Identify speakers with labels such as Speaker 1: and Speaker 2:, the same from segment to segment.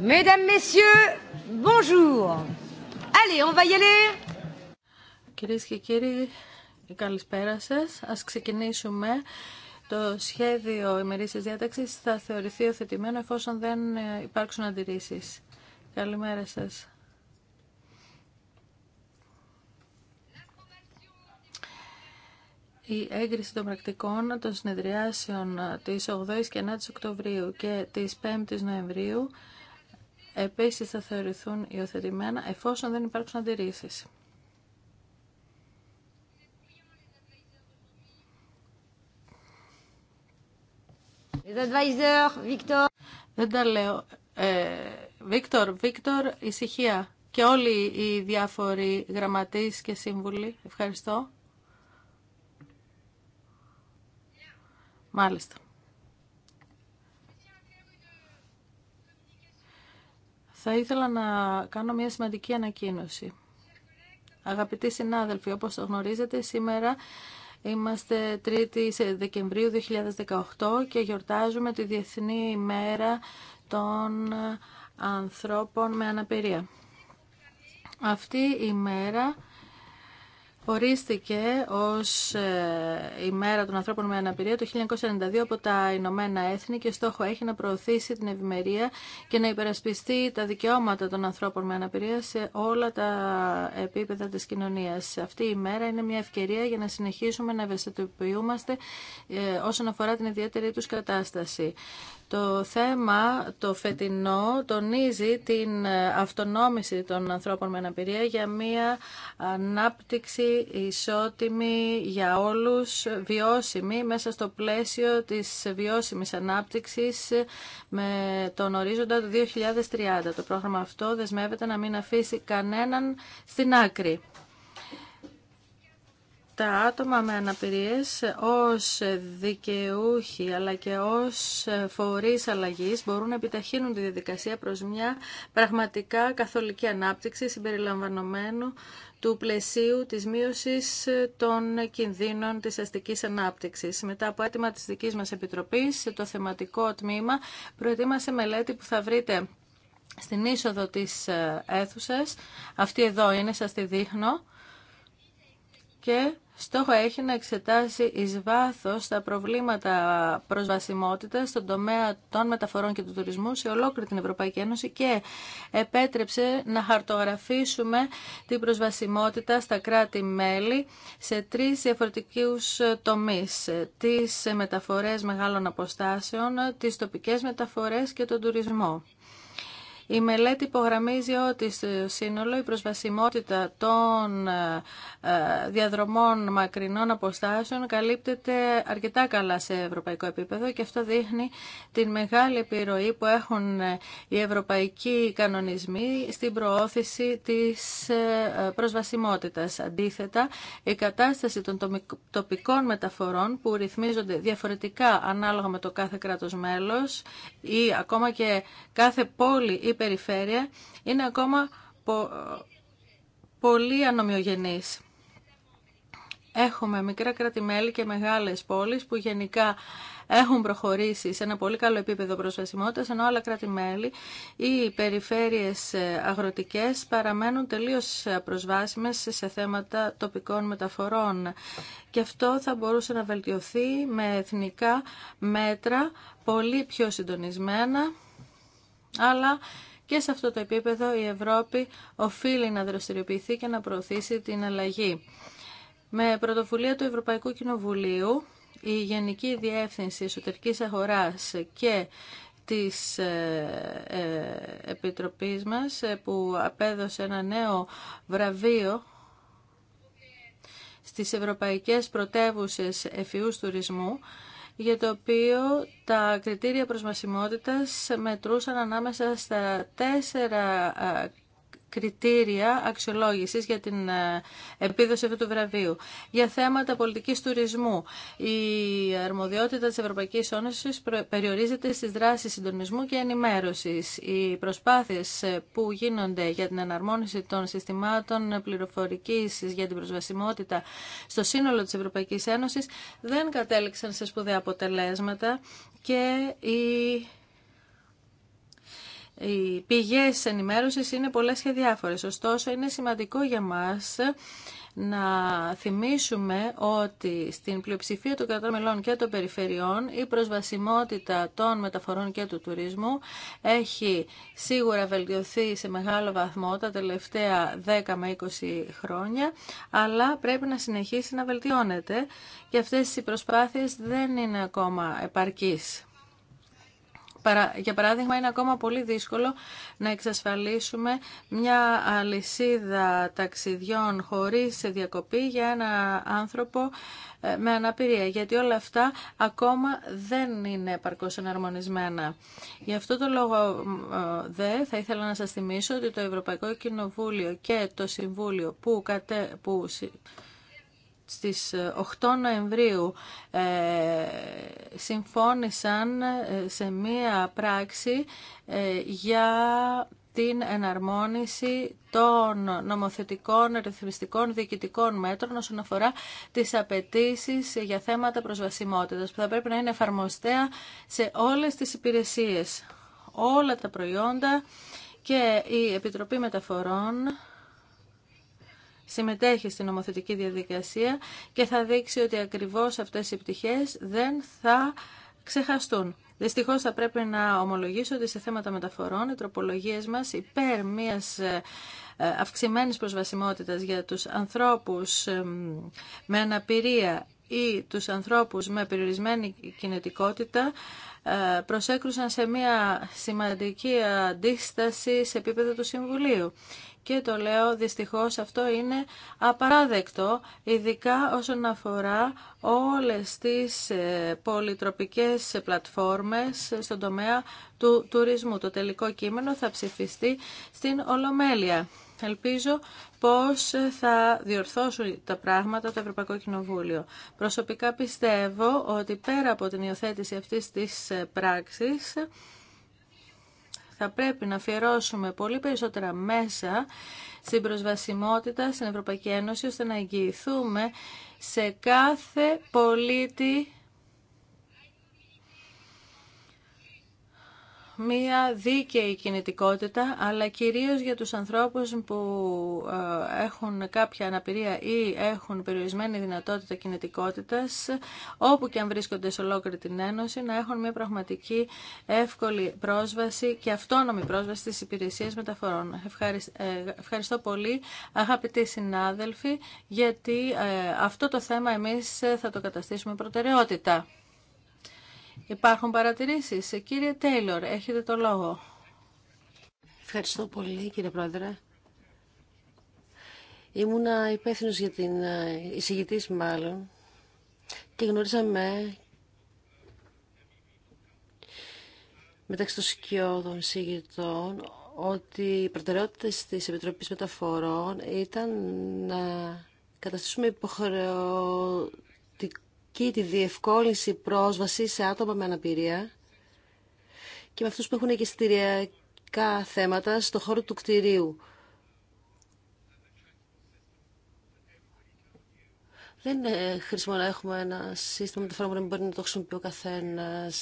Speaker 1: Mesdames, Messieurs, bonjour. Allez, on va y aller. Κυρίες και κύριοι, καλησπέρα σας. Ας ξεκινήσουμε. Το σχέδιο ημερήσιας διάταξης θα θεωρηθεί οθετημένο εφόσον δεν υπάρξουν αντιρρήσεις. Καλημέρα σας. η έγκριση των πρακτικών των συνεδριάσεων της 8ης και 9ης Οκτωβρίου και της 5ης Νοεμβρίου επίσης θα θεωρηθούν υιοθετημένα εφόσον δεν υπάρχουν αντιρρήσεις. Δεν τα λέω. Ε, Βίκτορ, Βίκτορ, ησυχία. Και όλοι οι διάφοροι γραμματείς και σύμβουλοι. Ευχαριστώ. Μάλιστα. Θα ήθελα να κάνω μια σημαντική ανακοίνωση. Αγαπητοί συνάδελφοι, όπως το γνωρίζετε, σήμερα είμαστε 3η Δεκεμβρίου 2018 και γιορτάζουμε τη Διεθνή ημέρα των ανθρώπων με αναπηρία. Αυτή η μέρα ορίστηκε ως ε, η μέρα των ανθρώπων με αναπηρία το 1992 από τα Ηνωμένα Έθνη και στόχο έχει να προωθήσει την ευημερία και να υπερασπιστεί τα δικαιώματα των ανθρώπων με αναπηρία σε όλα τα επίπεδα της κοινωνίας. Αυτή η μέρα είναι μια ευκαιρία για να συνεχίσουμε να ευαισθητοποιούμαστε ε, όσον αφορά την ιδιαίτερη τους κατάσταση. Το θέμα το φετινό τονίζει την αυτονόμηση των ανθρώπων με αναπηρία για μια ανάπτυξη ισότιμη για όλους, βιώσιμη μέσα στο πλαίσιο της βιώσιμης ανάπτυξης με τον ορίζοντα του 2030. Το πρόγραμμα αυτό δεσμεύεται να μην αφήσει κανέναν στην άκρη τα άτομα με αναπηρίες ως δικαιούχοι αλλά και ως φορείς αλλαγής μπορούν να επιταχύνουν τη διαδικασία προς μια πραγματικά καθολική ανάπτυξη συμπεριλαμβανομένου του πλαισίου της μείωσης των κινδύνων της αστικής ανάπτυξης. Μετά από αίτημα της δικής μας Επιτροπής, το θεματικό τμήμα προετοίμασε μελέτη που θα βρείτε στην είσοδο της αίθουσας. Αυτή εδώ είναι, σας τη δείχνω. Και Στόχο έχει να εξετάσει εις τα προβλήματα προσβασιμότητας στον τομέα των μεταφορών και του τουρισμού σε ολόκληρη την Ευρωπαϊκή Ένωση και επέτρεψε να χαρτογραφήσουμε την προσβασιμότητα στα κράτη-μέλη σε τρεις διαφορετικούς τομείς. Τις μεταφορές μεγάλων αποστάσεων, τις τοπικές μεταφορές και τον τουρισμό. Η μελέτη υπογραμμίζει ότι στο σύνολο η προσβασιμότητα των ε, διαδρομών μακρινών αποστάσεων καλύπτεται αρκετά καλά σε ευρωπαϊκό επίπεδο και αυτό δείχνει την μεγάλη επιρροή που έχουν ε, οι ευρωπαϊκοί κανονισμοί στην προώθηση της ε, προσβασιμότητας. Αντίθετα, η κατάσταση των τοπικών μεταφορών που ρυθμίζονται διαφορετικά ανάλογα με το κάθε κράτος μέλος ή ακόμα και κάθε πόλη Περιφέρεια είναι ακόμα πολύ ανομοιογενής. Έχουμε μικρά κρατημέλη και μεγάλες πόλεις που γενικά έχουν προχωρήσει σε ένα πολύ καλό επίπεδο προσβασιμότητας, ενώ κρατημέλη κράτη-μέλη ή περιφέρειες αγροτικές παραμένουν τελείως προσβάσιμες σε θέματα τοπικών μεταφορών. Και αυτό θα μπορούσε να βελτιωθεί με εθνικά μέτρα πολύ πιο συντονισμένα αλλά και σε αυτό το επίπεδο η Ευρώπη οφείλει να δραστηριοποιηθεί και να προωθήσει την αλλαγή. Με πρωτοβουλία του Ευρωπαϊκού Κοινοβουλίου, η Γενική Διεύθυνση Εσωτερικής Αγοράς και της ε, ε, Επιτροπής μας ε, που απέδωσε ένα νέο βραβείο στις Ευρωπαϊκές Πρωτεύουσες Εφιούς Τουρισμού για το οποίο τα κριτήρια προσβασιμότητας μετρούσαν ανάμεσα στα τέσσερα κριτήρια αξιολόγησης για την ε, επίδοση αυτού του βραβείου. Για θέματα πολιτικής τουρισμού, η αρμοδιότητα της Ευρωπαϊκής Ένωσης περιορίζεται στις δράσεις συντονισμού και ενημέρωσης. Οι προσπάθειες ε, που γίνονται για την εναρμόνιση των συστημάτων πληροφορικής για την προσβασιμότητα στο σύνολο της Ευρωπαϊκής Ένωσης δεν κατέληξαν σε σπουδαία αποτελέσματα και η οι πηγές ενημέρωσης είναι πολλές και διάφορες. Ωστόσο, είναι σημαντικό για μας να θυμίσουμε ότι στην πλειοψηφία των κρατών και των περιφερειών η προσβασιμότητα των μεταφορών και του τουρισμού έχει σίγουρα βελτιωθεί σε μεγάλο βαθμό τα τελευταία 10 με 20 χρόνια αλλά πρέπει να συνεχίσει να βελτιώνεται και αυτές οι προσπάθειες δεν είναι ακόμα επαρκείς για παράδειγμα, είναι ακόμα πολύ δύσκολο να εξασφαλίσουμε μια αλυσίδα ταξιδιών χωρίς διακοπή για ένα άνθρωπο ε, με αναπηρία, γιατί όλα αυτά ακόμα δεν είναι επαρκώς εναρμονισμένα. Γι' αυτό το λόγο ε, δε θα ήθελα να σας θυμίσω ότι το Ευρωπαϊκό Κοινοβούλιο και το Συμβούλιο που, κατε, που στις 8 ε, Νοεμβρίου ε, συμφώνησαν ε, σε μία πράξη για την εναρμόνιση των νομοθετικών, ρυθμιστικών, διοικητικών μέτρων όσον αφορά τις απαιτήσει για θέματα προσβασιμότητας που θα πρέπει να είναι εφαρμοστέα σε όλες τις υπηρεσίες, όλα τα προϊόντα και η Επιτροπή Μεταφορών συμμετέχει στην νομοθετική διαδικασία και θα δείξει ότι ακριβώς αυτές οι πτυχές δεν θα ξεχαστούν. Δυστυχώς θα πρέπει να ομολογήσω ότι σε θέματα μεταφορών οι τροπολογίες μας υπέρ μιας ε, αυξημένης προσβασιμότητας για τους ανθρώπους ε, με αναπηρία ή τους ανθρώπους με περιορισμένη κινητικότητα ε, προσέκρουσαν σε μια σημαντική αντίσταση σε επίπεδο του Συμβουλίου. Και το λέω δυστυχώς αυτό είναι απαράδεκτο, ειδικά όσον αφορά όλες τις ε, πολυτροπικές πλατφόρμες στον τομέα του τουρισμού. Το τελικό κείμενο θα ψηφιστεί στην Ολομέλεια. Ελπίζω πώς θα διορθώσουν τα πράγματα το Ευρωπαϊκό Κοινοβούλιο. Προσωπικά πιστεύω ότι πέρα από την υιοθέτηση αυτής της ε, πράξης, θα πρέπει να αφιερώσουμε πολύ περισσότερα μέσα στην προσβασιμότητα στην Ευρωπαϊκή Ένωση ώστε να εγγυηθούμε σε κάθε πολίτη μία δίκαιη κινητικότητα, αλλά κυρίως για τους ανθρώπους που ε, έχουν κάποια αναπηρία ή έχουν περιορισμένη δυνατότητα κινητικότητας, όπου και αν βρίσκονται σε ολόκληρη την Ένωση, να έχουν μία πραγματική εύκολη πρόσβαση και αυτόνομη πρόσβαση στις υπηρεσίες μεταφορών. Ε, ευχαριστώ πολύ, αγαπητοί συνάδελφοι, γιατί ε, αυτό το θέμα εμείς θα το καταστήσουμε προτεραιότητα. Υπάρχουν παρατηρήσεις. Κύριε Τέιλορ, έχετε το λόγο. Ευχαριστώ πολύ κύριε Πρόεδρε. Ήμουνα υπεύθυνο
Speaker 2: για την ε, εισηγητή μάλλον και γνωρίζαμε μεταξύ των σκιώδων εισηγητών ότι οι προτεραιότητε τη Επιτροπής Μεταφορών ήταν να καταστήσουμε υποχρεωτικό και τη διευκόλυνση πρόσβαση σε άτομα με αναπηρία και με αυτούς που έχουν εγκαιστηριακά θέματα στο χώρο του κτηρίου. Δεν είναι χρήσιμο να έχουμε ένα σύστημα μεταφορά που να μπορεί να το χρησιμοποιεί ο καθένα.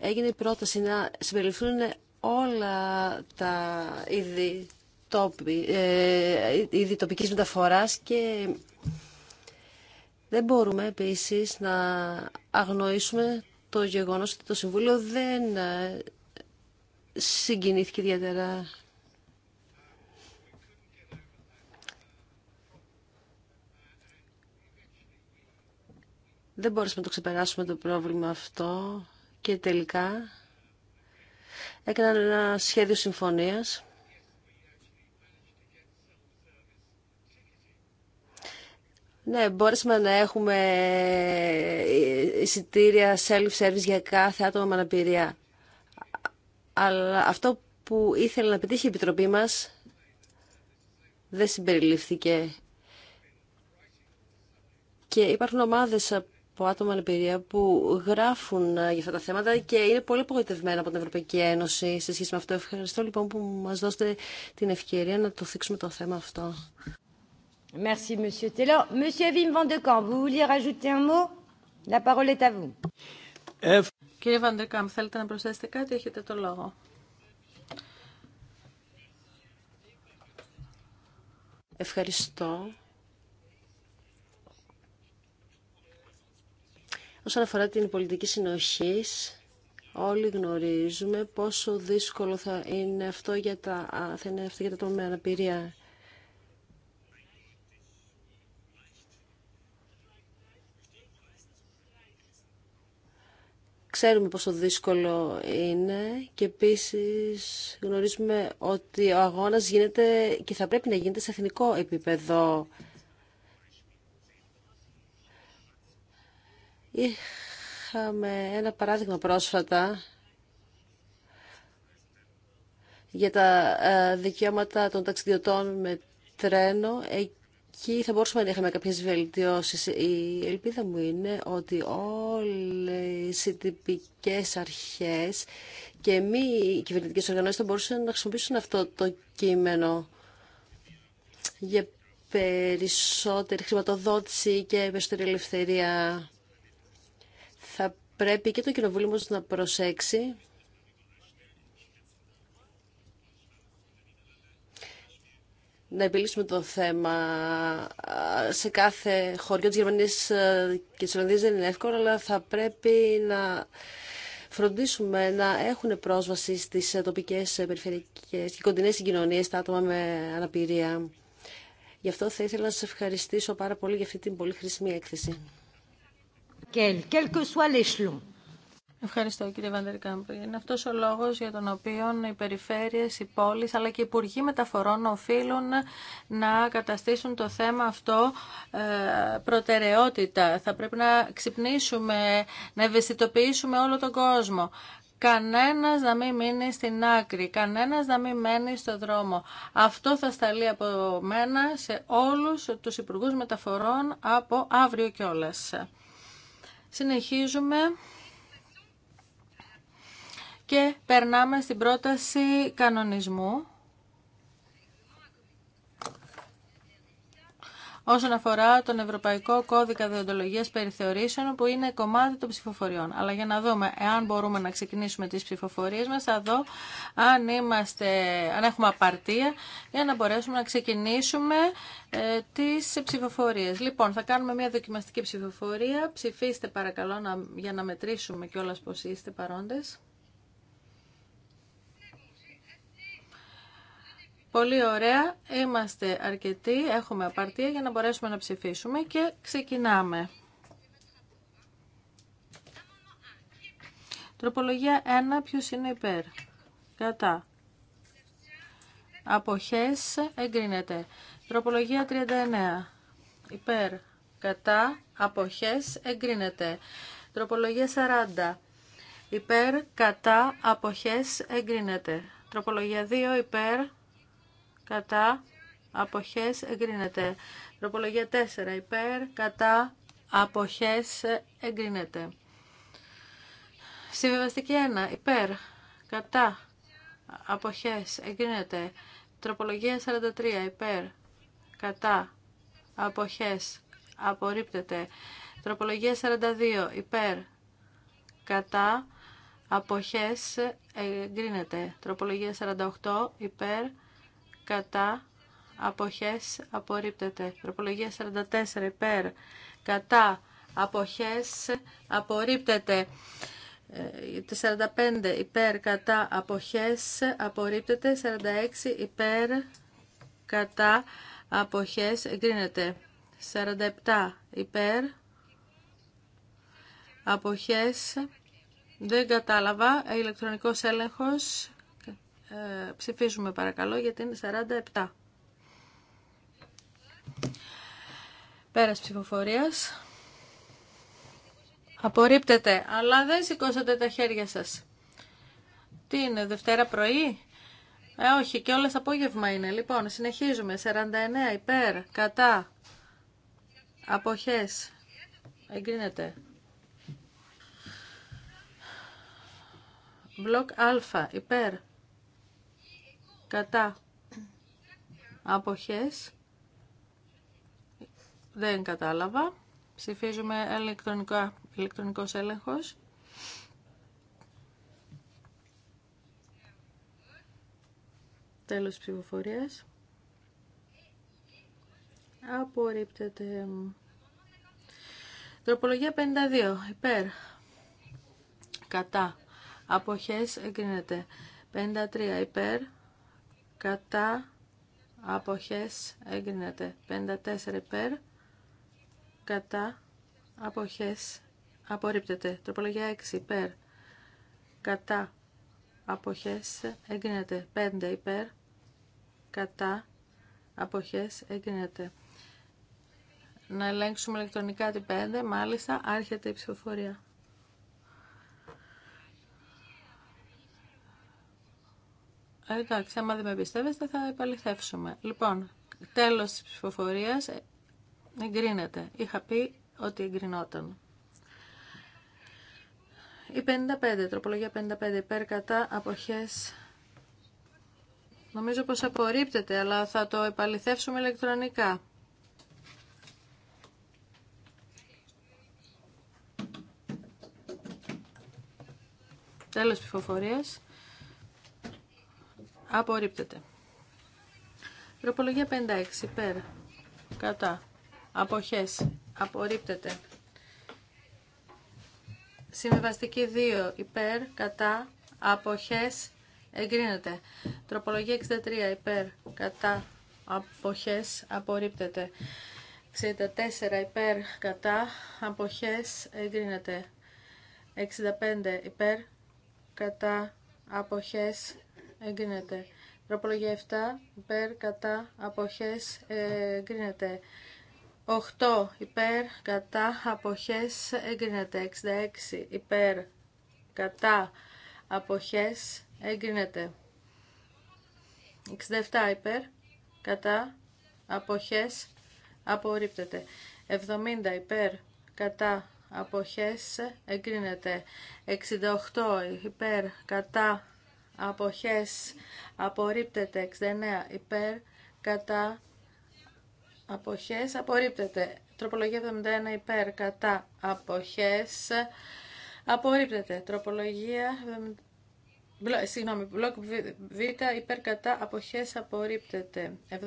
Speaker 2: Έγινε η πρόταση να συμπεριληφθούν όλα τα είδη τοπι, ε, είδη τοπικής μεταφοράς και δεν μπορούμε επίσης να αγνοήσουμε το γεγονός ότι το Συμβούλιο δεν ε, συγκινήθηκε ιδιαίτερα Δεν μπορούσαμε να το ξεπεράσουμε το πρόβλημα αυτό και τελικά έκαναν ένα σχέδιο συμφωνίας Ναι, μπορέσαμε να έχουμε εισιτήρια self-service για κάθε άτομο με αναπηρία. Αλλά αυτό που ήθελε να πετύχει η Επιτροπή μας δεν συμπεριληφθήκε. Και υπάρχουν ομάδες από άτομα με αναπηρία που γράφουν για αυτά τα θέματα και είναι πολύ απογοητευμένα από την Ευρωπαϊκή Ένωση σε σχέση με αυτό. Ευχαριστώ λοιπόν που μας δώσετε την ευκαιρία να το θίξουμε το θέμα αυτό. Merci, Monsieur Taylor. Monsieur Wim van de Kamp, vous
Speaker 1: vouliez rajouter un mot La parole est à vous. Κύριε Βαντεκάμ, θέλετε να προσθέσετε κάτι, έχετε το λόγο. Ευχαριστώ.
Speaker 2: Όσον αφορά την πολιτική συνοχή, όλοι γνωρίζουμε πόσο δύσκολο θα είναι αυτό για τα, θα είναι αυτό για τα άτομα αναπηρία. Ξέρουμε πόσο δύσκολο είναι και επίσης γνωρίζουμε ότι ο αγώνας γίνεται και θα πρέπει να γίνεται σε εθνικό επίπεδο. Είχαμε ένα παράδειγμα πρόσφατα για τα ε, δικαιώματα των ταξιδιωτών με τρένο. Ε, εκεί θα μπορούσαμε να είχαμε κάποιες βελτιώσεις. Η ελπίδα μου είναι ότι όλες οι τυπικές αρχές και μη οι κυβερνητικές οργανώσεις θα μπορούσαν να χρησιμοποιήσουν αυτό το κείμενο για περισσότερη χρηματοδότηση και περισσότερη ελευθερία. Θα πρέπει και το Κοινοβούλιο μας να προσέξει να επιλύσουμε το θέμα. Σε κάθε χωριό της Γερμανίας και της Ολλανδίας δεν είναι εύκολο, αλλά θα πρέπει να φροντίσουμε να έχουν πρόσβαση στις ε, τοπικές ε, περιφερειακές και κοντινές συγκοινωνίες τα άτομα με αναπηρία. Γι' αυτό θα ήθελα να σας ευχαριστήσω πάρα πολύ για αυτή την πολύ χρήσιμη έκθεση. Quel, quel que soit
Speaker 1: Ευχαριστώ κύριε Βαντερκάμπ. Είναι αυτός ο λόγος για τον οποίο οι περιφέρειες, οι πόλεις αλλά και οι υπουργοί μεταφορών οφείλουν να καταστήσουν το θέμα αυτό ε, προτεραιότητα. Θα πρέπει να ξυπνήσουμε, να ευαισθητοποιήσουμε όλο τον κόσμο. Κανένας να μην μείνει στην άκρη, κανένας να μην μένει στο δρόμο. Αυτό θα σταλεί από μένα σε όλους τους υπουργούς μεταφορών από αύριο κιόλας. Συνεχίζουμε. Και περνάμε στην πρόταση κανονισμού. όσον αφορά τον Ευρωπαϊκό Κώδικα Διοντολογίας Περιθεωρήσεων που είναι κομμάτι των ψηφοφοριών. Αλλά για να δούμε εάν μπορούμε να ξεκινήσουμε τις ψηφοφορίες μας θα δω αν, είμαστε, αν έχουμε απαρτία για να μπορέσουμε να ξεκινήσουμε ε, τις ψηφοφορίες. Λοιπόν, θα κάνουμε μια δοκιμαστική ψηφοφορία. Ψηφίστε παρακαλώ για να μετρήσουμε κιόλας πως είστε παρόντες. Πολύ ωραία, είμαστε αρκετοί, έχουμε απαρτία για να μπορέσουμε να ψηφίσουμε και ξεκινάμε. Τροπολογία 1, ποιος είναι υπέρ. Κατά. Αποχές εγκρίνεται. Τροπολογία 39. Υπέρ. Κατά. Αποχές εγκρίνεται. Τροπολογία 40. Υπέρ. Κατά. Αποχές εγκρίνεται. Τροπολογία 2. Υπέρ κατά, αποχές εγκρίνεται. Τροπολογία 4 υπέρ, κατά, αποχές εγκρίνεται. Συμβιβαστική 1 υπέρ, κατά, αποχές εγκρίνεται. Τροπολογία 43 υπέρ, κατά, αποχές απορρίπτεται. Τροπολογία 42 υπέρ, κατά, αποχές εγκρίνεται. Τροπολογία 48 υπέρ, κατά, αποχές, απορρίπτεται. Προπολογία 44 υπέρ, κατά, αποχές, απορρίπτεται. 45 ε, υπέρ, κατά, αποχές, απορρίπτεται. 46 υπέρ, κατά, αποχές, εγκρίνεται. 47 υπέρ, αποχές, δεν κατάλαβα, ηλεκτρονικός έλεγχος, ε, ψηφίζουμε παρακαλώ γιατί είναι 47. Πέρας ψηφοφορίας. Απορρίπτεται, αλλά δεν σηκώσατε τα χέρια σας. Τι είναι, Δευτέρα πρωί? Ε, όχι, και όλες απόγευμα είναι. Λοιπόν, συνεχίζουμε. 49 υπέρ, κατά, αποχές. Εγκρίνεται. Βλοκ α, υπέρ κατά αποχές δεν κατάλαβα ψηφίζουμε ηλεκτρονικά ηλεκτρονικός έλεγχος τέλος ψηφοφορίας απορρίπτεται τροπολογία 52 υπέρ κατά αποχές εγκρίνεται 53 υπέρ κατά αποχές έγκρινεται 54 υπέρ κατά αποχές απορρίπτεται τροπολογία 6 υπέρ κατά αποχές έγκρινεται 5 υπέρ κατά αποχές έγκρινεται να ελέγξουμε ηλεκτρονικά την 5 μάλιστα άρχεται η ψηφοφορία Ε, εντάξει, άμα δεν με πιστεύετε θα επαληθεύσουμε. Λοιπόν, τέλος της ψηφοφορίας εγκρίνεται. Είχα πει ότι εγκρινόταν. Η 55, τροπολογία 55 υπέρ κατά αποχές. Νομίζω πως απορρίπτεται, αλλά θα το επαληθεύσουμε ηλεκτρονικά. Τέλος ψηφοφορίας. Απορρίπτεται. Τροπολογία 56. Υπέρ. Κατά. Αποχές. Απορρίπτεται. Συμβιβαστική 2. Υπέρ. Κατά. Αποχές. Εγκρίνεται. Τροπολογία 63. Υπέρ. Κατά. Αποχές. Απορρίπτεται. 64. Υπέρ. Κατά. Αποχές. Εγκρίνεται. 65. Υπέρ. Κατά. Αποχές εγκρίνεται. Τροπολογία 7 υπέρ κατά αποχές εγκρίνεται. 8 υπέρ κατά αποχές εγκρίνεται. 66 υπέρ κατά αποχές εγκρίνεται. 67 υπέρ κατά αποχές απορρίπτεται. 70 υπέρ κατά αποχές εγκρίνεται. 68 υπέρ κατά αποχές απορρίπτεται 69 υπέρ κατά αποχές απορρίπτεται τροπολογία 71 υπέρ κατά αποχές απορρίπτεται τροπολογία Συγγνώμη, μπλοκ Β υπέρ κατά αποχές απορρίπτεται. 73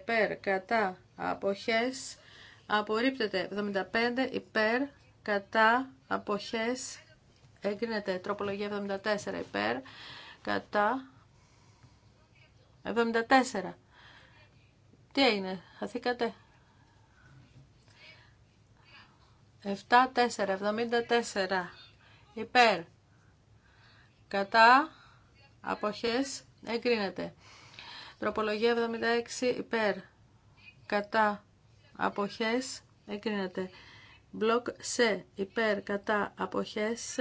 Speaker 1: υπέρ κατά αποχές απορρίπτεται. 75 υπέρ κατά αποχές εγκρίνεται. Τροπολογία 74 υπέρ κατά 74. Τι έγινε, 7 7-4, 74. Υπέρ. Κατά. Αποχές. Εγκρίνεται. Τροπολογία 76. Υπέρ. Κατά. Αποχές. Εγκρίνεται. Μπλοκ σε. Υπέρ. Κατά. Αποχές.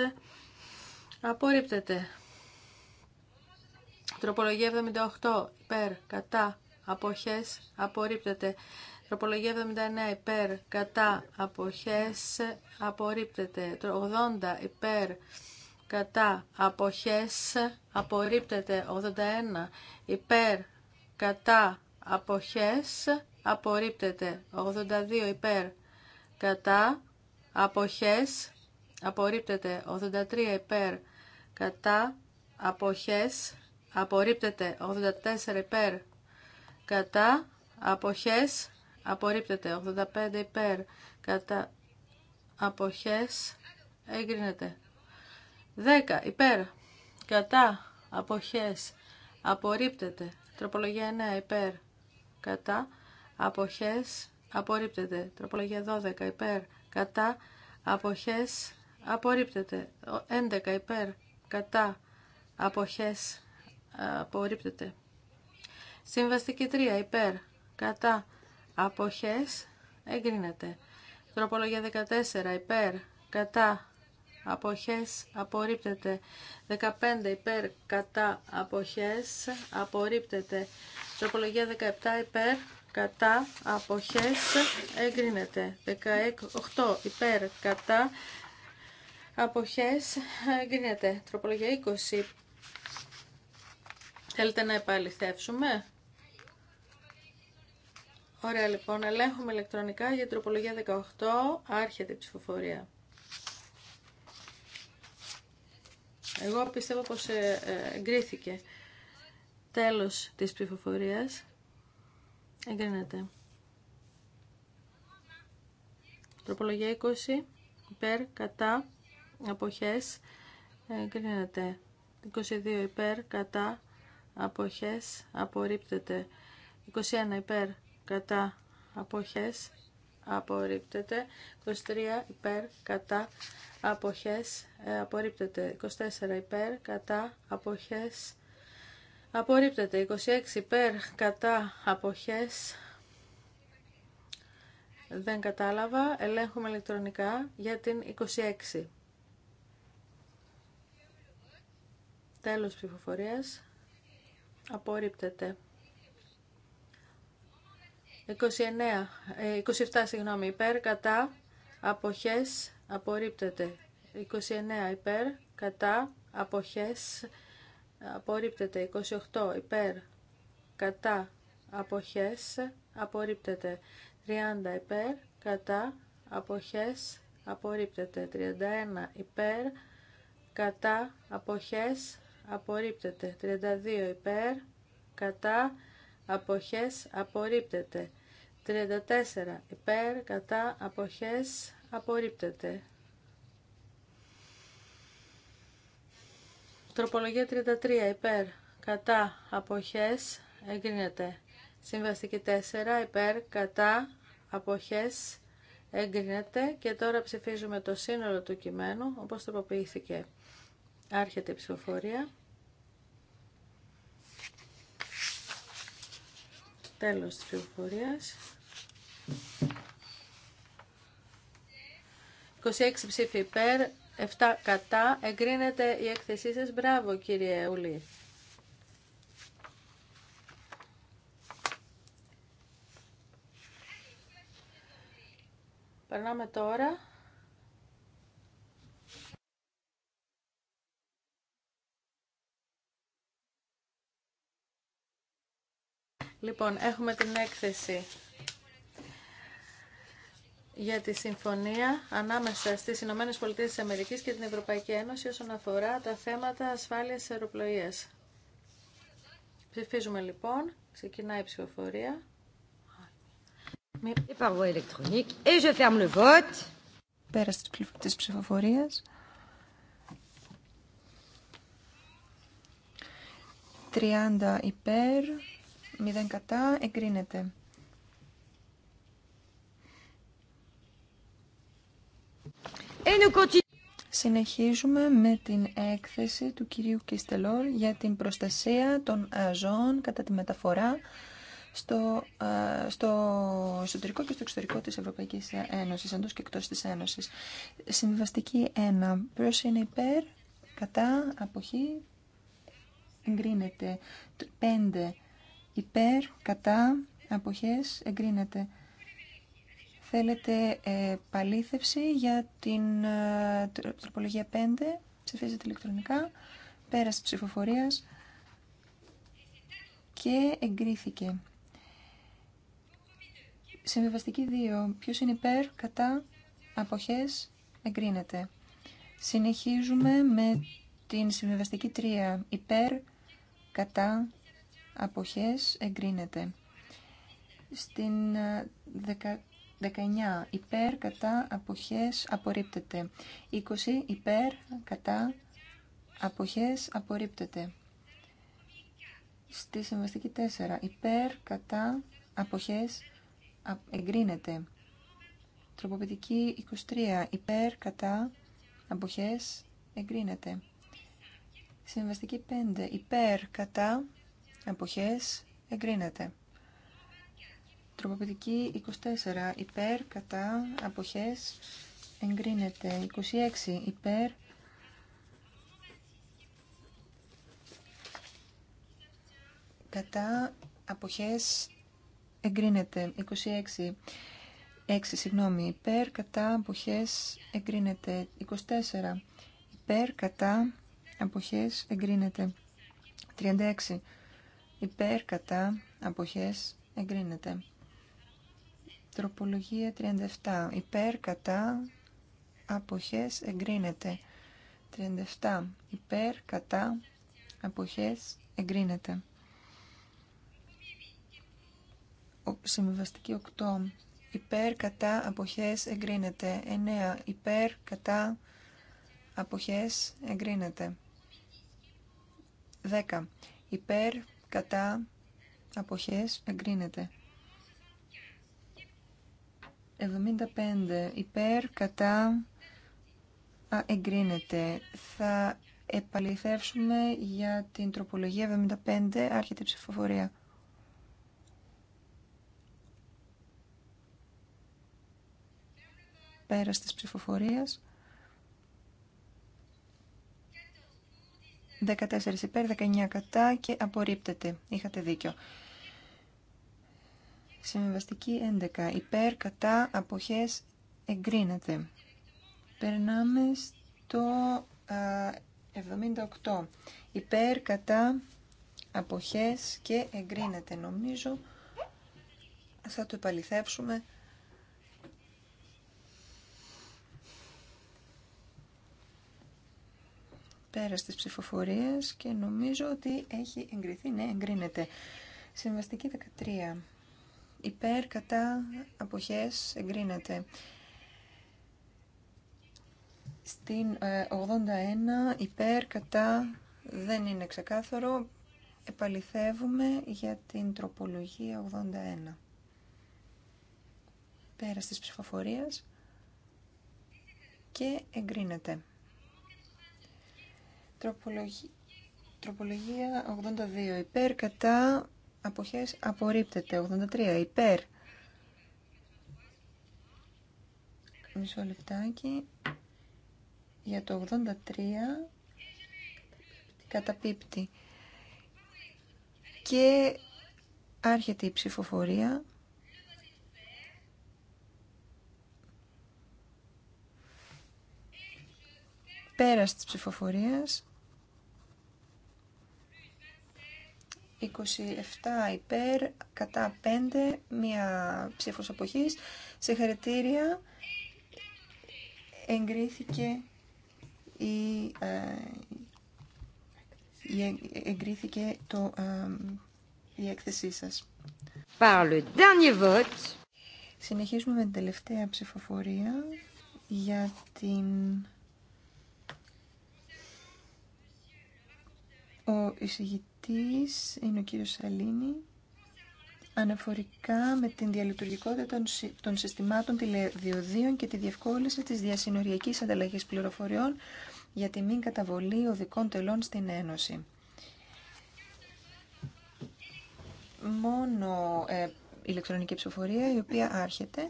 Speaker 1: Απορρίπτεται. Τροπολογία 78 υπέρ κατά αποχές απορρίπτεται. Τροπολογία 79 υπέρ κατά αποχές απορρίπτεται. 80 υπέρ κατά αποχές απορρίπτεται. 81 υπέρ κατά αποχές απορρίπτεται. 82 υπέρ κατά αποχές απορρίπτεται. 83 υπέρ κατά αποχές απορρίπτεται 84 υπέρ κατά αποχές απορρίπτεται 85 υπέρ κατά αποχές εγκρίνεται 10 υπέρ κατά αποχές απορρίπτεται τροπολογία 9 υπέρ κατά αποχές απορρίπτεται τροπολογία 12 υπέρ κατά αποχές απορρίπτεται 11 υπέρ κατά αποχές απορρίπτεται. Συμβαστική 3 υπέρ κατά αποχές εγκρίνεται. Τροπολογία 14 υπέρ κατά αποχές απορρίπτεται. 15 υπέρ κατά αποχές απορρίπτεται. Τροπολογία 17 υπέρ κατά αποχές εγκρίνεται. 18 υπέρ κατά αποχές εγκρίνεται. Τροπολογία 20 Θέλετε να επαληθεύσουμε. Ωραία λοιπόν, ελέγχουμε ηλεκτρονικά για τροπολογία 18, άρχεται η ψηφοφορία. Εγώ πιστεύω πως ε, ε, εγκρίθηκε τέλος της ψηφοφορίας. Εγκρίνεται. Τροπολογία 20, υπέρ, κατά, αποχές, εγκρίνεται. 22 υπέρ, κατά, αποχές απορρίπτεται 21 υπέρ κατά αποχές απορρίπτεται 23 ε, υπέρ κατά αποχές απορρίπτεται 24 υπέρ κατά αποχές απορρίπτεται 26 υπέρ κατά αποχές δεν κατάλαβα ελέγχουμε ηλεκτρονικά για την 26 τέλος ψηφοφορίας Απορρίπτεται. 29, 27 ε, συγγνώμη, υπέρ, κατά, αποχές, απορρίπτεται. 29 υπέρ, κατά, αποχές, απορρίπτεται. 28 υπέρ, κατά, αποχές, απορρίπτεται. 30 υπέρ, κατά, αποχές, απορρίπτεται. 31 υπέρ, κατά, αποχές, απορρίπτεται. 32 υπέρ, κατά, αποχές, απορρίπτεται. 34 υπέρ, κατά, αποχές, απορρίπτεται. Τροπολογία 33 υπέρ, κατά, αποχές, εγκρίνεται. Συμβαστική 4 υπέρ, κατά, αποχές, εγκρίνεται. Και τώρα ψηφίζουμε το σύνολο του κειμένου, όπως τροποποιήθηκε. Άρχεται η ψηφοφορία. Τέλος της πληροφορίας. 26 ψήφοι υπέρ, 7 κατά. Εγκρίνεται η έκθεσή σας. Μπράβο κύριε Ουλή. Περνάμε τώρα Λοιπόν, έχουμε την έκθεση για τη συμφωνία ανάμεσα στις Ηνωμένες Πολιτείες της Αμερικής και την Ευρωπαϊκή Ένωση όσον αφορά τα θέματα ασφάλειας αεροπλοείας. Ψηφίζουμε λοιπόν. Ξεκινάει η ψηφοφορία.
Speaker 3: Et je ferme le Πέρα της ψηφοφορίας. 30 υπέρ, 0 κατά εγκρίνεται. Συνεχίζουμε με την έκθεση του κυρίου Κιστελόρ για την προστασία των ε, ζώων κατά τη μεταφορά στο, ε, στο εσωτερικό και στο εξωτερικό της Ευρωπαϊκής Ένωσης, εντός και εκτός της Ένωσης. Συμβαστική 1. Ποιος είναι υπέρ, κατά, αποχή, εγκρίνεται. 5 υπέρ, κατά, αποχές, εγκρίνεται. Θέλετε ε, παλήθευση για την ε, τροπολογία 5, ψηφίζεται ηλεκτρονικά, της ψηφοφορίας και εγκρίθηκε. Συμβιβαστική 2. Ποιος είναι υπέρ, κατά, αποχές, εγκρίνεται. Συνεχίζουμε με την συμβιβαστική 3. Υπέρ, κατά, αποχές εγκρίνεται. Στην 19 ε, υπέρ κατά αποχές απορρίπτεται. 20 υπέρ κατά αποχές απορρίπτεται. Στη συμβαστική 4 υπέρ κατά αποχές εγκρίνεται. Τροποποιητική 23 υπέρ κατά αποχές εγκρίνεται. Συμβαστική 5 υπέρ κατά Αποχές εγκρίνεται. Τροποποιητική 24 υπέρ κατά αποχές εγκρίνεται. 26 υπέρ κατά αποχές εγκρίνεται. 26 6 συγγνώμη υπέρ κατά αποχές εγκρίνεται. 24 υπέρ κατά αποχές εγκρίνεται. 36 υπέρ κατά αποχές εγκρίνεται. Τροπολογία 37. Υπέρ κατά αποχές εγκρίνεται. 37. Υπέρ κατά αποχές εγκρίνεται. Ο, 8. Υπέρ κατά αποχές εγκρίνεται. 9. Υπέρ κατά αποχές εγκρίνεται. 10. Υπέρ κατά, αποχές, εγκρίνεται. 75 υπέρ, κατά, α, εγκρίνεται. Θα επαληθεύσουμε για την τροπολογία 75, άρχεται η ψηφοφορία. Πέρας της ψηφοφορίας. 14 υπέρ, 19 κατά και απορρίπτεται. Είχατε δίκιο. Συμβαστική 11 υπέρ, κατά, αποχές, εγκρίνεται. Περνάμε στο 78. Υπέρ, κατά, αποχές και εγκρίνεται. Νομίζω θα το επαληθεύσουμε. πέρα τις ψηφοφορίες και νομίζω ότι έχει εγκριθεί. Ναι, εγκρίνεται. Συμβαστική 13. Υπέρ, κατά, αποχές, εγκρίνεται. Στην 81 ε, υπέρ, κατά, δεν είναι ξεκάθαρο. Επαληθεύουμε για την τροπολογία 81. Πέρα τις ψηφοφορίες και εγκρίνεται. Τροπολογία, τροπολογία 82. Υπέρ κατά αποχές απορρίπτεται. 83. Υπέρ. Μισό λεπτάκι. Για το 83 καταπίπτει. Και άρχεται η ψηφοφορία. Πέρας της ψηφοφορίας 27 υπέρ, κατά 5, μία ψήφος αποχής. Σε εγκρίθηκε η, ε, ε, εγκρίθηκε το, ε, η έκθεσή σας. Συνεχίζουμε με την τελευταία ψηφοφορία για την Ο εισηγητής είναι ο κύριος Σαλίνη αναφορικά με την διαλειτουργικότητα των συστημάτων τηλεδιοδίων και τη διευκόλυνση της διασυνοριακής ανταλλαγής πληροφοριών για τη μην καταβολή οδικών τελών στην Ένωση. Μόνο ε, ηλεκτρονική ψηφοφορία η οποία άρχεται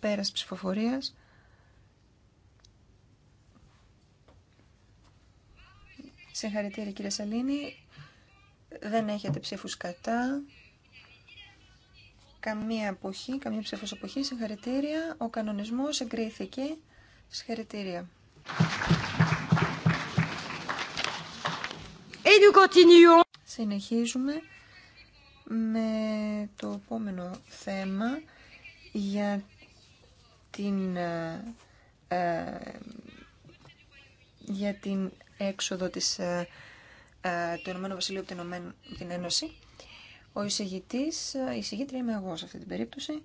Speaker 3: πέρας ψηφοφορίας Συγχαρητήρια κύριε Σαλίνη. Δεν έχετε ψήφους κατά. Καμία αποχή, καμία ψήφος αποχή. Συγχαρητήρια. Ο κανονισμός εγκρίθηκε. Συγχαρητήρια. Συνεχίζουμε με το επόμενο θέμα για την ε, για την έξοδο της, ε, ε, του Ηνωμένου Βασιλείου από την, την Ένωση. Ο εισηγητής, ε, η εισηγήτρια είμαι εγώ σε αυτή την περίπτωση.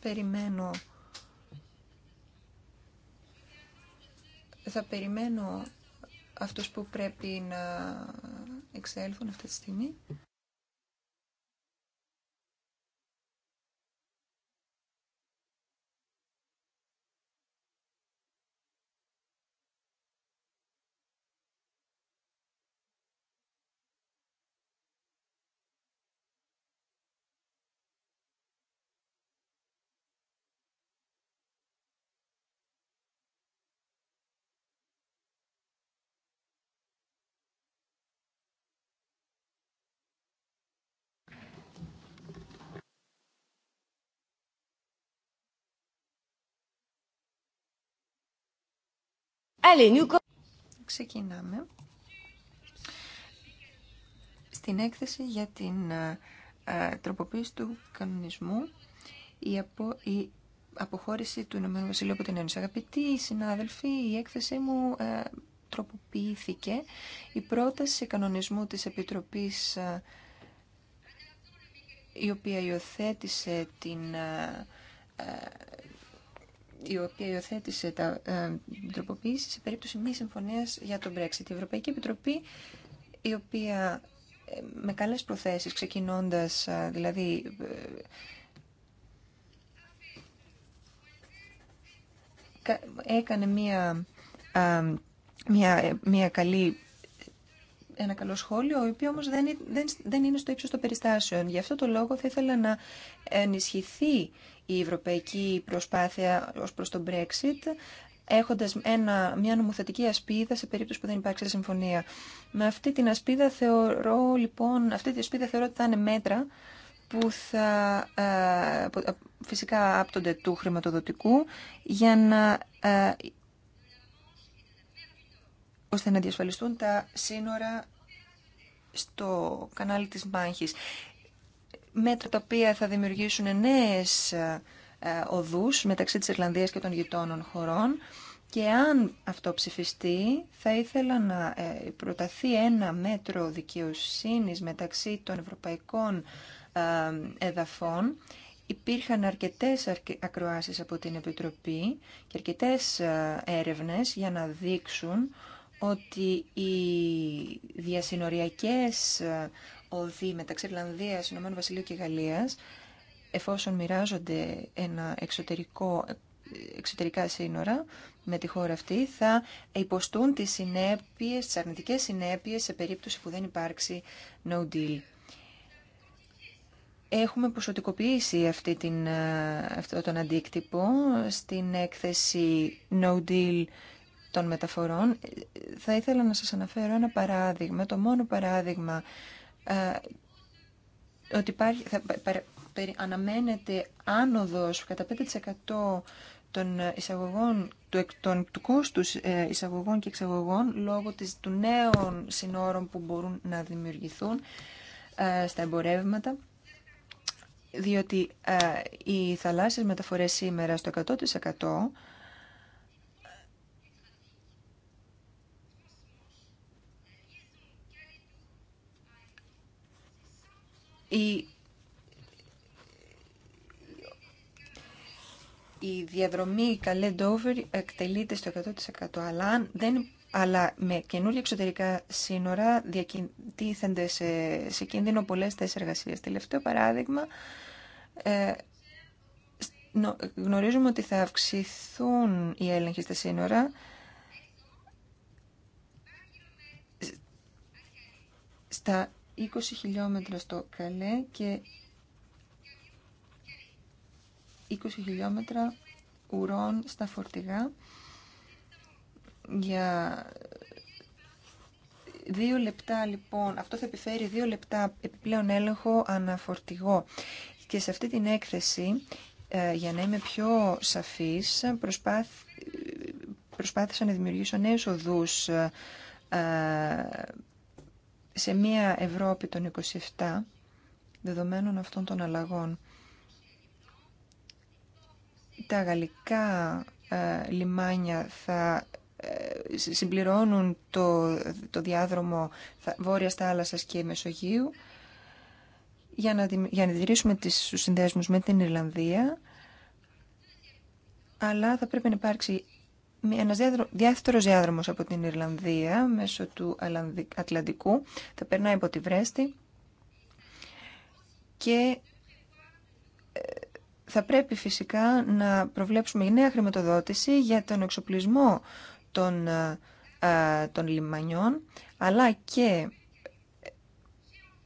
Speaker 3: Περιμένω θα περιμένω αυτούς που πρέπει να εξέλθουν αυτή τη στιγμή. Ξεκινάμε. Στην έκθεση για την ε, ε, τροποποίηση του κανονισμού η, απο, η αποχώρηση του Ηνωμένου Βασιλείου από την Ένωση. Αγαπητοί συνάδελφοι, η έκθεσή μου ε, τροποποιήθηκε. Η πρόταση κανονισμού της Επιτροπής η οποία υιοθέτησε την η οποία υιοθέτησε τα ε, τροποποίηση σε περίπτωση μη συμφωνίας για τον Brexit. Η Ευρωπαϊκή Επιτροπή, η οποία ε, με καλές προθέσεις, ξεκινώντας ε, δηλαδή... Ε, έκανε μία, μία, μία καλή ένα καλό σχόλιο, ο οποίο όμως δεν, δεν, δεν είναι στο ύψος των περιστάσεων. Γι' αυτό το λόγο θα ήθελα να ενισχυθεί η ευρωπαϊκή προσπάθεια ως προς τον Brexit, έχοντας μια νομοθετική ασπίδα σε περίπτωση που δεν υπάρξει συμφωνία. Με αυτή την ασπίδα θεωρώ, λοιπόν, αυτή την ασπίδα θεωρώ ότι θα είναι μέτρα που θα ε, ε, φυσικά άπτονται του χρηματοδοτικού για να ε, ώστε να διασφαλιστούν τα σύνορα στο κανάλι της Μάχης. Μέτρα τα οποία θα δημιουργήσουν νέες ε, οδούς μεταξύ της Ιρλανδίας και των γειτόνων χωρών και αν αυτό ψηφιστεί θα ήθελα να ε, προταθεί ένα μέτρο δικαιοσύνης μεταξύ των ευρωπαϊκών ε, εδαφών. Υπήρχαν αρκετές ακροάσεις από την Επιτροπή και αρκετές έρευνες για να δείξουν ότι οι διασυνοριακές ε, οδοί μεταξύ Ιρλανδίας, Ηνωμένου Βασιλείου και Γαλλίας, εφόσον μοιράζονται ένα εξωτερικό, εξωτερικά σύνορα με τη χώρα αυτή, θα υποστούν τις συνέπειες, τις αρνητικές συνέπειες σε περίπτωση που δεν υπάρξει no deal. Έχουμε ποσοτικοποιήσει αυτή την, ε, αυτό τον αντίκτυπο στην έκθεση No Deal των μεταφορών, θα ήθελα να σας αναφέρω ένα παράδειγμα, το μόνο παράδειγμα ε, ότι υπάρχει, θα, αναμένεται άνοδος κατά 5% των εισαγωγών, του, των, του κόστου ε, εισαγωγών και εξαγωγών λόγω της, του νέων συνόρων που μπορούν να δημιουργηθούν ε, στα εμπορεύματα διότι οι θαλάσσιες μεταφορές σήμερα στο 100% Η η διαδρομή καλέ Ντόβερ εκτελείται στο 100% αλλά, δεν, αλλά με καινούργια εξωτερικά σύνορα διακινήθενται σε, σε κίνδυνο πολλές θέσεις εργασίας. Τελευταίο παράδειγμα, ε, γνωρίζουμε ότι θα αυξηθούν οι έλεγχοι στα σύνορα στα 20 χιλιόμετρα στο Καλέ και 20 χιλιόμετρα ουρών στα φορτηγά για δύο λεπτά λοιπόν, αυτό θα επιφέρει δύο λεπτά επιπλέον έλεγχο αναφορτηγό. Και σε αυτή την έκθεση, ε, για να είμαι πιο σαφής, προσπάθ... προσπάθησα να δημιουργήσω νέους οδούς ε, ε, σε μια Ευρώπη των 27, δεδομένων αυτών των αλλαγών, τα γαλλικά ε, λιμάνια θα ε, συμπληρώνουν το, το διάδρομο θα, Βόρειας Θάλασσας και Μεσογείου για να, για να διδρύσουμε τους συνδέσμους με την Ιρλανδία αλλά θα πρέπει να υπάρξει ένα διάθετος διάδρομο από την Ιρλανδία μέσω του Ατλαντικού θα περνάει από τη Βρέστη και ε, θα πρέπει φυσικά να προβλέψουμε νέα χρηματοδότηση για τον εξοπλισμό των, ε, των λιμανιών αλλά και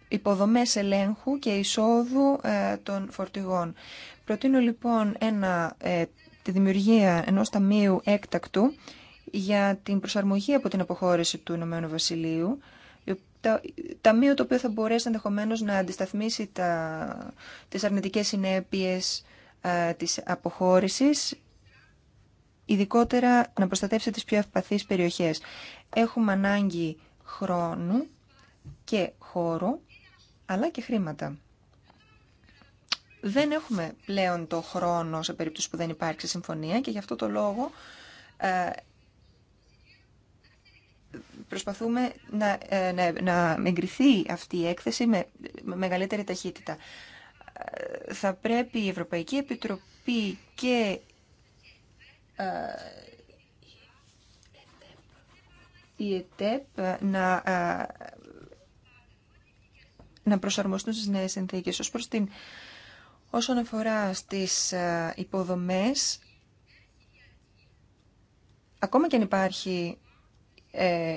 Speaker 3: υποδομές ελέγχου και εισόδου ε, των φορτηγών. Προτείνω λοιπόν ένα τη δημιουργία ενός ταμείου έκτακτου για την προσαρμογή από την αποχώρηση του Ηνωμένου Βασιλείου, ταμείο το οποίο θα μπορέσει ενδεχομένω να αντισταθμίσει τα, τις αρνητικές συνέπειες α, της αποχώρησης, ειδικότερα να προστατεύσει τις πιο ευπαθείς περιοχές. Έχουμε ανάγκη χρόνου και χώρου, αλλά και χρήματα δεν έχουμε πλέον το χρόνο σε περίπτωση που δεν υπάρξει συμφωνία και γι' αυτό το λόγο ε, προσπαθούμε να, ε, να, να εγκριθεί αυτή η έκθεση με, μεγαλύτερη ταχύτητα. Ε, θα πρέπει η Ευρωπαϊκή Επιτροπή και η ΕΤΕΠ να, να προσαρμοστούν στις νέες συνθήκες ως προς την Όσον αφορά στις ε, υποδομές, ακόμα και αν υπάρχει, ε,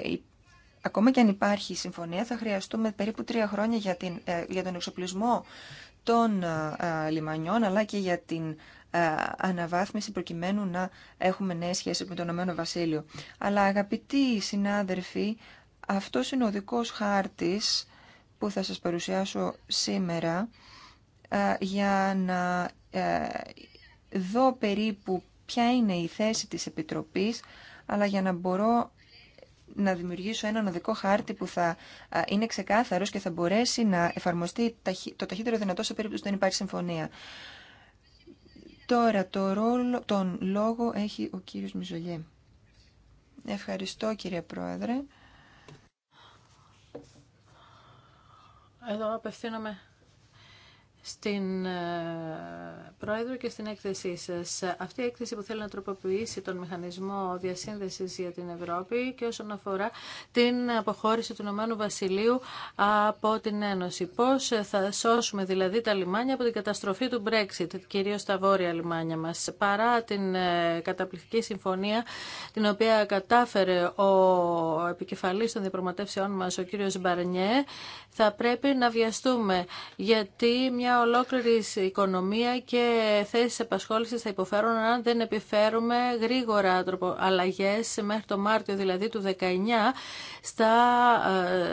Speaker 3: ακόμα και αν υπάρχει συμφωνία, θα χρειαστούμε περίπου τρία χρόνια για, την, ε, για τον εξοπλισμό των ε, λιμανιών, αλλά και για την αναβάθμιση προκειμένου να έχουμε νέες σχέσεις με το Ηνωμένο Βασίλειο. Αλλά αγαπητοί συνάδελφοι, αυτός είναι ο δικός χάρτης που θα σας παρουσιάσω σήμερα ε, για να ε, δω περίπου ποια είναι η θέση της Επιτροπής, αλλά για να μπορώ να δημιουργήσω έναν οδικό χάρτη που θα ε, είναι ξεκάθαρος και θα μπορέσει να εφαρμοστεί το ταχύτερο δυνατό σε περίπτωση που δεν υπάρχει συμφωνία. Τώρα, το ρόλο, τον λόγο έχει ο κύριος Μιζογέ. Ευχαριστώ κύριε Πρόεδρε. Εδώ απευθύνομαι στην ε,
Speaker 1: Πρόεδρο και στην έκθεσή σας. Αυτή η έκθεση που θέλει να τροποποιήσει τον μηχανισμό διασύνδεσης για την Ευρώπη και όσον αφορά την αποχώρηση του Ηνωμένου Βασιλείου από την Ένωση. Πώς θα σώσουμε δηλαδή τα λιμάνια από την καταστροφή του Brexit, κυρίως τα βόρεια λιμάνια μας. Παρά την ε, καταπληκτική συμφωνία την οποία κατάφερε ο επικεφαλής των διαπραγματεύσεών μας, ο κύριος Μπαρνιέ, θα πρέπει να βιαστούμε γιατί μια μια ολόκληρη οικονομία και θέσεις επασχόληση θα υποφέρουν αν δεν επιφέρουμε γρήγορα αλλαγέ μέχρι το Μάρτιο δηλαδή του 19 στα,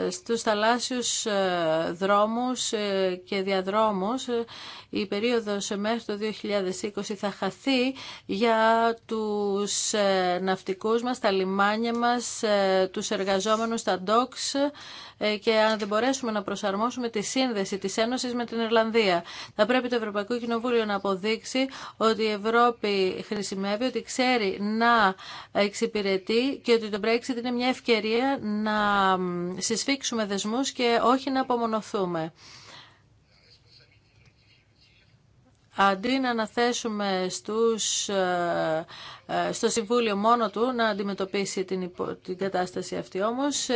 Speaker 1: ε, στους θαλάσσιους ε, δρόμους ε, και διαδρόμους η περίοδος μέχρι το 2020 θα χαθεί για τους ναυτικούς μας, τα λιμάνια μας, τους εργαζόμενους τα ντόξ και αν δεν μπορέσουμε να προσαρμόσουμε τη σύνδεση της Ένωσης με την Ιρλανδία. Θα πρέπει το Ευρωπαϊκό Κοινοβούλιο να αποδείξει ότι η Ευρώπη χρησιμεύει, ότι ξέρει να εξυπηρετεί και ότι το Brexit είναι μια ευκαιρία να συσφίξουμε δεσμούς και όχι να απομονωθούμε. αντί να αναθέσουμε στους, ε, ε, στο Συμβούλιο μόνο του να αντιμετωπίσει την, την κατάσταση αυτή. Όμως ε,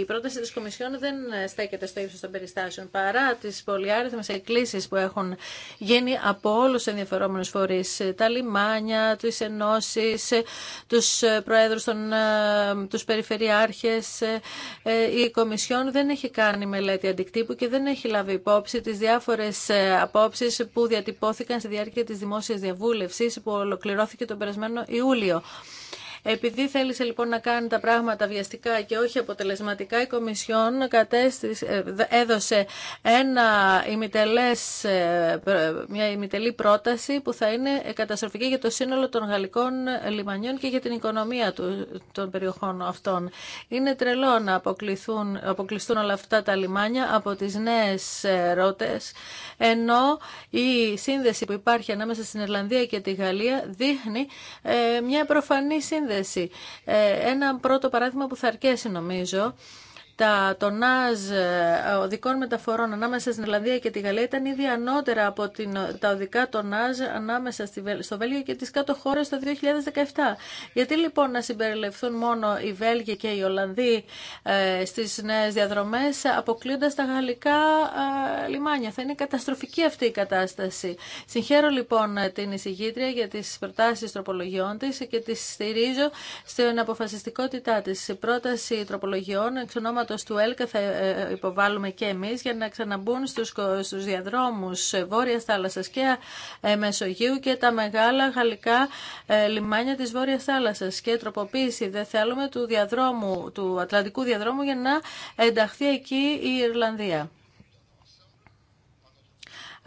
Speaker 1: η πρόταση της Κομισιόν δεν στέκεται στο ύψος των περιστάσεων παρά τις πολυάριθμες εκκλήσεις που έχουν γίνει από όλους τους ενδιαφερόμενους φορείς, τα λιμάνια, τις ενώσεις, τους προέδρους, των, τους περιφερειάρχες. Η Κομισιόν δεν έχει κάνει μελέτη αντικτύπου και δεν έχει λάβει υπόψη τις διάφορες απόψεις που διατυπώθηκαν στη διάρκεια της δημόσιας διαβούλευσης που ολοκληρώθηκε τον περασμένο Ιούλιο. Επειδή θέλησε λοιπόν να κάνει τα πράγματα βιαστικά και όχι αποτελεσματικά, η Κομισιόν ε, έδωσε ένα ε, μια ημιτελή πρόταση που θα είναι καταστροφική για το σύνολο των γαλλικών ε, λιμανιών και για την οικονομία του, των περιοχών αυτών. Είναι τρελό να αποκλειστούν, αποκλειστούν όλα αυτά τα λιμάνια από τις νέες ρότες, ενώ η σύνδεση που υπάρχει ανάμεσα στην Ιρλανδία και τη Γαλλία δείχνει μια προφανή σύνδεση ε, ένα πρώτο παράδειγμα που θα αρκέσει νομίζω τα τονάζ ε, οδικών μεταφορών ανάμεσα στην Ελλανδία και τη Γαλλία ήταν ήδη ανώτερα από την, τα οδικά τονάζ ανάμεσα στη, στο Βέλγιο και τις κάτω χώρες το 2017. Γιατί λοιπόν να συμπεριληφθούν μόνο οι Βέλγοι και οι Ολλανδοί ε, στις νέες διαδρομές αποκλείοντας τα γαλλικά ε, λιμάνια. Θα είναι καταστροφική αυτή η κατάσταση. Συγχαίρω λοιπόν ε, την εισηγήτρια για τις προτάσεις τροπολογιών της και τη στηρίζω στην αποφασιστικότητά της. Η πρόταση τροπολογιών του ΕΛΚΑ θα ε, ε, υποβάλουμε και εμείς για να ξαναμπούν στους, στους διαδρόμους ε, Βόρειας Θάλασσας και Μεσογείου και τα μεγάλα γαλλικά λιμάνια της Βόρειας Θάλασσας και τροποποίηση δεν θέλουμε του, διαδρόμου, του Ατλαντικού διαδρόμου για να ενταχθεί εκεί η Ιρλανδία.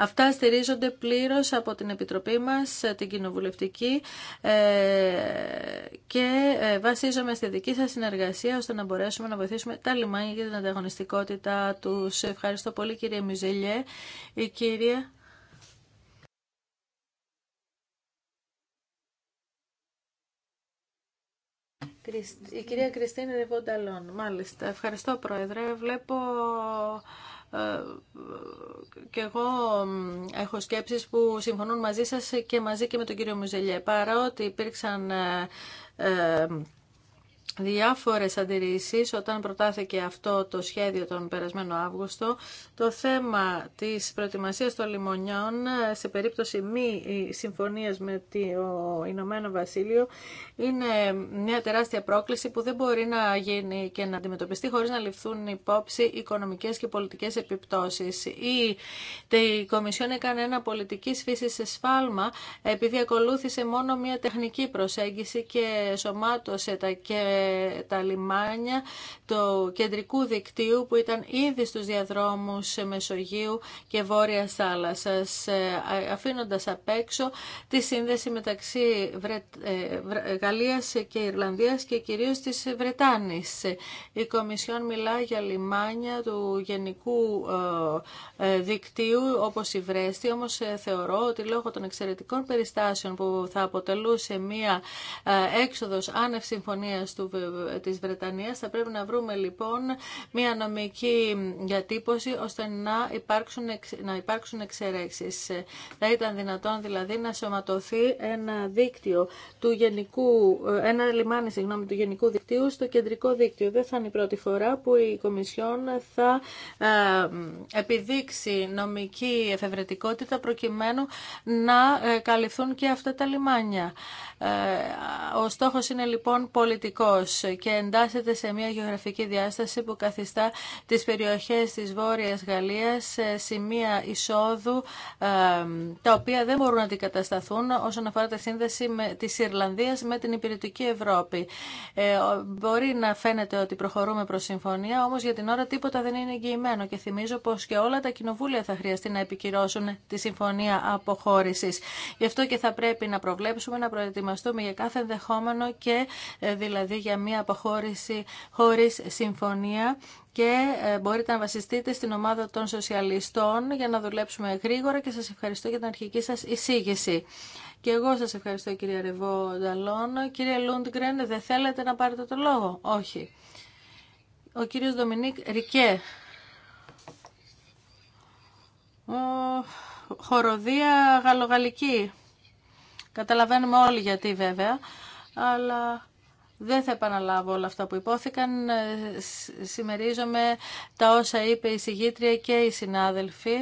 Speaker 1: Αυτά στηρίζονται πλήρως από την Επιτροπή μας, την Κοινοβουλευτική ε, και ε, βασίζομαι στη δική σας συνεργασία ώστε να μπορέσουμε να βοηθήσουμε τα λιμάνια για την ανταγωνιστικότητά τους. Ευχαριστώ πολύ κύριε Μιζελιέ. Η κυρία... Η κυρία Κριστίνη Ριβονταλόν, μάλιστα. Ευχαριστώ, Πρόεδρε. Βλέπω ε, και εγώ έχω σκέψεις που συμφωνούν μαζί σας και μαζί και με τον κύριο Μουζελιέ. Παρότι υπήρξαν ε, ε, διάφορες αντιρρήσεις όταν προτάθηκε αυτό το σχέδιο τον περασμένο Αύγουστο. Το θέμα της προετοιμασίας των λιμονιών σε περίπτωση μη ε, συμφωνίας με το Ηνωμένο Βασίλειο είναι μια τεράστια πρόκληση που δεν μπορεί να γίνει και να αντιμετωπιστεί χωρίς να ληφθούν υπόψη οικονομικές και πολιτικές επιπτώσεις. Η, η Κομισιόν έκανε ένα πολιτικής σε σφάλμα επειδή ακολούθησε μόνο μια τεχνική προσέγγιση και σωμάτωσε τα και τα λιμάνια του κεντρικού δικτύου που ήταν ήδη στους διαδρόμους Μεσογείου και βόρεια Θάλασσας, ε, αφήνοντας απ' έξω τη σύνδεση μεταξύ ε, Γαλλίας και Ιρλανδίας και κυρίως της Βρετάνης. Η Κομισιόν μιλά για λιμάνια του γενικού ε, δικτύου όπως η Βρέστη, όμως θεωρώ ότι λόγω των εξαιρετικών περιστάσεων που θα αποτελούσε μία έξοδος άνευ συμφωνίας του της Βρετανίας. Θα πρέπει να βρούμε λοιπόν μια νομική διατύπωση ώστε να υπάρξουν, να υπάρξουν εξαιρέξεις. Θα ήταν δυνατόν δηλαδή να σωματωθεί ένα δίκτυο του γενικού, ένα λιμάνι συγγνώμη, του γενικού δικτύου στο κεντρικό δίκτυο. Δεν θα είναι η πρώτη φορά που η Κομισιόν θα ε, επιδείξει νομική εφευρετικότητα προκειμένου να ε, καλυφθούν και αυτά τα λιμάνια. Ε, ο στόχος είναι λοιπόν πολιτικό και εντάσσεται σε μια γεωγραφική διάσταση που καθιστά τις περιοχές της Βόρειας Γαλλίας σημεία εισόδου τα οποία δεν μπορούν να αντικατασταθούν όσον αφορά τη σύνδεση με, της Ιρλανδίας με την υπηρετική Ευρώπη. Ε, μπορεί να φαίνεται ότι προχωρούμε προς συμφωνία, όμως για την ώρα τίποτα δεν είναι εγγυημένο και θυμίζω πως και όλα τα κοινοβούλια θα χρειαστεί να επικυρώσουν τη συμφωνία αποχώρησης. Γι' αυτό και θα πρέπει να προβλέψουμε, να προετοιμαστούμε για κάθε ενδεχόμενο και ε, δηλαδή για μια αποχώρηση χωρίς συμφωνία και ε, μπορείτε να βασιστείτε στην ομάδα των σοσιαλιστών για να δουλέψουμε γρήγορα και σας ευχαριστώ για την αρχική σας εισήγηση. Και εγώ σας ευχαριστώ κύριε Ρεβό Νταλόν. Κύριε Λούντγκρεν, δεν θέλετε να πάρετε το λόγο. Όχι. Ο κύριος Δομινίκ Ρικέ. Ο... Χοροδία γαλλογαλλική. Καταλαβαίνουμε όλοι γιατί βέβαια, αλλά δεν θα επαναλάβω όλα αυτά που υπόθηκαν. Ε, Σημερίζομαι τα όσα είπε η συγγήτρια και οι συνάδελφοι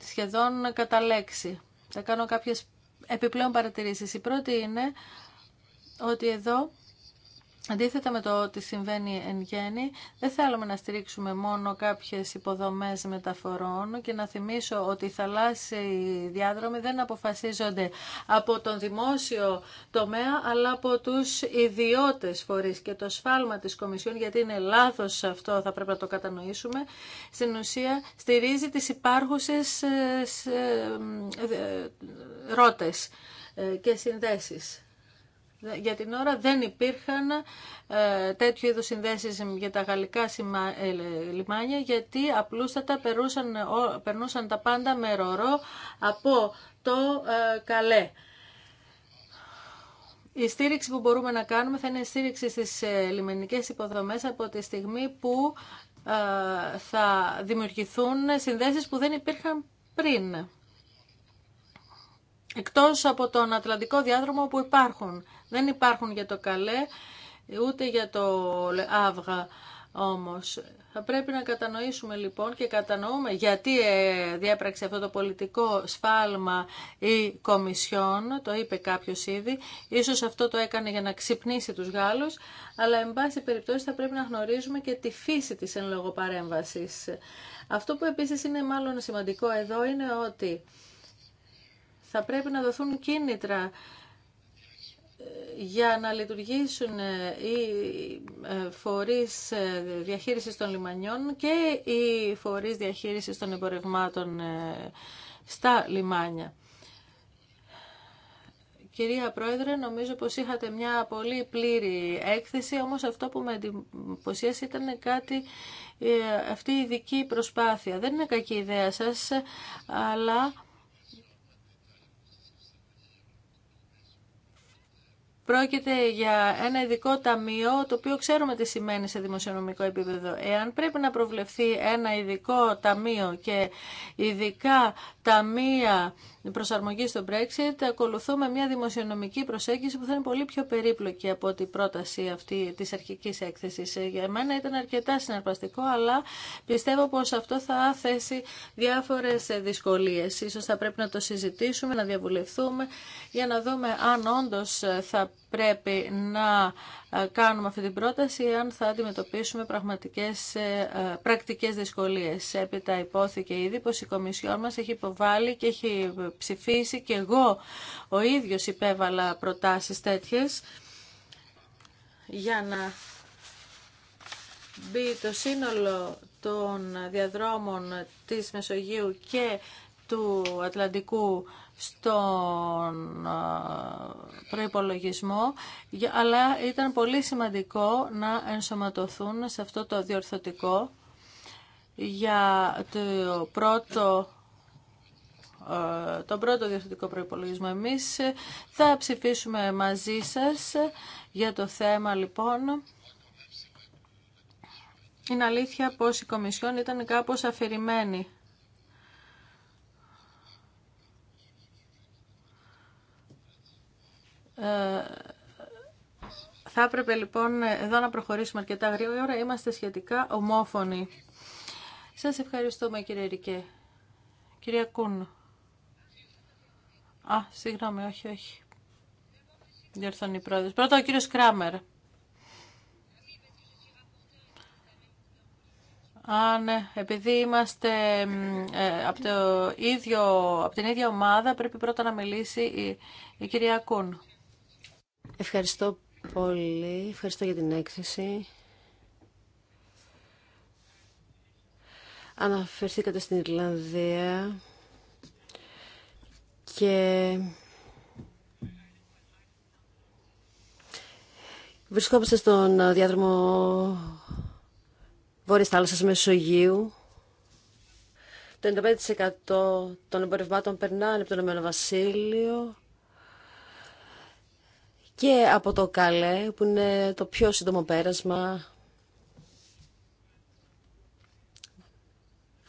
Speaker 1: σχεδόν κατά λέξη. Θα κάνω κάποιες επιπλέον παρατηρήσεις. Η πρώτη είναι ότι εδώ Αντίθετα με το ότι συμβαίνει εν γέννη, δεν θέλουμε να στηρίξουμε μόνο κάποιες υποδομές μεταφορών και να θυμίσω ότι οι θαλάσσιοι διάδρομοι δεν αποφασίζονται από τον δημόσιο τομέα, αλλά από τους ιδιώτες φορείς και το σφάλμα της Κομισιόν, γιατί είναι λάθος αυτό, θα πρέπει να το κατανοήσουμε, στην ουσία στηρίζει τις υπάρχουσες ε, ε, ε, ρότες και συνδέσεις. Για την ώρα δεν υπήρχαν ε, τέτοιου είδους συνδέσεις για τα γαλλικά ε, λιμάνια γιατί απλούστατα περούσαν, περνούσαν τα πάντα με ρορό από το ε, καλέ. Η στήριξη που μπορούμε να κάνουμε θα είναι η στήριξη στις ε, λιμενικές υποδομές από τη στιγμή που θα δημιουργηθούν συνδέσεις που δεν υπήρχαν πριν εκτός από τον Ατλαντικό διάδρομο που υπάρχουν. Δεν υπάρχουν για το Καλέ, ούτε για το Αύγα όμως. Θα πρέπει να κατανοήσουμε λοιπόν και κατανοούμε γιατί ε, διέπραξε αυτό το πολιτικό σφάλμα η Κομισιόν, το είπε κάποιος ήδη, ίσως αυτό το έκανε για να ξυπνήσει τους Γάλλους, αλλά εν πάση περιπτώσει θα πρέπει να γνωρίζουμε και τη φύση της εν λόγω παρέμβασης. Αυτό που επίσης είναι μάλλον σημαντικό εδώ είναι ότι θα πρέπει να δοθούν κίνητρα ε, για να λειτουργήσουν ε, οι ε, φορείς διαχείρισης των λιμανιών και οι φορείς διαχείρισης των εμπορευμάτων στα λιμάνια. Κυρία Πρόεδρε, νομίζω πως είχατε μια πολύ πλήρη έκθεση, όμως αυτό που με εντυπωσίασε ήταν κάτι αυτή η ειδική προσπάθεια. Δεν είναι κακή ιδέα σας, αλλά Πρόκειται για ένα ειδικό ταμείο, το οποίο ξέρουμε τι σημαίνει σε δημοσιονομικό επίπεδο. Εάν πρέπει να προβλεφθεί ένα ειδικό ταμείο και ειδικά ταμεία προσαρμογή στο Brexit ακολουθούμε μια δημοσιονομική προσέγγιση που θα είναι πολύ πιο περίπλοκη από την πρόταση αυτή της αρχικής έκθεσης. Για μένα ήταν αρκετά συναρπαστικό, αλλά πιστεύω πως αυτό θα θέσει διάφορες δυσκολίες. Ίσως θα πρέπει να το συζητήσουμε, να διαβουλευτούμε για να δούμε αν όντως θα πρέπει να ε, κάνουμε αυτή την πρόταση αν θα αντιμετωπίσουμε πραγματικές, ε, ε, πρακτικές δυσκολίες. Έπειτα υπόθηκε ήδη πως η Κομισιόν μας έχει υποβάλει και έχει ψηφίσει και εγώ ο ίδιος υπέβαλα προτάσεις τέτοιες για να μπει το σύνολο των διαδρόμων της Μεσογείου και του Ατλαντικού στον προϋπολογισμό, αλλά ήταν πολύ σημαντικό να ενσωματωθούν σε αυτό το διορθωτικό για το πρώτο τον πρώτο διευθυντικό προϋπολογισμό. Εμείς θα ψηφίσουμε μαζί σας για το θέμα λοιπόν. Είναι αλήθεια πως η Κομισιόν ήταν κάπως αφηρημένη Ε, θα έπρεπε λοιπόν εδώ να προχωρήσουμε αρκετά γρήγορα. Είμαστε σχετικά ομόφωνοι. Σας ευχαριστούμε κύριε Ρικέ. Κυρία Κούν. Α, συγγνώμη, όχι, όχι. Διορθώνει η πρόεδρος. Πρώτα ο κύριος Κράμερ. Α, ναι. Επειδή είμαστε ε, από, την ίδια ομάδα, πρέπει πρώτα να μιλήσει η, η κυρία Κούν.
Speaker 2: Ευχαριστώ πολύ. Ευχαριστώ για την έκθεση. Αναφερθήκατε στην Ιρλανδία και βρισκόμαστε στον διάδρομο Βόρειας Θάλασσας Μεσογείου. Το 95% των εμπορευμάτων περνάνε από το Ηνωμένο Βασίλειο και από το Καλέ που είναι το πιο σύντομο πέρασμα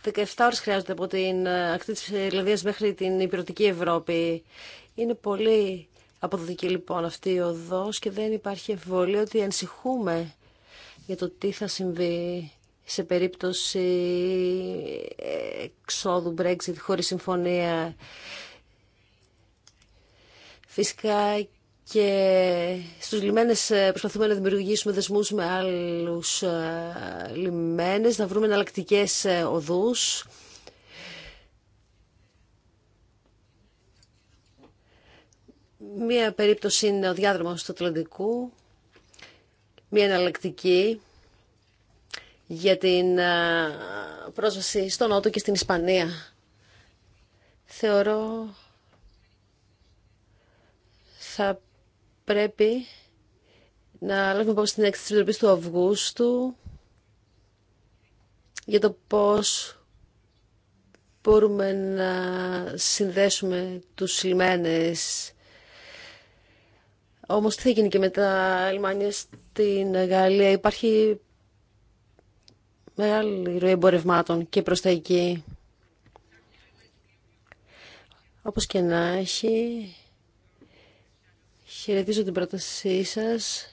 Speaker 2: 17 ώρες χρειάζεται από την ε, ακτή της Ιρλανδίας μέχρι την υπηρετική Ευρώπη. Είναι πολύ αποδοτική λοιπόν αυτή η οδός και δεν υπάρχει ευβολή ότι ανησυχούμε για το τι θα συμβεί σε περίπτωση ε, εξόδου Brexit χωρίς συμφωνία. Φυσικά και στους λιμένες ε, προσπαθούμε να δημιουργήσουμε δεσμούς με άλλους ε, λιμένες, να βρούμε εναλλακτικέ ε, οδούς. Μία περίπτωση είναι ο διάδρομος του Ατλαντικού, μία εναλλακτική για την πρόσβαση στον Νότο και στην Ισπανία. Θεωρώ θα πρέπει να λάβουμε υπόψη την έκθεση της του Αυγούστου για το πώς μπορούμε να συνδέσουμε τους λιμένες. Όμως τι θα γίνει και με τα λιμάνια στην Γαλλία. Υπάρχει μεγάλη ροή εμπορευμάτων και προ τα εκεί. Όπως και να έχει, Χαιρετίζω την πρότασή σας.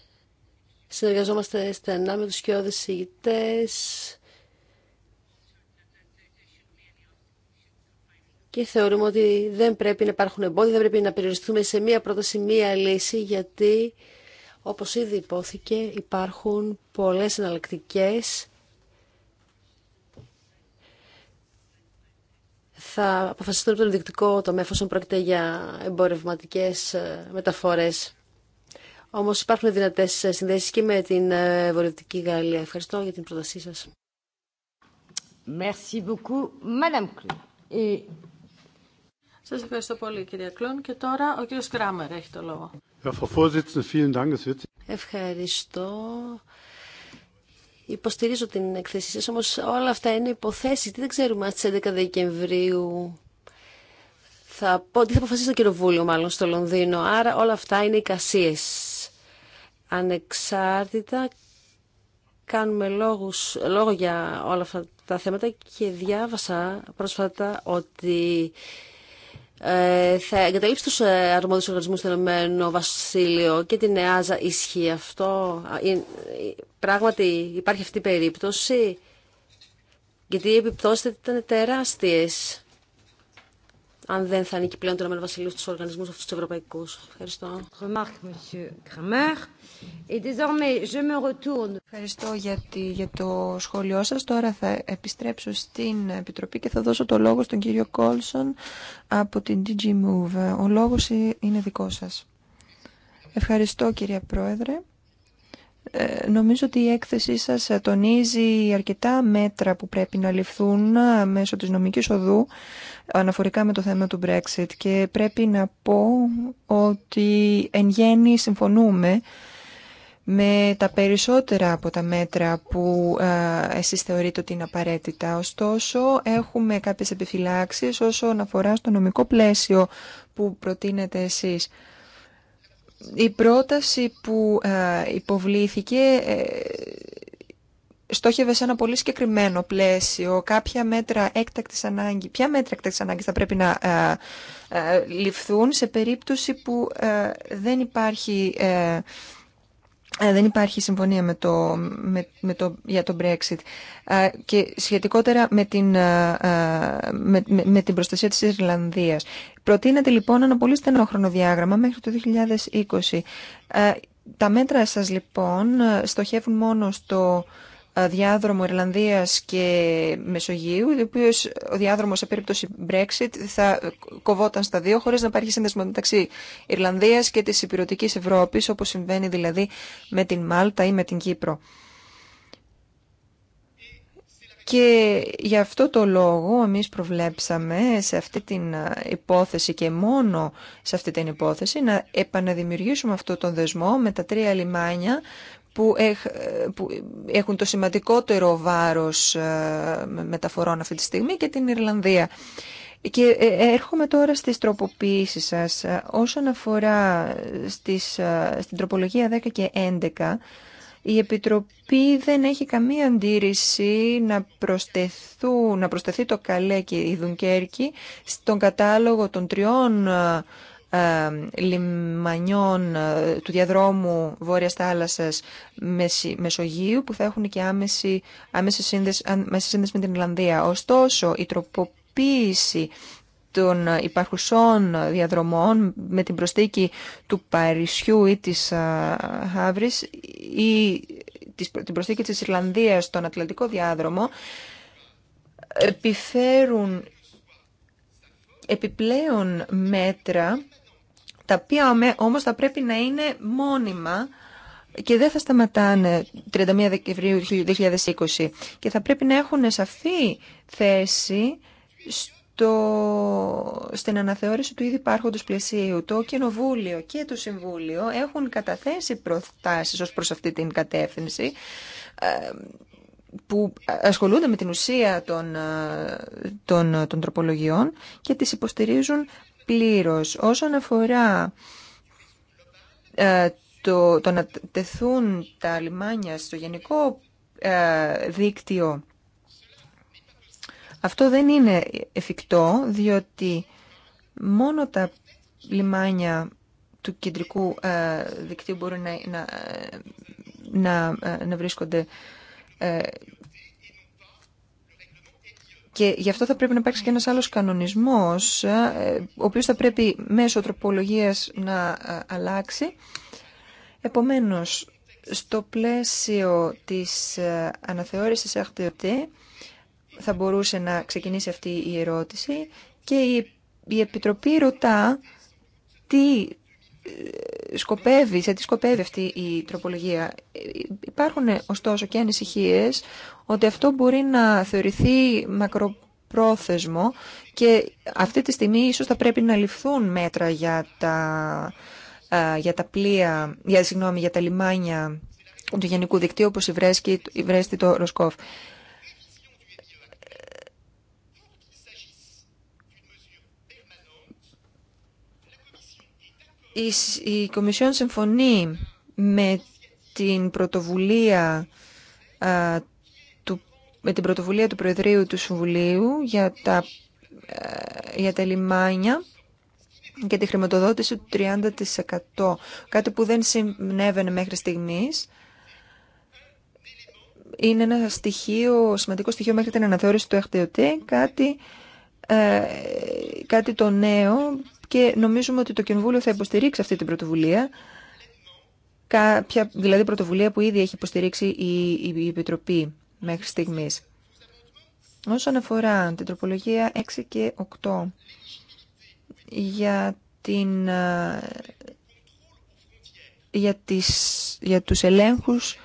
Speaker 2: Συνεργαζόμαστε στενά με τους σκιώδες συγητές. και θεωρούμε ότι δεν πρέπει να υπάρχουν εμπόδια, δεν πρέπει να περιοριστούμε σε μία πρόταση, μία λύση, γιατί όπως ήδη υπόθηκε υπάρχουν πολλές εναλλακτικές θα αποφασιστούν από τον διεκτικό τομέα εφόσον πρόκειται για εμπορευματικέ ε, μεταφορέ. Όμω υπάρχουν δυνατέ ε, συνδέσει και με την ε, Βορειοδυτική Γαλλία. Ευχαριστώ για την πρότασή σα.
Speaker 1: Merci beaucoup, Madame Σας ευχαριστώ πολύ, κυρία Κλούν. Και τώρα ο κύριο Κράμερ έχει το λόγο. Ευχαριστώ.
Speaker 2: Υποστηρίζω την εκθέση σας, όμως όλα αυτά είναι υποθέσεις. Τι δεν ξέρουμε αν στις 11 Δεκεμβρίου θα, πω, τι θα αποφασίσει το Κοινοβούλιο μάλλον στο Λονδίνο. Άρα όλα αυτά είναι εικασίες. Ανεξάρτητα κάνουμε λόγους, λόγο για όλα αυτά τα θέματα και διάβασα πρόσφατα ότι ε, θα εγκαταλείψει τους ε, αρμόδιους οργανισμούς του Ενωμένου Βασίλειο και την ΕΑΖΑ. Ισχύει αυτό. Ε, πράγματι υπάρχει αυτή η περίπτωση. Γιατί οι επιπτώσεις ήταν τεράστιες αν δεν θα ανήκει πλέον το Ηνωμένο Βασιλείο στους οργανισμούς αυτούς τους ευρωπαϊκούς. Ευχαριστώ.
Speaker 3: Ευχαριστώ για, για το σχόλιο σας. Τώρα θα επιστρέψω στην Επιτροπή και θα δώσω το λόγο στον κύριο Κόλσον από την DG Move. Ο λόγος ε, είναι δικό σας. Ευχαριστώ κύριε Πρόεδρε. Ε, νομίζω ότι η έκθεσή σας ε, τονίζει αρκετά μέτρα που πρέπει να ληφθούν ε, μέσω της νομικής οδού αναφορικά με το θέμα του Brexit και πρέπει να πω ότι εν γέννη συμφωνούμε με τα περισσότερα από τα μέτρα που εσείς θεωρείτε ότι είναι απαραίτητα. Ωστόσο, έχουμε κάποιες επιφυλάξεις όσον αφορά στο νομικό πλαίσιο που προτείνετε εσείς. Η πρόταση που υποβλήθηκε ε, στόχευε σε ένα πολύ συγκεκριμένο πλαίσιο, κάποια μέτρα έκτακτης ανάγκη. Ποια μέτρα έκτακτης ανάγκης θα πρέπει να ε, ε, ληφθούν σε περίπτωση που ε, δεν υπάρχει... δεν υπάρχει συμφωνία με το, με, με το, για το Brexit και σχετικότερα με την, με, με την προστασία της Ιρλανδίας. Προτείνεται λοιπόν ένα πολύ στενό χρονοδιάγραμμα μέχρι το 2020. Τα μέτρα σας λοιπόν στοχεύουν μόνο στο διάδρομο Ιρλανδίας και Μεσογείου, ο οποίο ο διάδρομος σε περίπτωση Brexit θα κοβόταν στα δύο χωρίς να υπάρχει σύνδεσμο μεταξύ Ιρλανδίας και της υπηρετικής Ευρώπης, όπως συμβαίνει δηλαδή με την Μάλτα ή με την Κύπρο. Και γι' αυτό το λόγο εμείς προβλέψαμε σε αυτή την υπόθεση και μόνο σε αυτή την υπόθεση να επαναδημιουργήσουμε αυτό τον δεσμό με τα τρία λιμάνια που, έχουν το σημαντικότερο βάρος ε, μεταφορών αυτή τη στιγμή και την Ιρλανδία. Και ε, έρχομαι τώρα στις τροποποιήσεις σας. Ε, όσον αφορά στις, στην τροπολογία 10 και 11, η Επιτροπή δεν έχει καμία αντίρρηση να, να προσθεθεί το Καλέ και η Δουνκέρκη στον κατάλογο των τριών ε, λιμανιών ε, του διαδρόμου Βόρειας Θάλασσας Μεσογείου που θα έχουν και άμεση, άμεση, σύνδεση, με την Ιρλανδία. Ωστόσο, η τροποποίηση των υπαρχουσών διαδρομών με την προσθήκη του Παρισιού ή της Χαύρης ή την προσθήκη της Ιρλανδίας στον Ατλαντικό διάδρομο επιφέρουν επιπλέον μέτρα τα οποία όμως θα πρέπει να είναι μόνιμα και δεν θα σταματάνε 31 Δεκεμβρίου 2020 και θα πρέπει να έχουν σαφή θέση στο, στην αναθεώρηση του ήδη υπάρχοντος πλαισίου. Το Κοινοβούλιο και το Συμβούλιο έχουν καταθέσει προτάσεις ως προς αυτή την κατεύθυνση ε, που ασχολούνται με την ουσία των, ε, των, ε, των τροπολογιών και τις υποστηρίζουν πλήρως. Όσον αφορά ε, το, το να τεθούν τα λιμάνια στο γενικό ε, δίκτυο, αυτό δεν είναι εφικτό, διότι μόνο τα λιμάνια του κεντρικού ε, δικτύου μπορούν να, να, να, να βρίσκονται και γι' αυτό θα πρέπει να υπάρξει και ένας άλλος κανονισμός, ε, ο οποίος θα πρέπει μέσω τροπολογίας να ε, αλλάξει. Επομένως, στο πλαίσιο της ε, αναθεώρησης ΑΧΤΕΟΤΕ θα μπορούσε να ξεκινήσει αυτή η ερώτηση και η Επιτροπή ρωτά τι σκοπεύει, σε τι σκοπεύει αυτή η τροπολογία. Υπάρχουν ωστόσο και ανησυχίες ότι αυτό μπορεί να θεωρηθεί μακροπρόθεσμο και αυτή τη στιγμή ίσως θα πρέπει να ληφθούν μέτρα για τα, για τα πλοία, για, συγγνώμη, για τα λιμάνια του γενικού δικτύου όπως η η το Ροσκόφ. η Κομισιόν συμφωνεί με την πρωτοβουλία του, με του Προεδρείου του Συμβουλίου για τα, ε, για τα λιμάνια και τη χρηματοδότηση του 30%. Κάτι που δεν συνέβαινε μέχρι στιγμής. Είναι ένα στοιχείο, σημαντικό στοιχείο μέχρι την αναθεώρηση του ΕΧΤΕΟΤΕ, κάτι, ε, κάτι το νέο και νομίζουμε ότι το Κοινοβούλιο θα υποστηρίξει αυτή την πρωτοβουλία, κάποια, δηλαδή πρωτοβουλία που ήδη έχει υποστηρίξει η, η Επιτροπή μέχρι στιγμής. Όσον αφορά την τροπολογία 6 και 8 για, την, ε, για, τις, για τους ελέγχους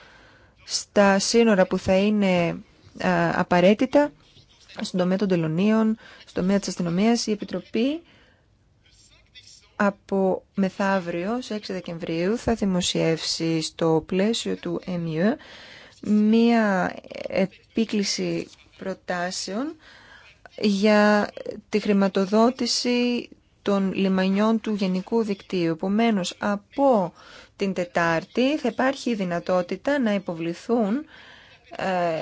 Speaker 3: στα σύνορα που θα είναι ε, απαραίτητα στον τομέα των τελωνίων, στον τομέα της αστυνομίας, η Επιτροπή από μεθαύριο, σε 6 Δεκεμβρίου, θα δημοσιεύσει στο πλαίσιο του ΕΜΙΟ μία επίκληση προτάσεων για τη χρηματοδότηση των λιμανιών του Γενικού Δικτύου. Επομένω, από την Τετάρτη θα υπάρχει η δυνατότητα να υποβληθούν ε,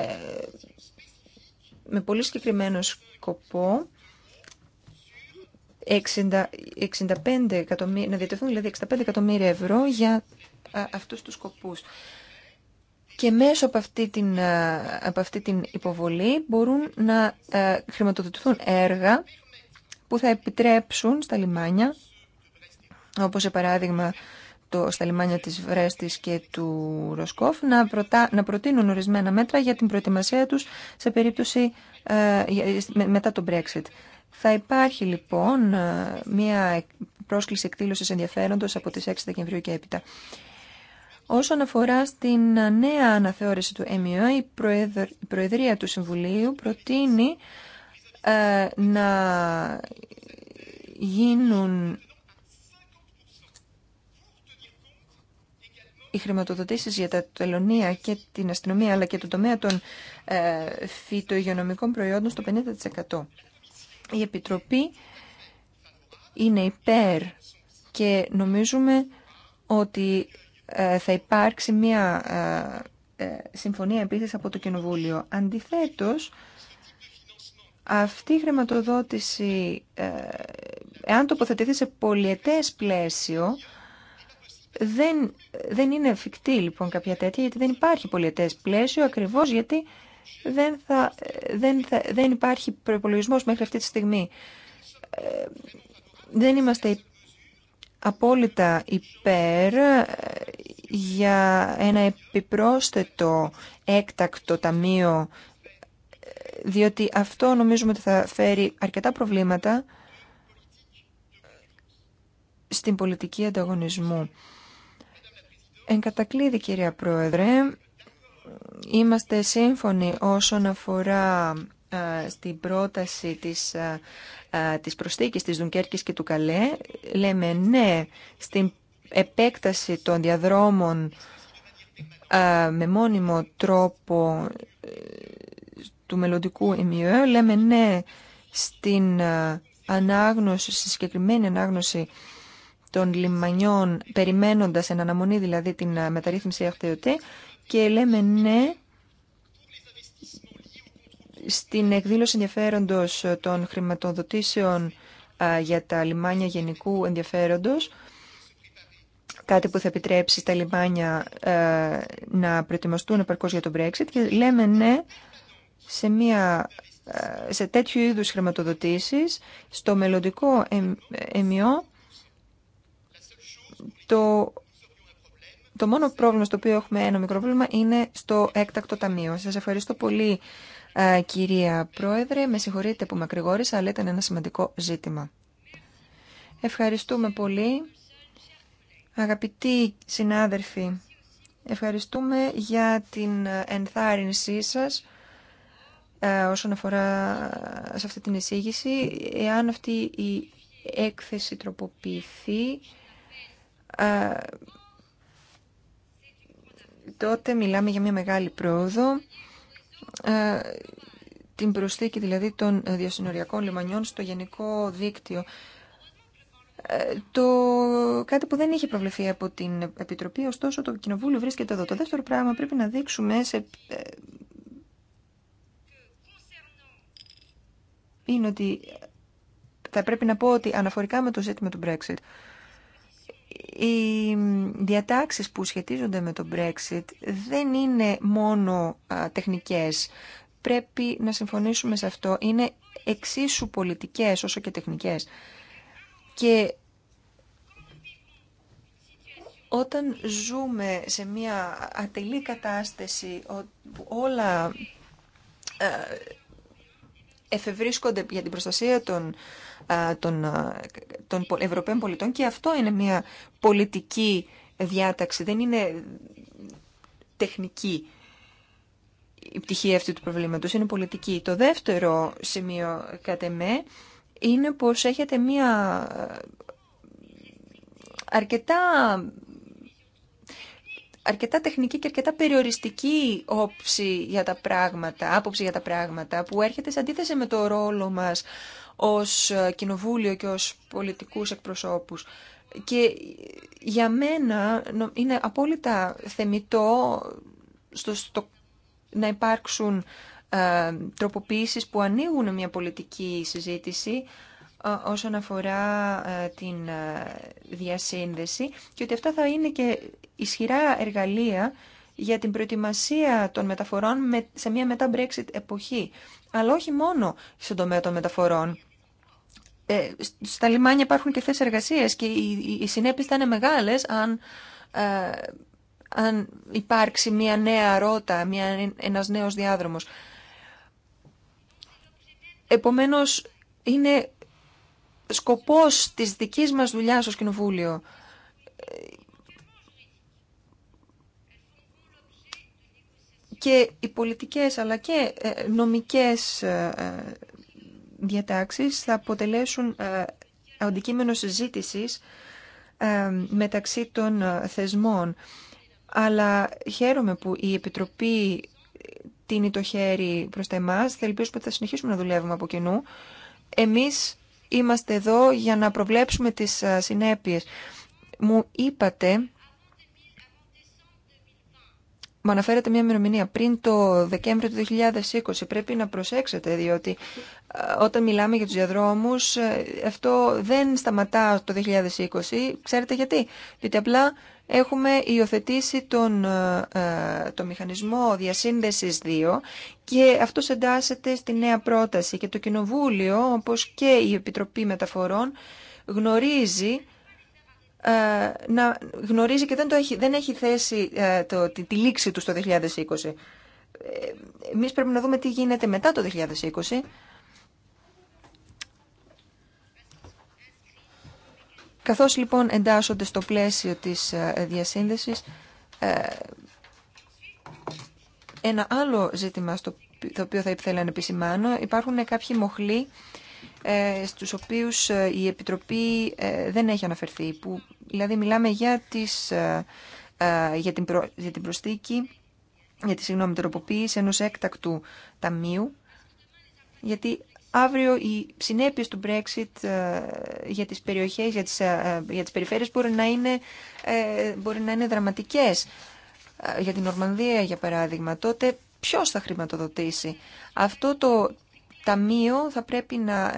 Speaker 3: με πολύ συγκεκριμένο σκοπό 65 εκατομμύρια, να διατεθούν δηλαδή 65 εκατομμύρια ευρώ για αυτούς τους σκοπούς. Και μέσω από αυτή την, την υποβολή μπορούν να χρηματοδοτηθούν έργα που θα επιτρέψουν στα λιμάνια, όπως για παράδειγμα το, στα λιμάνια της Βρέστης και του Ροσκόφ, να, να προτείνουν ορισμένα μέτρα για την προετοιμασία τους σε περίπτωση ε, μετά το Brexit. Θα υπάρχει λοιπόν ε, μια πρόσκληση εκδήλωσης ενδιαφέροντος από τις 6 Δεκεμβρίου και έπειτα. Όσον αφορά στην ε, νέα αναθεώρηση του ΕΜΙΟ, η Προεδρία του Συμβουλίου προτείνει ε, να γίνουν οι χρηματοδοτήσει για τα τελωνία και την αστυνομία αλλά και το τομέα των ε, φυτοϊγειονομικών προϊόντων στο 50%. Η Επιτροπή είναι υπέρ και νομίζουμε ότι ε, θα υπάρξει μια ε, ε, συμφωνία επίσης από το Κοινοβούλιο. Αντιθέτως, αυτή η χρηματοδότηση, εάν τοποθετηθεί σε πολιετές πλαίσιο, δεν, δεν είναι εφικτή λοιπόν κάποια τέτοια, γιατί δεν υπάρχει πολιετές πλαίσιο, ακριβώς γιατί δεν, θα, δεν, θα, δεν υπάρχει προπολογισμό μέχρι αυτή τη στιγμή. Ε, δεν είμαστε απόλυτα υπέρ ε, για ένα επιπρόσθετο έκτακτο ταμείο, ε, διότι αυτό νομίζουμε ότι θα φέρει αρκετά προβλήματα στην πολιτική ανταγωνισμού. Εν κατακλείδη, κυρία Πρόεδρε, είμαστε σύμφωνοι όσον αφορά ε, στην πρόταση της, ε, ε, της προσθήκης της Δουνκέρκης και του Καλέ. Λέμε ναι στην επέκταση των διαδρόμων με μόνιμο τρόπο του μελλοντικού ημιού. Λέμε ναι στην ανάγνωση, στη συγκεκριμένη ανάγνωση των λιμανιών, περιμένοντας εν αναμονή δηλαδή την μεταρρύθμιση ΑΧΤΕΟΤΕ και λέμε ναι στην εκδήλωση ενδιαφέροντος των χρηματοδοτήσεων για τα λιμάνια γενικού ενδιαφέροντος, κάτι που θα επιτρέψει τα λιμάνια να προετοιμαστούν επαρκώς για τον Brexit και λέμε ναι σε, μια, σε τέτοιου είδους χρηματοδοτήσεις στο μελλοντικό εμειό το το μόνο πρόβλημα στο οποίο έχουμε ένα μικρό πρόβλημα είναι στο έκτακτο ταμείο. Σας ευχαριστώ πολύ ε, κυρία Πρόεδρε. Με συγχωρείτε που με ακρηγόρησα, αλλά ήταν ένα σημαντικό ζήτημα. Ευχαριστούμε πολύ. Αγαπητοί συνάδελφοι, ευχαριστούμε για την ενθάρρυνσή σας ε, όσον αφορά σε αυτή την εισήγηση. Εάν αυτή η έκθεση τροποποιηθεί, ε, τότε μιλάμε για μια μεγάλη πρόοδο, ε, την προσθήκη δηλαδή των διασυνοριακών λιμανιών στο γενικό δίκτυο. Ε, το κάτι που δεν είχε προβλεφθεί από την Επιτροπή, ωστόσο το Κοινοβούλιο βρίσκεται εδώ. Το δεύτερο πράγμα πρέπει να δείξουμε σε... Ε, είναι ότι θα πρέπει να πω ότι αναφορικά με το ζήτημα του Brexit, οι διατάξεις που σχετίζονται με το Brexit δεν είναι μόνο τεχνικές. Πρέπει να συμφωνήσουμε σε αυτό. Είναι εξίσου πολιτικές όσο και τεχνικές. Και όταν ζούμε σε μια ατελή κατάσταση που όλα εφευρίσκονται για την προστασία των ε, των, ε, των Ευρωπαίων πολιτών και αυτό είναι μια πολιτική διάταξη, δεν είναι τεχνική η πτυχία αυτή του προβλήματος, είναι πολιτική. Το δεύτερο σημείο κατά είναι πως έχετε μια ε, αρκετά αρκετά τεχνική και αρκετά περιοριστική όψη για τα πράγματα, άποψη για τα πράγματα, που έρχεται σε αντίθεση με το ρόλο μας ως ε, κοινοβούλιο και ως πολιτικούς εκπροσώπους. Και για μένα είναι απόλυτα θεμητό στο, να υπάρξουν ε, τροποποίησεις που ανοίγουν μια πολιτική συζήτηση ε, όσον αφορά ε, την ε, διασύνδεση και ότι αυτά θα είναι και ισχυρά εργαλεία για την προετοιμασία των μεταφορών σε μια μετά Brexit εποχή. Αλλά όχι μόνο στον τομέα των μεταφορών. Ε, στα λιμάνια υπάρχουν και θέσει εργασίας και οι, οι συνέπειες θα είναι μεγάλες αν, ε, αν υπάρξει μια νέα ρότα, ένα νέο διάδρομο. διάδρομος. είναι σκοπός της δικής μας δουλειάς ως Κοινοβούλιο και οι πολιτικές αλλά και ε, νομικές διατάξεις θα αποτελέσουν ε, αντικείμενο συζήτησης ε, μεταξύ των ε, θεσμών. Αλλά χαίρομαι που η Επιτροπή τίνει το χέρι προς τα εμάς. Θα ελπίσουμε ότι θα συνεχίσουμε να δουλεύουμε από κοινού. Εμείς είμαστε εδώ για να προβλέψουμε τις συνέπειες. Μου είπατε μου αναφέρατε μια ημερομηνία πριν το Δεκέμβριο του 2020. Πρέπει να προσέξετε, διότι ε, όταν μιλάμε για τους διαδρόμους, ε, αυτό δεν σταματά το 2020. Ξέρετε γιατί. Διότι απλά έχουμε υιοθετήσει τον, ε, το μηχανισμό διασύνδεσης 2 και αυτό εντάσσεται στη νέα πρόταση. Και το Κοινοβούλιο, όπως και η Επιτροπή Μεταφορών, γνωρίζει ε, να γνωρίζει και δεν, το έχει, δεν έχει θέσει ε, το, τη, τη λήξη του στο 2020. Ε, εμείς πρέπει να δούμε τι γίνεται μετά το 2020. Καθώς λοιπόν εντάσσονται στο πλαίσιο της διασύνδεσης, ένα άλλο ζήτημα στο το οποίο θα ήθελα να επισημάνω, υπάρχουν κάποιοι μοχλοί στους οποίους η Επιτροπή δεν έχει αναφερθεί, που Δηλαδή μιλάμε για, τις, ε, ε, για, την, προ, για την προστίκη, για τη συγγνώμη τροποποίηση ενός έκτακτου ταμείου, γιατί αύριο οι συνέπειες του Brexit ε, για τις περιοχές, για τις, για τις περιφέρειες μπορεί να είναι, μπορεί να είναι δραματικές. Για την Ορμανδία, για παράδειγμα, τότε ποιος θα χρηματοδοτήσει. Αυτό το ταμείο θα πρέπει να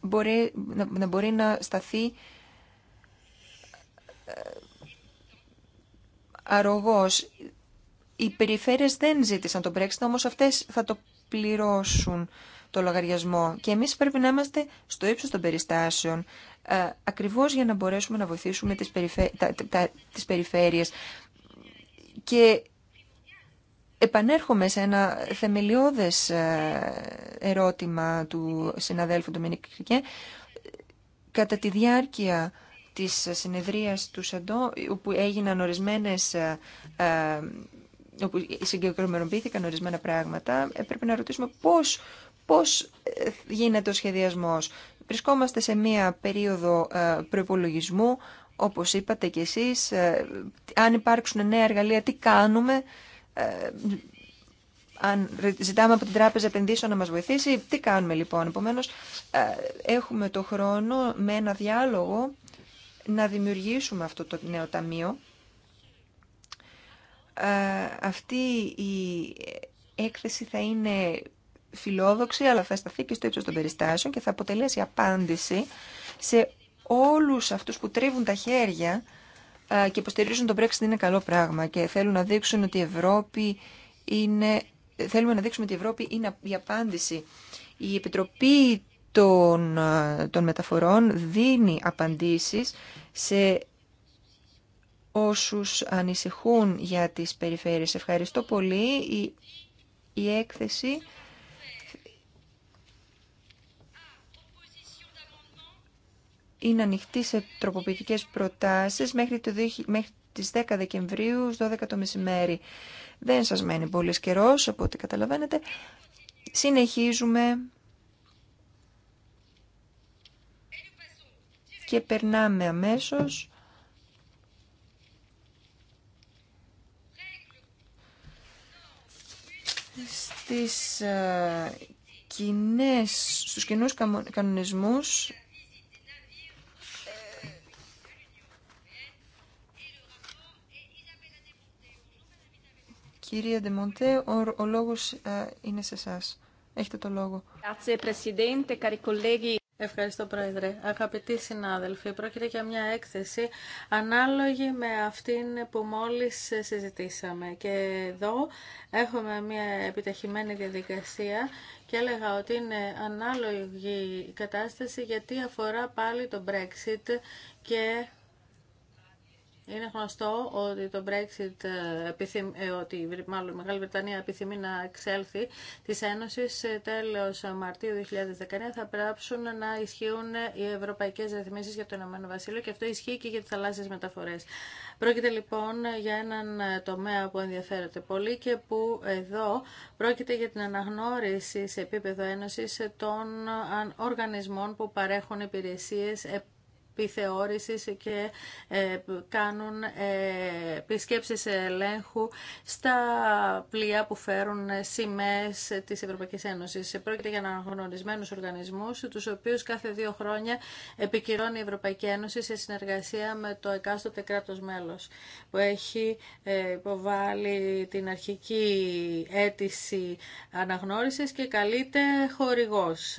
Speaker 3: μπορεί να, μπορεί να σταθεί αρρωγός. Οι περιφέρειες δεν ζήτησαν τον Brexit, όμως αυτές θα το πληρώσουν το λογαριασμό. Και εμείς πρέπει να είμαστε στο ύψος των περιστάσεων, ε, ακριβώς για να μπορέσουμε να βοηθήσουμε τις, περιφέ... περιφέρειες. Και επανέρχομαι σε ένα θεμελιώδες ε, ερώτημα του συναδέλφου Ντομινίκ Κρικέ. Κατά τη διάρκεια της συνεδρίας του ΣΑΝΤΟ, όπου έγιναν ορισμένες ε, ε, όπου συγκεκριμενοποιήθηκαν ορισμένα πράγματα, ε, πρέπει να ρωτήσουμε πώς, πώς γίνεται ο σχεδιασμός. Βρισκόμαστε σε μία περίοδο προπολογισμού, όπως είπατε κι εσείς, αν υπάρξουν νέα εργαλεία, τι κάνουμε, αν ζητάμε από την Τράπεζα Επενδύσεων να μας βοηθήσει, τι κάνουμε λοιπόν. Επομένως, έχουμε το χρόνο με ένα διάλογο να δημιουργήσουμε αυτό το νέο ταμείο. Ε, αυτή η έκθεση θα είναι φιλόδοξη, αλλά θα σταθεί και στο ύψος των περιστάσεων και θα αποτελέσει απάντηση σε όλους αυτούς που τρίβουν τα χέρια ε, και υποστηρίζουν το Brexit είναι καλό πράγμα και θέλουν να δείξουν ότι η Ευρώπη είναι, θέλουμε να δείξουμε ότι η Ευρώπη είναι η απάντηση. Η Επιτροπή ε, των, μεταφορών δίνει απαντήσεις σε όσους ανησυχούν για τις περιφέρειες. Ευχαριστώ πολύ. Η, η έκθεση είναι ανοιχτή σε τροποποιητικές προτάσεις μέχρι, το, μέχρι τις 10 Δεκεμβρίου 12 το μεσημέρι. Δεν σας μένει πολύ καιρός, από ό,τι καταλαβαίνετε. Συνεχίζουμε και περνάμε αμέσως στις ε, κοινές, στους κοινούς κανονισμούς Κυρία Ντεμοντέ, ο, ο λόγος ε, είναι σε εσά. Έχετε το λόγο.
Speaker 1: Ευχαριστώ Πρόεδρε. Αγαπητοί συνάδελφοι, πρόκειται για μια έκθεση ανάλογη με αυτήν που μόλις συζητήσαμε. Και εδώ έχουμε μια επιταχυμένη διαδικασία και έλεγα ότι είναι ανάλογη η κατάσταση γιατί αφορά πάλι το Brexit και είναι γνωστό ότι το Brexit, ε, ε, ότι μάλλον η Μεγάλη Βρετανία επιθυμεί να εξέλθει της Ένωσης ε, τέλος Μαρτίου 2019 θα πράψουν να ισχύουν οι Ευρωπαϊκέ ρυθμίσεις για το Ηνωμένο Βασίλειο και αυτό ισχύει και για τις θαλάσσιες μεταφορές. Πρόκειται λοιπόν για έναν τομέα που ενδιαφέρεται πολύ και που εδώ πρόκειται για την αναγνώριση σε επίπεδο Ένωση των οργανισμών που παρέχουν υπηρεσίες επιθεώρησης και ε, κάνουν ε, επισκέψεις ελέγχου στα πλοία που φέρουν σημαίες της Ευρωπαϊκής Ένωσης. Πρόκειται για αναγνωρισμένους οργανισμούς, τους οποίους κάθε δύο χρόνια επικυρώνει η Ευρωπαϊκή Ένωση σε συνεργασία με το εκάστοτε κράτος μέλος, που έχει ε, υποβάλει την αρχική αίτηση αναγνώρισης και καλείται χορηγός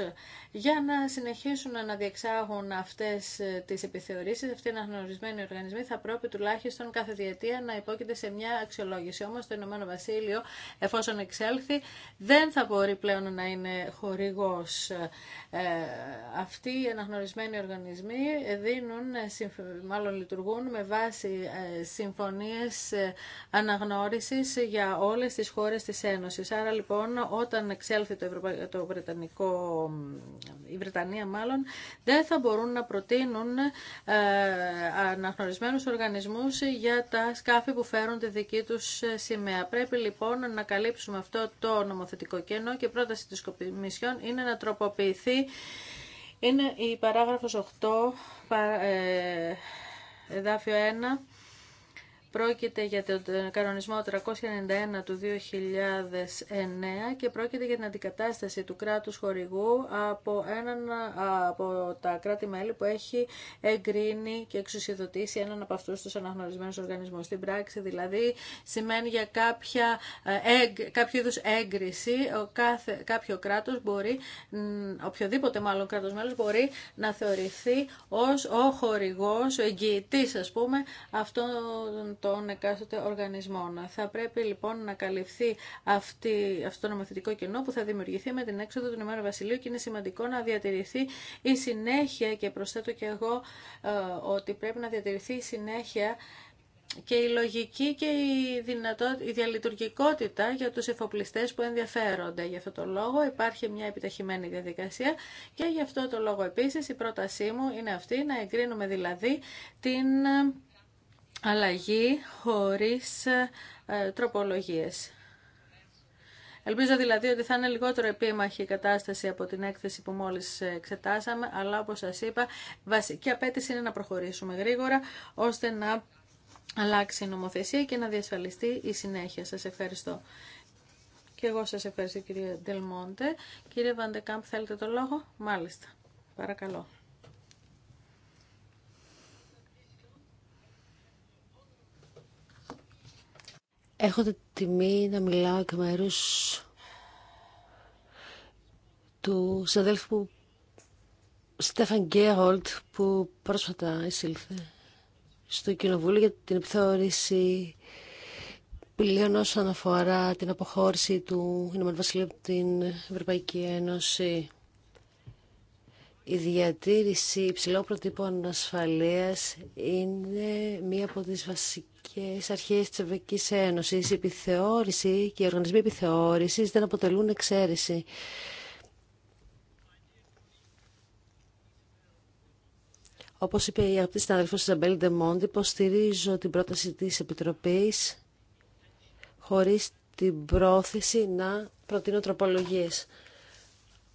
Speaker 1: για να συνεχίσουν να διεξάγουν αυτές ε, τις επιθεωρήσεις. Αυτοί οι αναγνωρισμένοι οργανισμοί θα πρέπει τουλάχιστον κάθε διετία να υπόκειται σε μια αξιολόγηση. Όμως το Ηνωμένο Βασίλειο, εφόσον εξέλθει, δεν θα μπορεί πλέον να είναι χορηγός. Ε, αυτοί οι αναγνωρισμένοι οργανισμοί δίνουν, ε, μάλλον λειτουργούν με βάση ε, συμφωνίες αναγνώρισης για όλες τις χώρες της Ένωσης. Άρα λοιπόν όταν εξέλθει το, Ευρωπα... το Βρετανικό η Βρετανία μάλλον, δεν θα μπορούν να προτείνουν ε, αναγνωρισμένους οργανισμούς για τα σκάφη που φέρουν τη δική τους ε, σημαία. Πρέπει λοιπόν να καλύψουμε αυτό το νομοθετικό κενό και η πρόταση της Κομισιόν είναι να τροποποιηθεί είναι η παράγραφος 8, ε, εδάφιο 1, Πρόκειται για τον κανονισμό 391 του 2009 και πρόκειται για την αντικατάσταση του κράτους χορηγού από, έναν, από τα κράτη-μέλη που έχει εγκρίνει και εξουσιοδοτήσει έναν από αυτούς τους αναγνωρισμένους οργανισμούς. Στην πράξη δηλαδή σημαίνει για κάποια, εγ, κάποιο είδους έγκριση ο κάθε, κάποιο κράτος μπορεί, οποιοδήποτε μάλλον κράτος μέλος μπορεί να θεωρηθεί ως ο χορηγός, ο εγγυητής ας πούμε αυτόν των εκάστοτε οργανισμών. Θα πρέπει λοιπόν να καλυφθεί αυτή, αυτό το νομοθετικό κενό που θα δημιουργηθεί με την έξοδο του Ηνωμένου Βασιλείου και είναι σημαντικό να διατηρηθεί η συνέχεια και προσθέτω και εγώ ε, ότι πρέπει να διατηρηθεί η συνέχεια και η λογική και η, δυνατό, η διαλειτουργικότητα για τους εφοπλιστές που ενδιαφέρονται. Γι' αυτό το λόγο υπάρχει μια επιταχυμένη διαδικασία και γι' αυτό το λόγο επίσης η πρότασή μου είναι αυτή να εγκρίνουμε δηλαδή την αλλαγή χωρίς ε, τροπολογίες. Ελπίζω δηλαδή ότι θα είναι λιγότερο επίμαχη η κατάσταση από την έκθεση που μόλις εξετάσαμε, αλλά όπως σας είπα, βασική απέτηση είναι να προχωρήσουμε γρήγορα, ώστε να αλλάξει η νομοθεσία και να διασφαλιστεί η συνέχεια. Σας ευχαριστώ. Και εγώ σας ευχαριστώ κύριε Ντελμόντε. Κύριε Βαντεκάμπ, θέλετε το λόγο. Μάλιστα. Παρακαλώ.
Speaker 2: Έχω την τιμή να μιλάω εκ μέρου του συναδέλφου Στέφαν Γκέρολτ που πρόσφατα εισήλθε στο Κοινοβούλιο για την επιθεώρηση πλέον όσον αφορά την αποχώρηση του Ινωμένου Βασιλείου από την Ευρωπαϊκή Ένωση. Η διατήρηση υψηλών προτύπων ασφαλείας είναι μία από τις βασικές αρχές της Ευρωπαϊκής Ένωσης. Η επιθεώρηση και οι οργανισμοί επιθεώρησης δεν αποτελούν εξαίρεση. Όπως είπε η αγαπητή συναδελφό Ιζαμπέλ Ντεμόντι, υποστηρίζω την πρόταση της Επιτροπής χωρίς την πρόθεση να προτείνω τροπολογίε.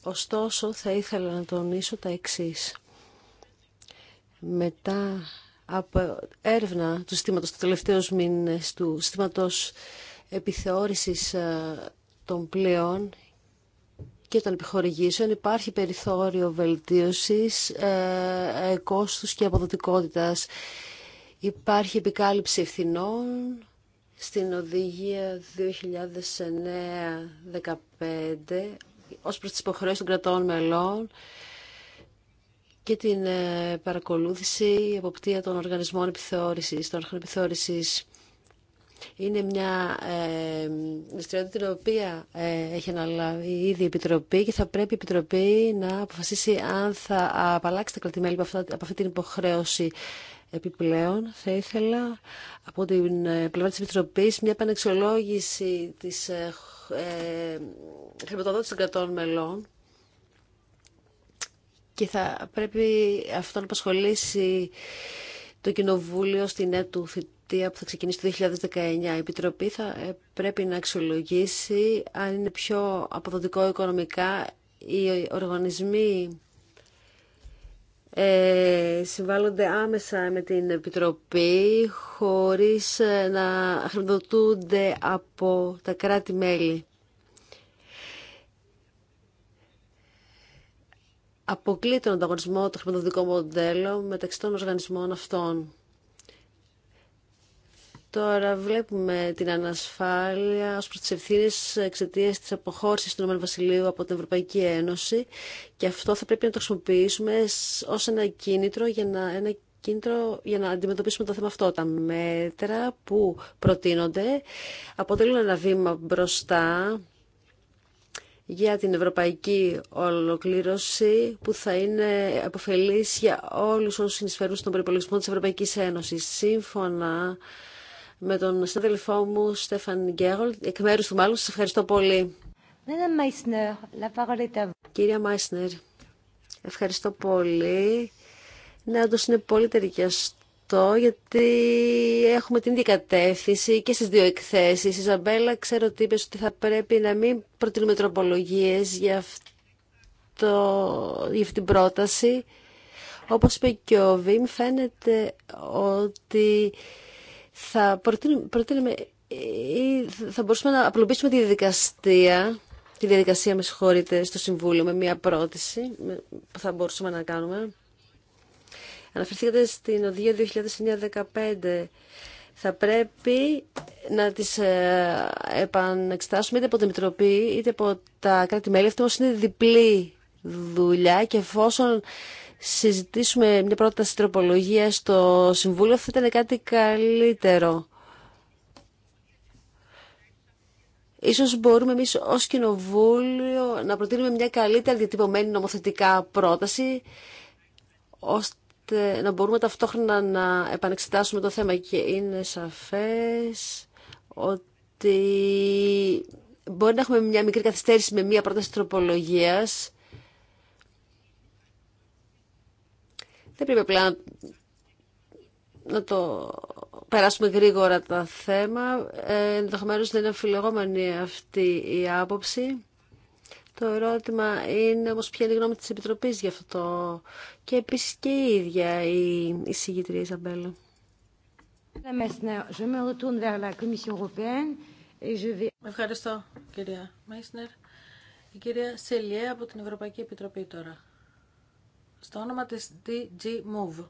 Speaker 2: Ωστόσο, θα ήθελα να τονίσω τα εξής. Μετά από έρευνα του συστήματος του τελευταίου μήνες του συστήματος επιθεώρησης ε, των πλεόν και των επιχορηγήσεων υπάρχει περιθώριο βελτίωσης ε, ε, κόστους και αποδοτικότητας. Υπάρχει επικάλυψη ευθυνών στην οδηγία ως προς τις υποχρεώσεις των κρατών μελών και την ε, παρακολούθηση, εποπτεία των οργανισμών επιθεώρησης, των αρχών επιθεώρησης. Είναι μια ε, δραστηριότητα την οποία ε, έχει αναλάβει ήδη η Επιτροπή και θα πρέπει η Επιτροπή να αποφασίσει αν θα απαλλάξει τα κρατημέλη από αυτή την υποχρέωση Επιπλέον, θα ήθελα από την πλευρά της Επιτροπής μια επανεξολόγηση της ε, χρηματοδότηση των κρατών μελών και θα πρέπει αυτό να απασχολήσει το Κοινοβούλιο στην έτου θητεία που θα ξεκινήσει το 2019. Η Επιτροπή θα ε, πρέπει να αξιολογήσει αν είναι πιο αποδοτικό οικονομικά οι οργανισμοί ε, συμβάλλονται άμεσα με την Επιτροπή χωρίς ε, να χρηματοδοτούνται από τα κράτη-μέλη. Αποκλεί τον ανταγωνισμό το χρηματοδοτικό μοντέλο μεταξύ των οργανισμών αυτών. Τώρα βλέπουμε την ανασφάλεια ως προς τις ευθύνες εξαιτίας της αποχώρησης του Ηνωμένου Βασιλείου από την Ευρωπαϊκή Ένωση και αυτό θα πρέπει να το χρησιμοποιήσουμε ως ένα κίνητρο για να, ένα κίνητρο για να αντιμετωπίσουμε το θέμα αυτό. Τα μέτρα που προτείνονται αποτελούν ένα βήμα μπροστά για την ευρωπαϊκή ολοκλήρωση που θα είναι επωφελής για όλους όσους συνεισφέρουν στον προπολογισμό της Ευρωπαϊκής Ένωσης. Σύμφωνα με τον συνάδελφό μου Στέφαν Γκέρολ εκ μέρους του μάλλον. Σας ευχαριστώ πολύ. Κυρία Μάισνερ, ευχαριστώ πολύ. Ναι, όντως είναι πολύ ταιριαστό γιατί έχουμε την ίδια κατεύθυνση και στις δύο εκθέσεις. Η Ζαμπέλα, ξέρω ότι είπε ότι θα πρέπει να μην προτείνουμε τροπολογίες για, αυτό, για αυτή την πρόταση. Όπως είπε και ο Βιμ, φαίνεται ότι θα, προτείνουμε, ή θα μπορούσαμε να απλοποιήσουμε τη διαδικασία, τη διαδικασία με συγχωρείτε, στο Συμβούλιο με μια πρόταση που θα μπορούσαμε να κάνουμε. Αναφερθήκατε στην οδηγία 2015. Θα πρέπει να τις ε, επανεξετάσουμε είτε από την Επιτροπή είτε από τα κράτη-μέλη. Αυτό είναι διπλή δουλειά και εφόσον συζητήσουμε μια πρόταση τροπολογία στο Συμβούλιο, αυτό ήταν κάτι καλύτερο. Ίσως μπορούμε εμείς ως Κοινοβούλιο να προτείνουμε μια καλύτερα διατυπωμένη νομοθετικά πρόταση, ώστε να μπορούμε ταυτόχρονα να επανεξετάσουμε το θέμα. Και είναι σαφές ότι μπορεί να έχουμε μια μικρή καθυστέρηση με μια πρόταση τροπολογίας, Δεν πρέπει απλά να το περάσουμε γρήγορα τα θέμα. Ε, Ενδεχομένω δεν είναι αμφιλεγόμενη αυτή η άποψη. Το ερώτημα είναι όμως ποια είναι η γνώμη της Επιτροπής για αυτό το... και επίσης και η ίδια η, η συγγητρία Ισαμπέλα.
Speaker 1: Ευχαριστώ κυρία Μέισνερ. Η κυρία Σελιέ από την Ευρωπαϊκή Επιτροπή τώρα στο όνομα της DG Move.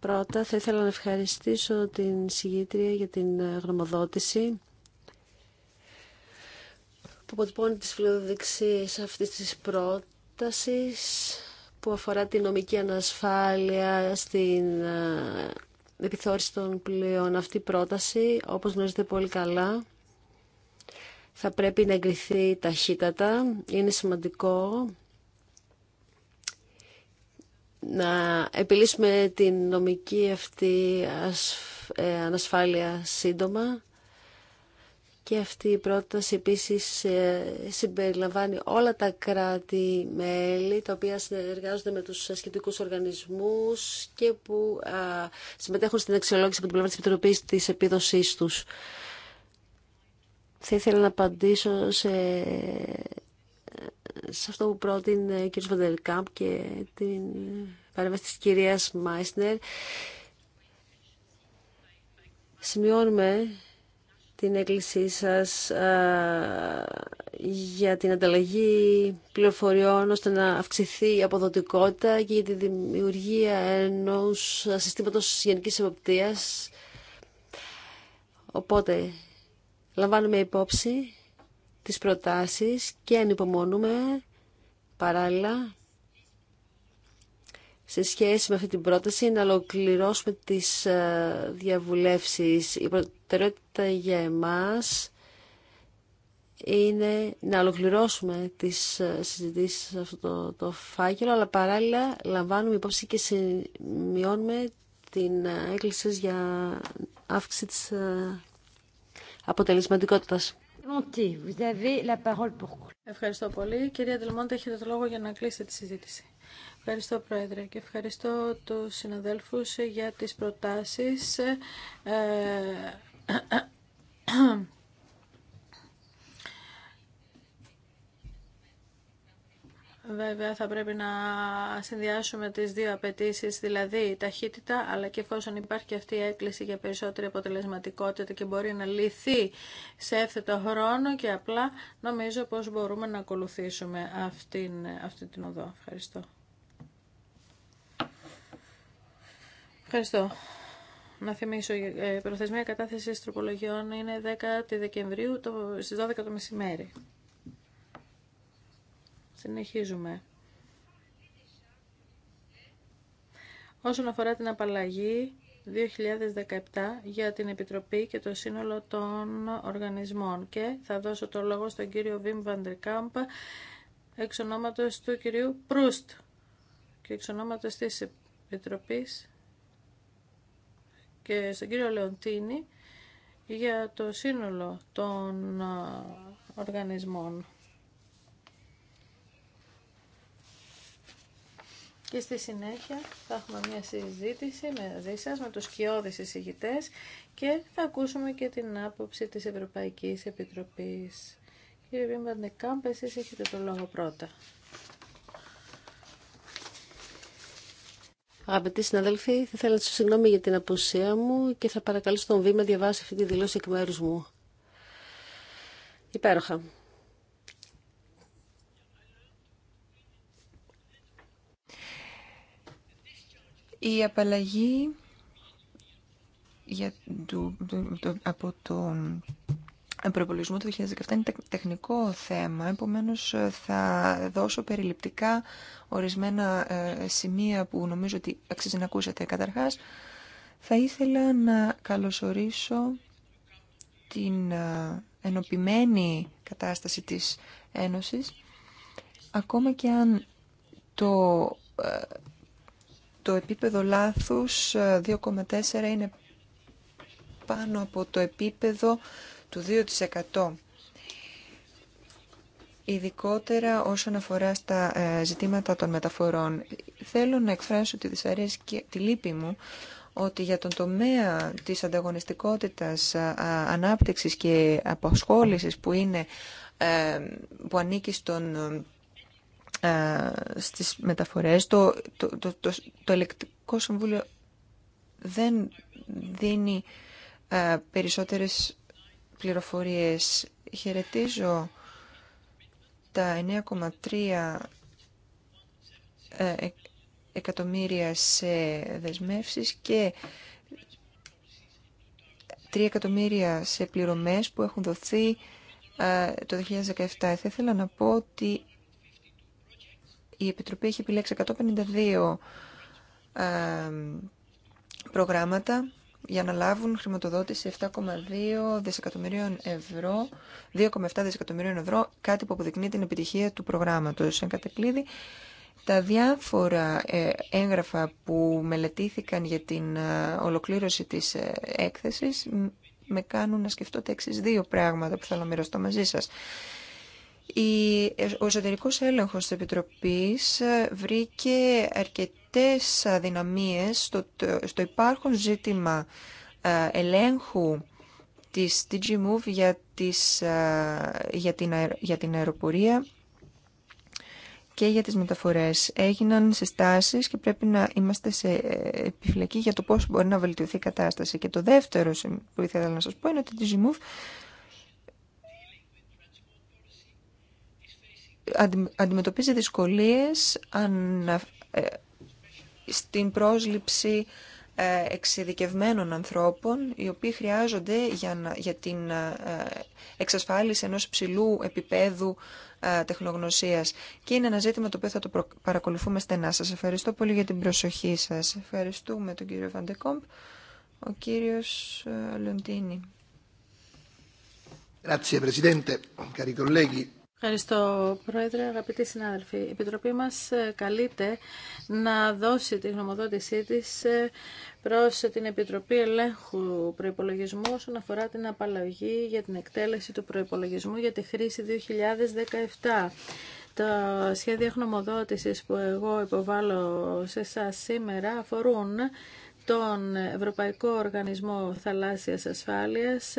Speaker 2: Πρώτα θα ήθελα να ευχαριστήσω την συγγήτρια για την γνωμοδότηση που αποτυπώνει τις φιλοδοξίες αυτής της πρότασης που αφορά τη νομική ανασφάλεια στην ε, επιθόρηση των πλοίων. Αυτή η πρόταση, όπως γνωρίζετε πολύ καλά, θα πρέπει να εγκριθεί ταχύτατα. Είναι σημαντικό να επιλύσουμε την νομική αυτή ε, ανασφάλεια σύντομα. Και αυτή η πρόταση επίσης ε, συμπεριλαμβάνει όλα τα κράτη-μέλη τα οποία συνεργάζονται με τους σχετικούς οργανισμούς και που συμμετέχουν στην αξιολόγηση από την πλευρά της Επιτροπής της επίδοσής τους. Θα ήθελα να απαντήσω σε, σε αυτό που πρότεινε ο κ. Βαντελκάμπ και την παρέμβαση της κυρίας Μάισνερ. Σημειώνουμε την έκκλησή σας για την ανταλλαγή πληροφοριών ώστε να αυξηθεί η αποδοτικότητα και για τη δημιουργία ενός συστήματος γενικής εποπτείας. Οπότε, Λαμβάνουμε υπόψη τις προτάσεις και ανυπομονούμε παράλληλα σε σχέση με αυτή την πρόταση να ολοκληρώσουμε τις ε, διαβουλεύσεις. Η προτεραιότητα για εμάς είναι να ολοκληρώσουμε τις ε, συζητήσεις σε αυτό το, το φάκελο, αλλά παράλληλα λαμβάνουμε υπόψη και σημειώνουμε την ε, έκκληση για αύξηση της αποτελεσματικότητας.
Speaker 1: Ευχαριστώ πολύ. Κυρία Τελμόντα, έχετε το λόγο για να κλείσετε τη συζήτηση. Ευχαριστώ Πρόεδρε και ευχαριστώ τους συναδέλφους για τις προτάσεις. Ε, Βέβαια θα πρέπει να συνδυάσουμε τις δύο απαιτήσει, δηλαδή η ταχύτητα, αλλά και εφόσον υπάρχει αυτή η έκκληση για περισσότερη αποτελεσματικότητα και μπορεί να λυθεί σε έφθετο χρόνο και απλά, νομίζω πως μπορούμε να ακολουθήσουμε αυτήν, αυτή την οδό. Ευχαριστώ. Ευχαριστώ. Να θυμίσω, ε, προθεσμία κατάθεσης τροπολογιών είναι 10 Δεκεμβρίου στις 12 το μεσημέρι. Συνεχίζουμε. Όσον αφορά την απαλλαγή 2017 για την Επιτροπή και το σύνολο των οργανισμών και θα δώσω το λόγο στον κύριο Βιμ Βαντερκάμπ εξ ονόματος του κυρίου Προύστ και εξ ονόματος της Επιτροπής και στον κύριο Λεοντίνη για το σύνολο των οργανισμών. Και στη συνέχεια θα έχουμε μια συζήτηση μαζί σας με τους σκιώδεις εισηγητές και θα ακούσουμε και την άποψη της Ευρωπαϊκής Επιτροπής. Κύριε Βίμπαντεκάμπ, εσείς έχετε το λόγο πρώτα.
Speaker 2: Αγαπητοί συναδέλφοι, θα ήθελα να σας συγγνώμη για την απουσία μου και θα παρακαλώ στον Βήμα να διαβάσει αυτή τη δηλώση εκ μέρου μου. Υπέροχα.
Speaker 3: Η απαλλαγή για το, το, από τον προπολογισμό του 2017 είναι τεχνικό θέμα, επομένως ε, θα δώσω περιληπτικά ορισμένα ε, σημεία που νομίζω ότι αξίζει να ακούσετε. Καταρχάς, θα ήθελα να καλωσορίσω την ε, ενοποιημένη κατάσταση της Ένωσης, ακόμα και αν το το επίπεδο λάθους 2,4 ε, είναι πάνω από το επίπεδο του 2%. Ειδικότερα όσον αφορά στα ε, ζητήματα των μεταφορών. Θέλω να εκφράσω τη δυσαρέσκεια και τη λύπη μου ότι για τον τομέα της ανταγωνιστικότητας, ε, ανάπτυξης και απασχόλησης που είναι που ανήκει στον ε, στις μεταφορές. Το, το, το, το, Ελεκτικό Συμβούλιο δεν δίνει α, ε, περισσότερες πληροφορίες. Χαιρετίζω τα 9,3 ε, εκατομμύρια σε δεσμεύσεις και 3 εκατομμύρια σε πληρωμές που έχουν δοθεί το 2017. Θα ήθελα να πω ότι η Επιτροπή έχει επιλέξει 152 προγράμματα για να λάβουν χρηματοδότηση 7,2 δισεκατομμυρίων ευρώ, 2,7 δισεκατομμυρίων ευρώ, κάτι που αποδεικνύει την επιτυχία του προγράμματος. Εν κατεκλείδη, τα διάφορα ε, έγγραφα που μελετήθηκαν για την ε, ολοκλήρωση της ε, έκθεσης με κάνουν να σκεφτώ τα δύο πράγματα που θέλω να μοιραστώ μαζί σας. Ο εσωτερικός έλεγχος της Επιτροπής ε, βρήκε αρκετές αδυναμίες στο, στο υπάρχον ζήτημα ε, ελέγχου της DigiMove για, τις, ε, για, την, για την αεροπορία και για τις μεταφορές. Έγιναν συστάσεις και πρέπει να είμαστε σε επιφυλακή για το πώς μπορεί να βελτιωθεί η κατάσταση. Και το δεύτερο που ήθελα να σας πω είναι ότι η DigiMove αντιμετωπίζει δυσκολίες ε, στην πρόσληψη ε, εξειδικευμένων ανθρώπων οι οποίοι χρειάζονται για, να, για την ε, εξασφάλιση ενός ψηλού επίπεδου τεχνογνωσίας και είναι ένα ζήτημα το οποίο θα το παρακολουθούμε στενά. Σας ευχαριστώ πολύ για την προσοχή σας. Ευχαριστούμε τον κύριο Βαντεκόμπ, ο κύριος Λοντίνη. Grazie Ευχαριστώ,
Speaker 1: Πρόεδρε. Αγαπητοί συνάδελφοι, η Επιτροπή μας ε, καλείται να δώσει τη γνωμοδότησή της ε, προς την Επιτροπή Ελέγχου Προϋπολογισμού όσον αφορά την απαλλαγή για την εκτέλεση του προϋπολογισμού για τη χρήση 2017. Τα σχέδια γνωμοδότησης που εγώ υποβάλλω σε εσά σήμερα αφορούν τον Ευρωπαϊκό Οργανισμό Θαλάσσιας Ασφάλειας,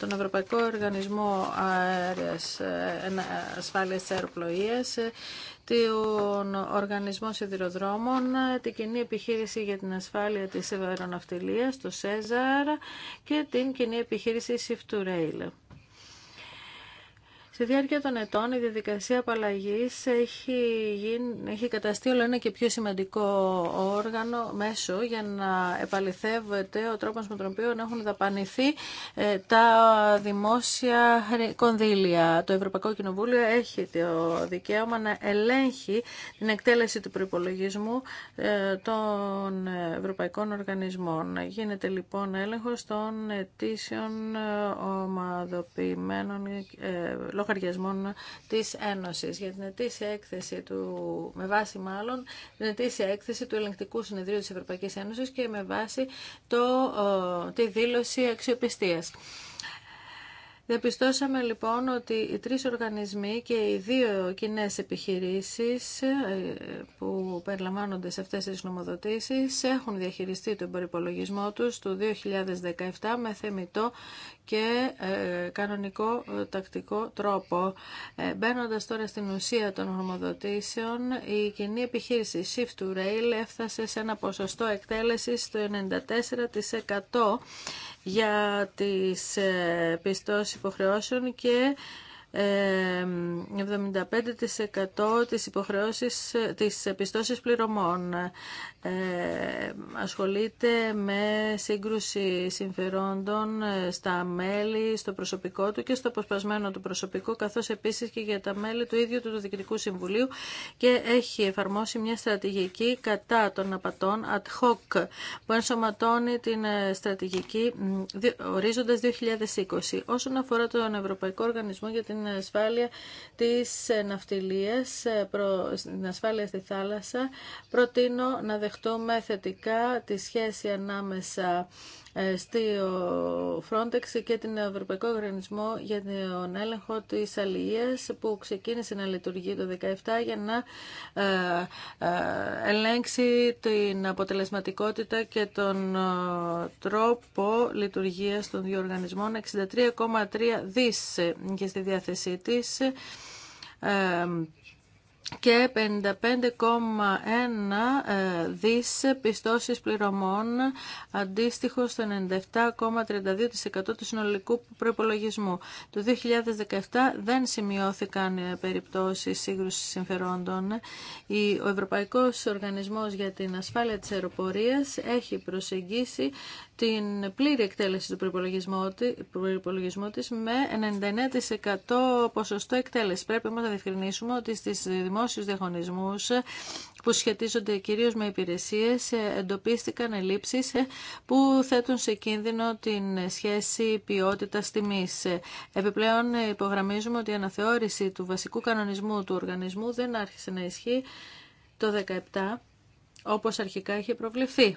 Speaker 1: τον Ευρωπαϊκό Οργανισμό Αέρας, Ασφάλειας της Αεροπλοείας, τον Οργανισμό Σιδηροδρόμων, την Κοινή Επιχείρηση για την Ασφάλεια της Αεροναυτιλίας, το ΣΕΖΑΡ και την Κοινή Επιχείρηση Shift to Rail. Στη διάρκεια των ετών η διαδικασία απαλλαγή έχει, έχει καταστεί όλο ένα και πιο σημαντικό όργανο μέσο για να επαληθεύεται ο τρόπος με τον οποίο έχουν δαπανηθεί ε, τα δημόσια κονδύλια. Το Ευρωπαϊκό Κοινοβούλιο έχει το δικαίωμα να ελέγχει την εκτέλεση του προπολογισμού ε, των ευρωπαϊκών οργανισμών. Γίνεται λοιπόν έλεγχος των αιτήσεων ε, ομαδοποιημένων λόγω λογαριασμών της Ένωσης για την ετήσια έκθεση του, με βάση μάλλον την ετήσια έκθεση του Ελεγκτικού Συνεδρίου της Ευρωπαϊκής Ένωσης και με βάση το, ε, τη δήλωση αξιοπιστίας. Διαπιστώσαμε λοιπόν ότι οι τρεις οργανισμοί και οι δύο κοινέ επιχειρήσεις ε, που περιλαμβάνονται σε αυτές τις νομοδοτήσεις έχουν διαχειριστεί τον προπολογισμό τους το 2017 με θεμητό και ε, κανονικό ε, τακτικό τρόπο. Μπαίνοντα τώρα στην ουσία των νομοδοτήσεων, η κοινή επιχείρηση Shift to Rail έφτασε σε ένα ποσοστό εκτέλεσης το 94% για τις ε, πιστώσεις υποχρεώσεων και 75% της υποχρεώσεις της επιστώσεις πληρωμών. Ε, ασχολείται με σύγκρουση συμφερόντων στα μέλη, στο προσωπικό του και στο αποσπασμένο του προσωπικό, καθώς επίσης και για τα μέλη του ίδιου του Διοικητικού Συμβουλίου και έχει εφαρμόσει μια στρατηγική κατά των απατών ad hoc που ενσωματώνει την ε, στρατηγική ορίζοντας 2020. Όσον αφορά τον Ευρωπαϊκό Οργανισμό για την στην ασφάλεια της ναυτιλίας, την ασφάλεια στη θάλασσα, προτείνω να δεχτούμε θετικά τη σχέση ανάμεσα ε, στη Frontex και την Ευρωπαϊκό Οργανισμό για τον έλεγχο της αλληλείας που ξεκίνησε να λειτουργεί το 2017 για να ε, ε, ελέγξει την αποτελεσματικότητα και τον τρόπο λειτουργίας των δύο οργανισμών 63,3 δις και στη διάθεσή της και 55,1 ε, δις πιστώσεις πληρωμών αντίστοιχο στο 97,32% του συνολικού προπολογισμού. Το 2017 δεν σημειώθηκαν ε, περιπτώσεις σύγκρουσης συμφερόντων. Ο Ευρωπαϊκός Οργανισμός για την Ασφάλεια της Αεροπορίας έχει προσεγγίσει την πλήρη εκτέλεση του προπολογισμού της με 99% ποσοστό εκτέλεση. Πρέπει όμως να διευκρινίσουμε ότι στις δημόσιους διαγωνισμούς που σχετίζονται κυρίως με υπηρεσίες εντοπίστηκαν ελλείψεις που θέτουν σε κίνδυνο την σχέση ποιότητας τιμής. Επιπλέον υπογραμμίζουμε ότι η αναθεώρηση του βασικού κανονισμού του οργανισμού δεν άρχισε να ισχύει το 2017 όπως αρχικά είχε προβληθεί.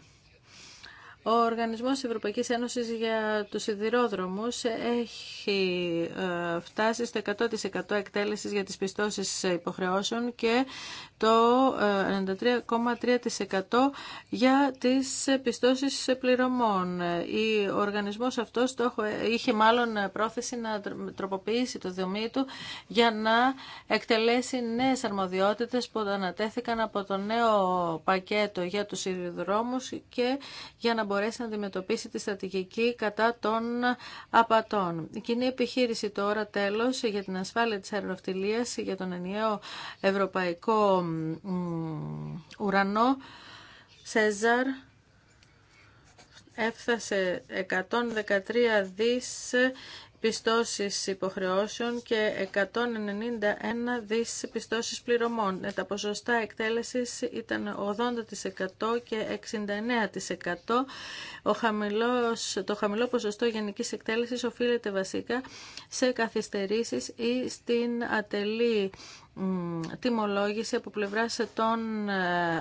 Speaker 1: Ο Οργανισμός Ευρωπαϊκής Ένωσης για τους Σιδηρόδρομους έχει ε, φτάσει στο 100% εκτέλεσης για τις πιστώσεις υποχρεώσεων και 93,3% ε, για τις πιστώσεις πληρωμών. Ο οργανισμός αυτός το είχε μάλλον πρόθεση να τροποποιήσει το δομή του για να εκτελέσει νέες αρμοδιότητες που ανατέθηκαν από το νέο πακέτο για τους σιδηροδρόμους και για να μπορέσει να αντιμετωπίσει τη στρατηγική κατά των απατών. Η κοινή επιχείρηση τώρα τέλος για την ασφάλεια της αεροναυτιλίας για τον ενιαίο ευρωπαϊκό ουρανό Σέζαρ έφτασε 113 δις πιστώσεις υποχρεώσεων και 191 δις πιστώσεις πληρωμών. Ε, τα ποσοστά εκτέλεσης ήταν 80% και 69%. Ο χαμηλός, το χαμηλό ποσοστό γενικής εκτέλεσης οφείλεται βασικά σε καθυστερήσεις ή στην ατελή τιμολόγηση από πλευράς των ε,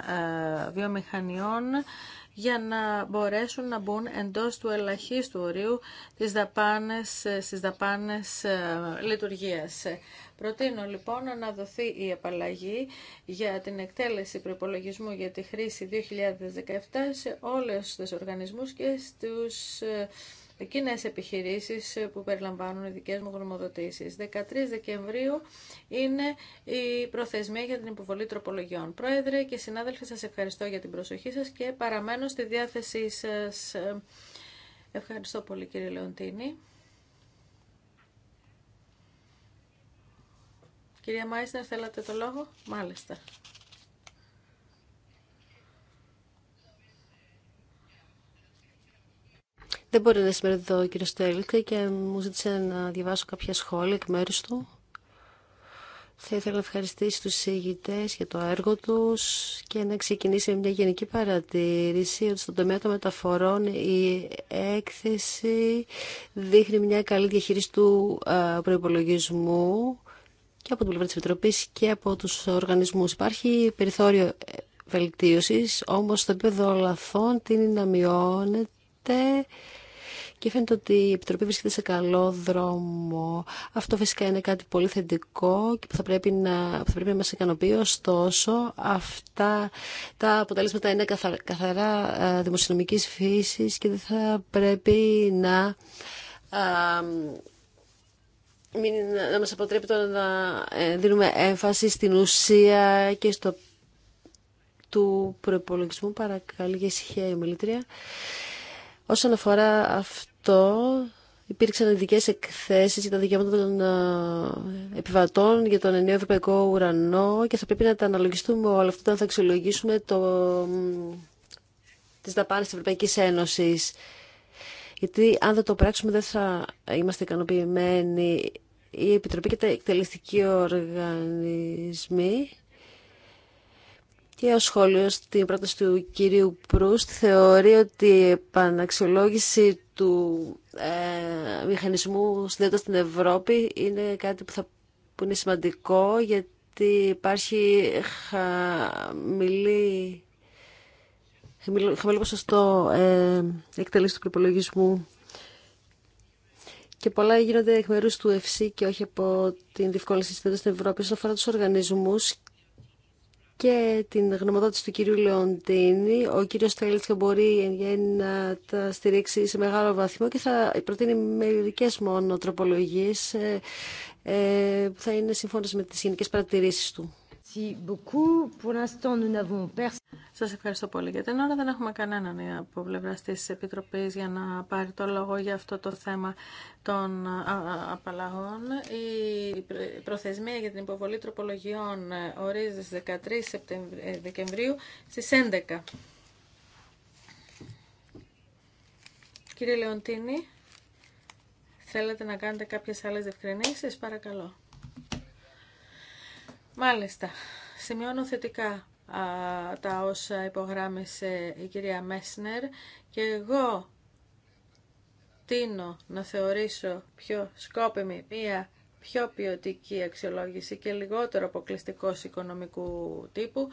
Speaker 1: ε, βιομηχανιών για να μπορέσουν να μπουν εντός του ελαχίστου ορίου της δαπάνες, στις δαπάνες ε, λειτουργίας. Προτείνω λοιπόν να δοθεί η απαλλαγή για την εκτέλεση προπολογισμού για τη χρήση 2017 σε όλους τους οργανισμούς και στους ε, Εκείνε επιχειρήσει που περιλαμβάνουν οι δικέ μου γνωμοδοτήσει. 13 Δεκεμβρίου είναι η προθεσμία για την υποβολή τροπολογιών. Πρόεδρε και συνάδελφοι, σα ευχαριστώ για την προσοχή σα και παραμένω στη διάθεσή σα. Ευχαριστώ πολύ κύριε Λεοντίνη. Κυρία Μάισνερ, θέλατε το λόγο. Μάλιστα.
Speaker 2: Δεν μπορεί να είναι εδώ ο κύριο και μου ζήτησε να διαβάσω κάποια σχόλια εκ μέρου του. Θα ήθελα να ευχαριστήσω τους συγητές για το έργο τους και να ξεκινήσει με μια γενική παρατήρηση ότι στον τομέα των μεταφορών η έκθεση δείχνει μια καλή διαχείριση του ε, προϋπολογισμού και από την πλευρά τη και από του οργανισμούς. Υπάρχει περιθώριο ε, βελτίωσης, όμως το επίπεδο λαθών τίνει να μειώνεται και φαίνεται ότι η Επιτροπή βρίσκεται σε καλό δρόμο. Αυτό φυσικά είναι κάτι πολύ θετικό και που θα πρέπει να, θα πρέπει να μας ικανοποιεί. Ωστόσο, αυτά τα αποτελέσματα είναι καθαρά ε, δημοσιονομικής φύσης και δεν θα πρέπει να ε, μην, να μας αποτρέπει το να ε, δίνουμε έμφαση στην ουσία και στο του προπολογισμού. Παρακαλώ για ησυχία η ομιλήτρια. Όσον αφορά αυτό υπήρξαν ειδικέ εκθέσεις για τα δικαιώματα των ε, επιβατών, για τον ενιαίο ευρωπαϊκό ουρανό και θα πρέπει να τα αναλογιστούμε όλα αυτά όταν θα αξιολογήσουμε το, τις δαπάνες της Ευρωπαϊκής Ένωσης. Γιατί αν δεν το πράξουμε δεν θα είμαστε ικανοποιημένοι. Η Επιτροπή και τα εκτελεστικοί οργανισμοί και ο σχόλιο στην πρόταση του κυρίου Προύστ θεωρεί ότι η επαναξιολόγηση του ε, μηχανισμού συνδέοντα στην Ευρώπη είναι κάτι που, θα, είναι σημαντικό γιατί υπάρχει χαμηλή, χαμηλό, ποσοστό ε, του προπολογισμού και πολλά γίνονται εκ μέρου του ΕΦΣΥ και όχι από την διευκόλυνση τη στην Ευρώπη. Όσον αφορά του οργανισμού και την γνωμοδότηση του κυρίου Λεοντίνη. Ο κύριο Τέλτσκα μπορεί να τα στηρίξει σε μεγάλο βαθμό και θα προτείνει μερικέ μόνο τροπολογίε ε, ε, που θα είναι σύμφωνα με τις γενικέ παρατηρήσεις του.
Speaker 1: Σα ευχαριστώ πολύ για την ώρα. Δεν έχουμε κανέναν από πλευρά τη Επιτροπή για να πάρει το λόγο για αυτό το θέμα των απαλλαγών. Η προθεσμία για την υποβολή τροπολογιών ε, ορίζεται στι 13 ε, Δεκεμβρίου στι 11. Κύριε Λεοντίνη, θέλετε να κάνετε κάποιες άλλες διευκρινήσεις, παρακαλώ. Μάλιστα. Σημειώνω θετικά τα όσα υπογράμμισε η κυρία Μέσνερ και εγώ τίνω να θεωρήσω πιο σκόπιμη μία πιο ποιοτική αξιολόγηση και λιγότερο αποκλειστικός οικονομικού τύπου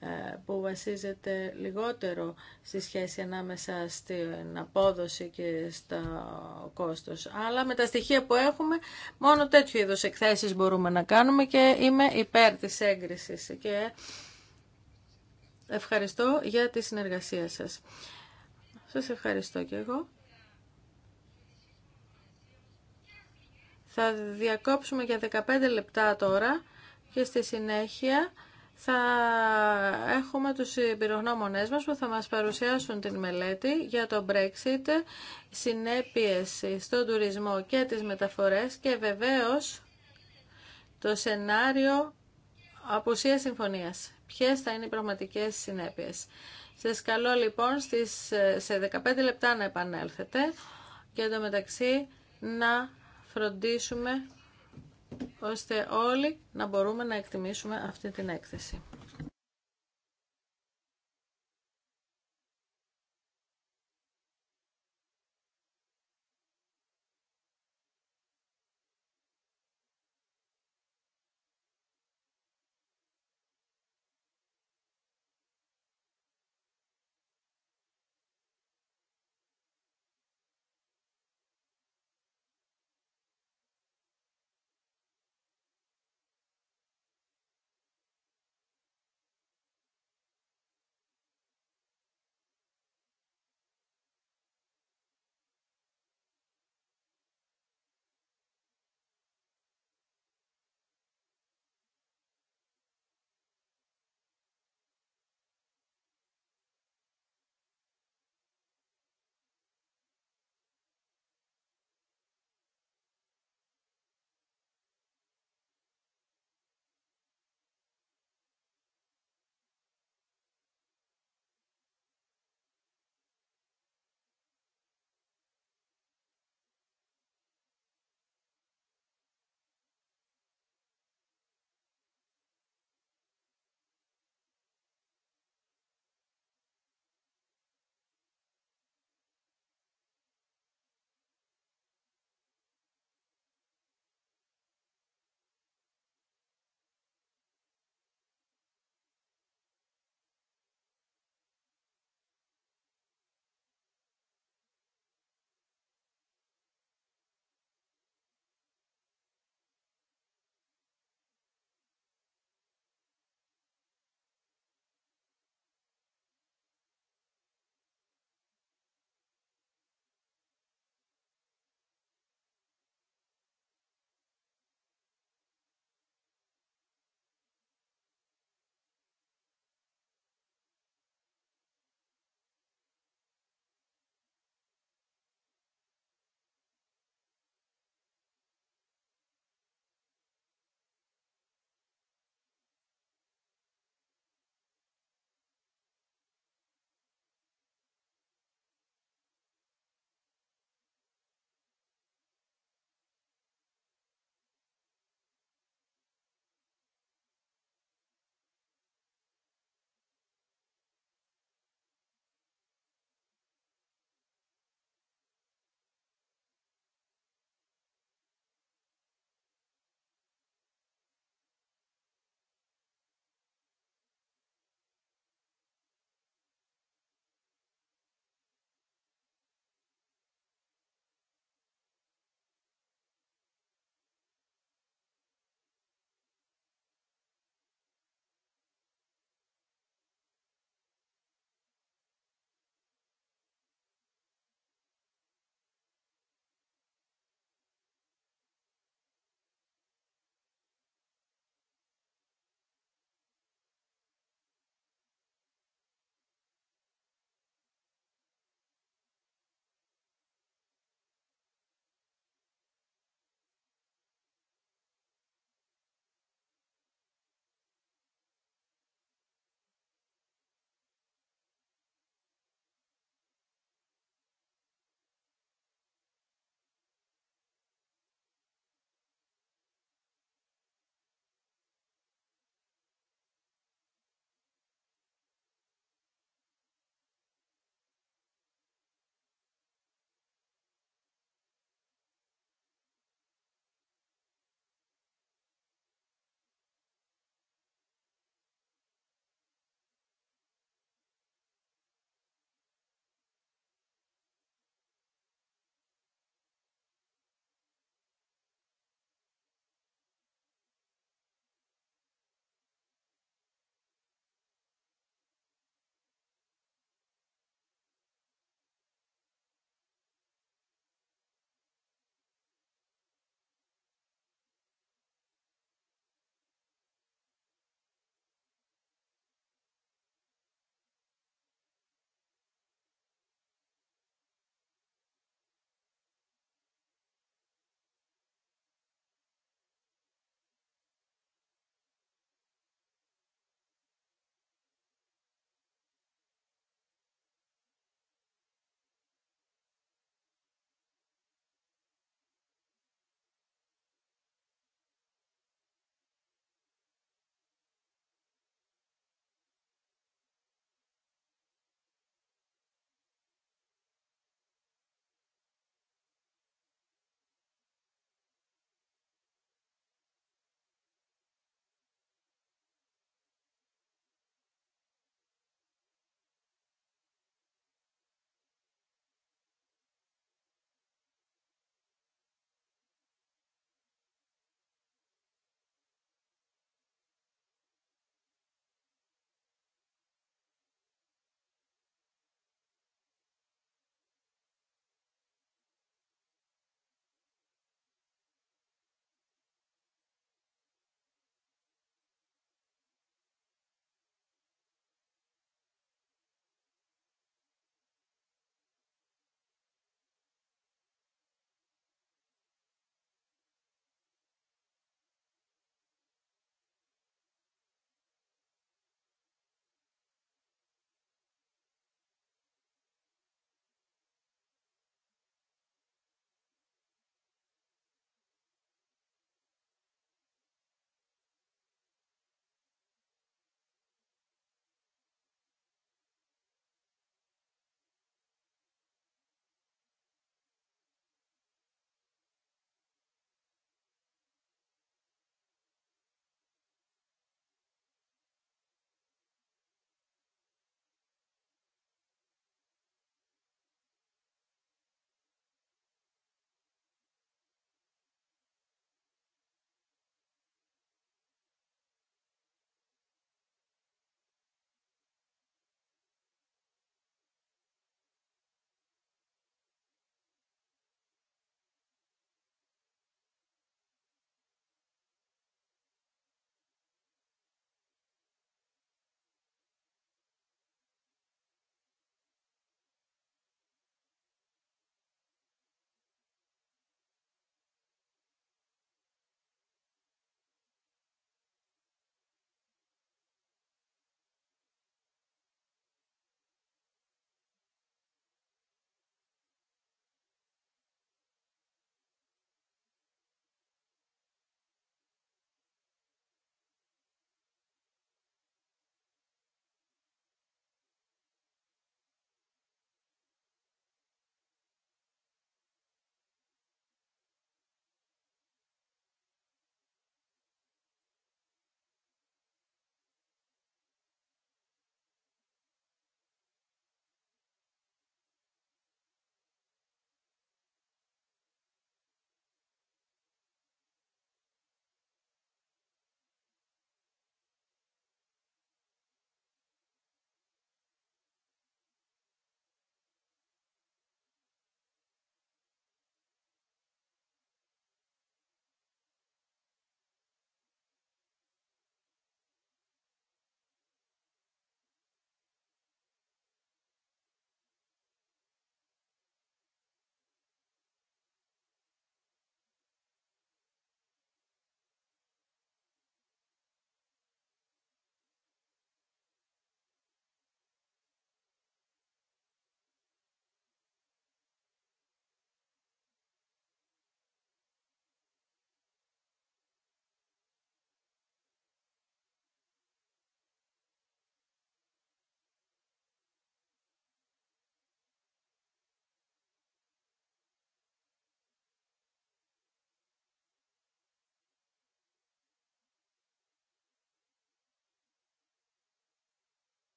Speaker 1: ε, που βασίζεται λιγότερο στη σχέση ανάμεσα στην απόδοση και στο κόστος. Αλλά με τα στοιχεία που έχουμε, μόνο τέτοιου είδους εκθέσεις μπορούμε να κάνουμε και είμαι υπέρ της έγκρισης. Και ευχαριστώ για τη συνεργασία σας. Σας ευχαριστώ και εγώ. Θα διακόψουμε για 15 λεπτά τώρα και στη συνέχεια θα έχουμε τους εμπειρογνώμονές μας που θα μας παρουσιάσουν την μελέτη για το Brexit, συνέπειες στον τουρισμό και τις μεταφορές και βεβαίως το σενάριο απουσία συμφωνίας. Ποιες θα είναι οι πραγματικές συνέπειες. Σας καλώ λοιπόν στις, σε 15 λεπτά να επανέλθετε και εντωμεταξύ να φροντίσουμε ώστε όλοι να μπορούμε να εκτιμήσουμε αυτή την έκθεση.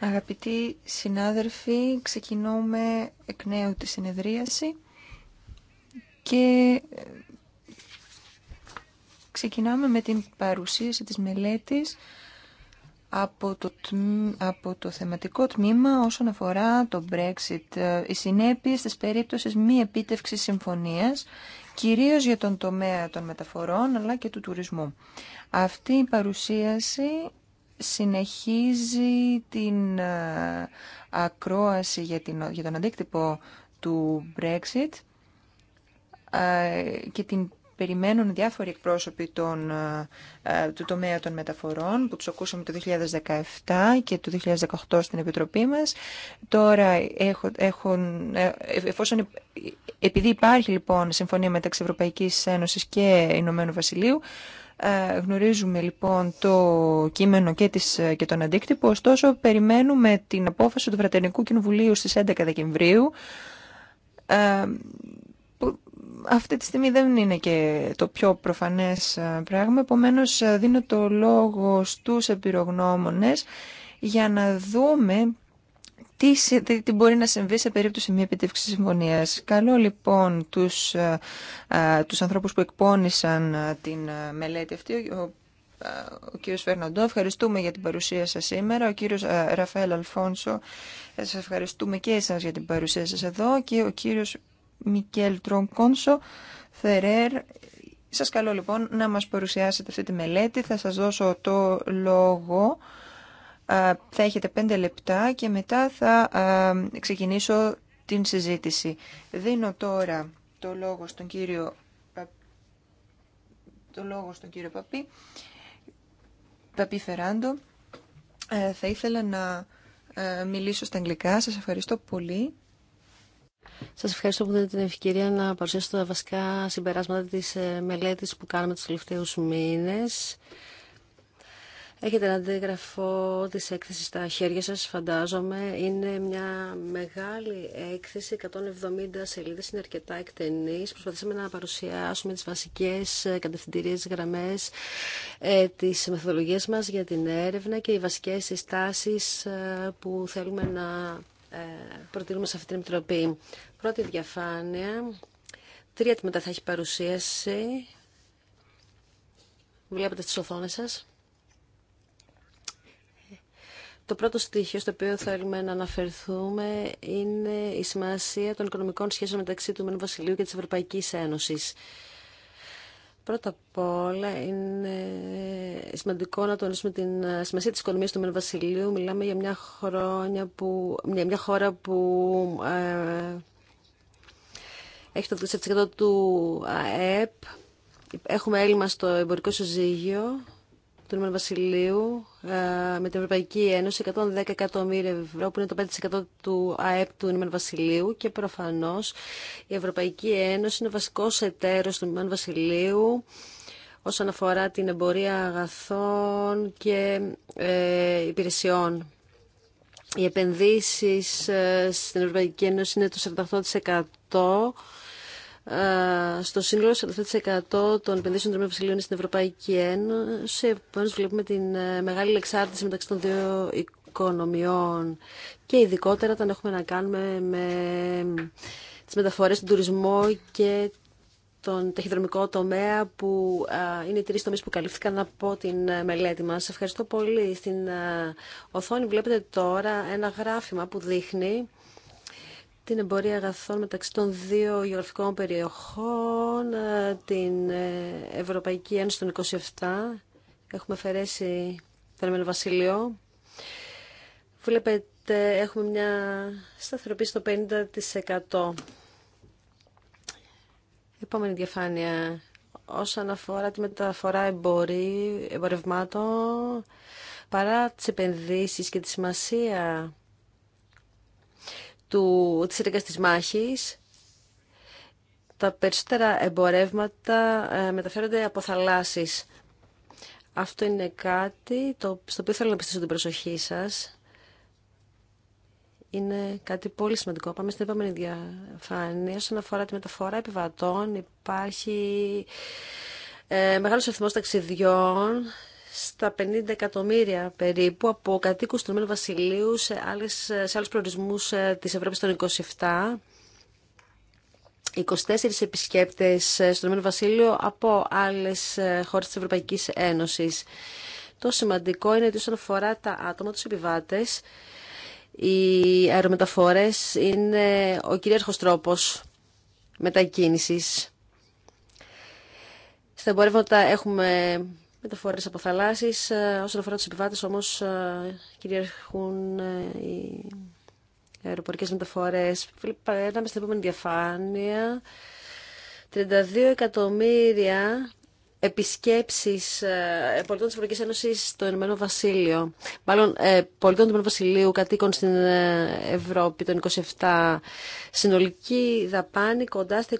Speaker 3: Αγαπητοί συνάδελφοι, ξεκινούμε εκ νέου τη συνεδρίαση και ε, ξεκινάμε με την παρουσίαση της μελέτης από το, από το θεματικό τμήμα όσον αφορά το Brexit, ε, οι συνέπειες της περίπτωσης μη επίτευξης συμφωνίας, κυρίως για τον τομέα των μεταφορών αλλά και του τουρισμού. Αυτή η παρουσίαση συνεχίζει την ε, ακρόαση για, την, για τον αντίκτυπο του Brexit ε, και την περιμένουν διάφοροι εκπρόσωποι ε, του τομέα των μεταφορών που τους ακούσαμε το 2017 και το 2018 στην Επιτροπή μας. Τώρα, έχουν, εφόσον, επειδή υπάρχει λοιπόν συμφωνία μεταξύ Ευρωπαϊκής Ένωσης και Ηνωμένου Βασιλείου, ε, γνωρίζουμε λοιπόν το κείμενο και, ε, και τον αντίκτυπο, ωστόσο περιμένουμε την απόφαση του Βρετανικού Κοινοβουλίου στις 11 Δεκεμβρίου, ε, που αυτή τη στιγμή δεν είναι και το πιο προφανές πράγμα, Επομένω, δίνω το λόγο στους επιρρογνώμονες για να δούμε τι, τι μπορεί να συμβεί σε περίπτωση μη επιτεύξη συμφωνίας. Καλό λοιπόν τους, ε, ε, τους ανθρώπους που εκπώνησαν ε, την μελέτη αυτή, ο, ο κύριος ευχαριστούμε για την παρουσία σας σήμερα, ο κύριος Ραφαέλ Αλφόνσο, σας ευχαριστούμε και εσάς για την παρουσία σας εδώ και ο κύριος Μικέλ Τρονκόνσο Θερέρ, σας καλώ λοιπόν να μας παρουσιάσετε αυτή τη μελέτη. Θα σας δώσω το λόγο θα έχετε πέντε λεπτά και μετά θα ξεκινήσω την συζήτηση. Δίνω τώρα το λόγο στον κύριο, το λόγο στον κύριο Παπί, Παπί Φεράντο. Ε, θα ήθελα να ε, μιλήσω στα αγγλικά. Σας ευχαριστώ πολύ. Σας ευχαριστώ που δίνετε την ευκαιρία να παρουσιάσω τα βασικά
Speaker 2: συμπεράσματα της ε, μελέτης που κάναμε τους τελευταίους μήνες. Έχετε ένα αντίγραφο τη έκθεση στα χέρια σας, φαντάζομαι. Είναι μια μεγάλη έκθεση, 170 σελίδες, είναι αρκετά εκτενής. Προσπαθήσαμε να παρουσιάσουμε τις βασικές κατευθυντηρίες γραμμές ε, της μεθοδολογίας μας για την έρευνα και οι βασικές συστάσεις ε, που θέλουμε να ε, προτείνουμε σε αυτή την επιτροπή. Πρώτη διαφάνεια. Τρία τμήματα θα έχει παρουσίαση. Βλέπετε στις οθόνε σα. Το πρώτο στοιχείο στο οποίο θέλουμε να αναφερθούμε είναι η σημασία των οικονομικών σχέσεων μεταξύ του Μένου Βασιλείου και της Ευρωπαϊκής Ένωσης. Πρώτα απ' όλα είναι σημαντικό να τονίσουμε τη σημασία της οικονομίας του Μεν Βασιλείου. Μιλάμε για μια, χρόνια που, χώρα που ε, έχει το 3% του ΑΕΠ. Έχουμε έλλειμμα στο εμπορικό συζύγιο του Ηνωμένου Βασιλείου ε, με την Ευρωπαϊκή Ένωση 110 εκατομμύρια ευρώ που είναι το 5% του ΑΕΠ του Ηνωμένου Βασιλείου και προφανώς η Ευρωπαϊκή Ένωση είναι βασικός εταίρος του Ηνωμένου Βασιλείου όσον αφορά την εμπορία αγαθών και ε, υπηρεσιών. Οι επενδύσεις ε, στην Ευρωπαϊκή Ένωση είναι το 48% ε, στο σύνολο 40% των επενδύσεων των Βασιλείων στην Ευρωπαϊκή Ένωση. Επομένω, βλέπουμε την ε, μεγάλη εξάρτηση μεταξύ των δύο οικονομιών και ειδικότερα όταν έχουμε να κάνουμε με τις μεταφορές, τον τουρισμό και τον ταχυδρομικό τομέα που ε, είναι οι τρεις τομείς που καλύφθηκαν από την μελέτη μας. Ευχαριστώ πολύ. Στην οθόνη βλέπετε τώρα ένα γράφημα που δείχνει την εμπορία αγαθών μεταξύ των δύο γεωγραφικών περιοχών, ε, την ε, Ευρωπαϊκή Ένωση των 27, έχουμε αφαιρέσει το Ενωμένο Βασιλείο. Βλέπετε, έχουμε μια σταθεροποίηση στο 50%. Επόμενη διαφάνεια. Όσον αφορά τη μεταφορά εμπορί, εμπορευμάτων, παρά τι επενδύσει και τη σημασία του, της ρίκας της μάχης, τα περισσότερα εμπορεύματα ε, μεταφέρονται από θαλάσσεις. Αυτό είναι κάτι το, στο οποίο θέλω να πιστήσω την προσοχή σας. Είναι κάτι πολύ σημαντικό. Πάμε στην επόμενη διαφάνεια. Όσον αφορά τη μεταφορά επιβατών, υπάρχει ε, μεγάλος αριθμός ταξιδιών στα 50 εκατομμύρια περίπου από κατοίκους του Ηνωμένου Βασιλείου σε, άλλες, σε άλλους προορισμούς ε, της Ευρώπης των 27. 24 επισκέπτες ε, στο Ηνωμένο Βασίλειο από άλλες ε, χώρες της Ευρωπαϊκής Ένωσης. Το σημαντικό είναι ότι όσον αφορά τα άτομα, τους επιβάτες, οι αερομεταφορές είναι ο κυρίαρχος τρόπος μετακίνησης. Στα εμπορεύματα έχουμε Μεταφορέ από θαλάσσει. Όσον αφορά τους επιβάτες όμως ε, κυριαρχούν ε, οι αεροπορικέ μεταφορέ. Περνάμε στην επόμενη διαφάνεια. 32 εκατομμύρια επισκέψεις ε, πολιτών τη Ευρωπαϊκή Ένωση στο Ηνωμένο Βασίλειο. Μάλλον πολιτών του Ηνωμένου Βασιλείου κατοίκων στην Ευρώπη των 27. Συνολική δαπάνη κοντά στα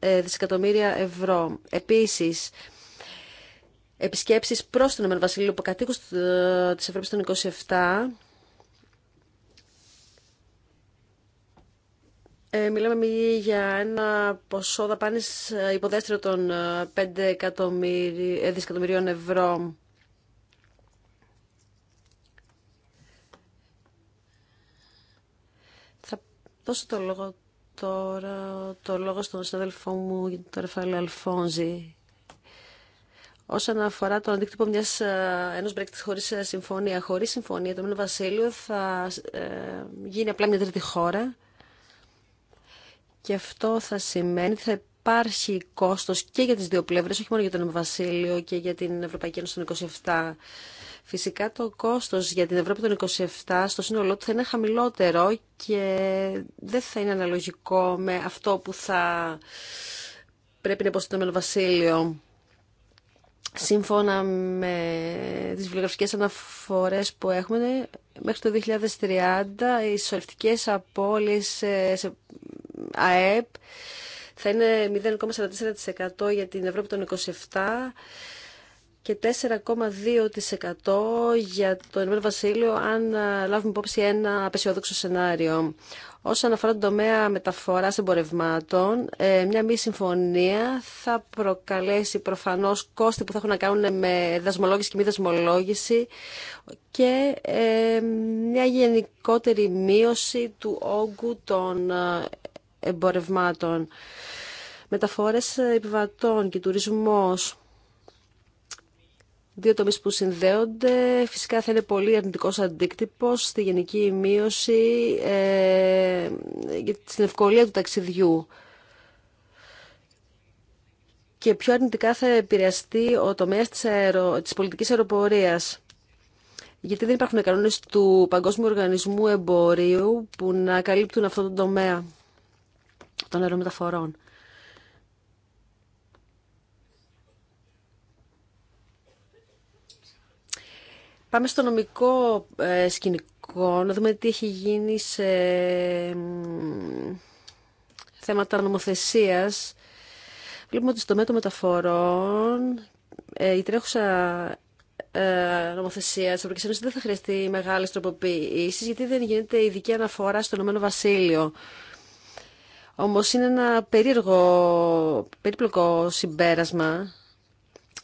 Speaker 2: 21 δισεκατομμύρια ευρώ. Επίση επισκέψεις προς τον Ηνωμένο Βασίλειο που κατοίκου της Ευρώπης των 27 Ε, μιλάμε για ένα ποσό δαπάνης ε, υποδέστριο των 5 ε, ε, δισεκατομμυρίων ευρώ. Θα δώσω το λόγο τώρα, το λόγο στον συνάδελφό μου, τον Ραφαέλ Αλφόνζη, όσον αφορά τον αντίκτυπο μιας, ε, ενός Brexit χωρίς ε, συμφωνία. Χωρίς συμφωνία το Μήνο Βασίλειο θα ε, γίνει απλά μια τρίτη χώρα και αυτό θα σημαίνει ότι θα υπάρχει κόστος και για τις δύο πλευρές, όχι μόνο για τον Βασίλειο και για την Ευρωπαϊκή Ένωση των 27. Φυσικά το κόστος για την Ευρώπη των 27 στο σύνολό του θα είναι χαμηλότερο και δεν θα είναι αναλογικό με αυτό που θα πρέπει να υποστεί το Βασίλειο σύμφωνα με τις βιβλιογραφικές αναφορές που έχουμε, μέχρι το 2030 οι σωρευτικές απώλειες σε ΑΕΠ θα είναι 0,44% για την Ευρώπη των 27% και 4,2% για το Ηνωμένο Βασίλειο αν λάβουμε υπόψη ένα απεσιόδοξο σενάριο. Όσον αφορά τον τομέα μεταφορά εμπορευμάτων, ε, μια μη συμφωνία θα προκαλέσει προφανώς κόστη που θα έχουν να κάνουν με δασμολόγηση και μη δασμολόγηση και ε, μια γενικότερη μείωση του όγκου των ε, εμπορευμάτων. Μεταφορές επιβατών και τουρισμός δύο τομείς που συνδέονται. Φυσικά θα είναι πολύ αρνητικός αντίκτυπος στη γενική μείωση, ε, στην ευκολία του ταξιδιού. Και πιο αρνητικά θα επηρεαστεί ο τομέας της, αερο, της πολιτικής αεροπορίας. Γιατί δεν υπάρχουν κανόνες του Παγκόσμιου Οργανισμού Εμπορίου που να καλύπτουν αυτό το τομέα των αερομεταφορών. Πάμε στο νομικό ε, σκηνικό, να δούμε τι έχει γίνει σε θέματα νομοθεσίας. Βλέπουμε ότι στο μέτωπο μεταφορών ε, η τρέχουσα ε, νομοθεσία τη Ευρωπαϊκή Ένωση δεν θα χρειαστεί μεγάλε τροποποιήσει, γιατί δεν γίνεται ειδική αναφορά στο Ηνωμένο Βασίλειο. Όμω είναι ένα περίεργο, περίπλοκο συμπέρασμα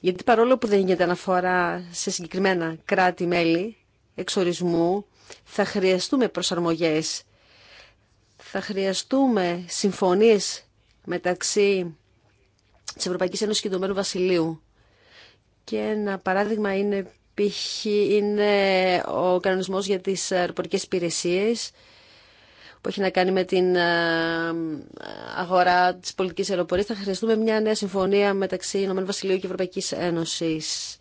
Speaker 2: γιατί παρόλο που δεν γίνεται αναφορά σε συγκεκριμένα κράτη-μέλη εξορισμού, θα χρειαστούμε προσαρμογές, θα χρειαστούμε συμφωνίες μεταξύ της Ευρωπαϊκής Ένωσης και του Βασιλείου. Και ένα παράδειγμα είναι είναι ο κανονισμός για τις αεροπορικές υπηρεσίες που έχει να κάνει με την ε, αγορά της πολιτικής αεροπορίας, θα χρειαστούμε μια νέα συμφωνία μεταξύ Ηνωμένου και Ευρωπαϊκής Ένωσης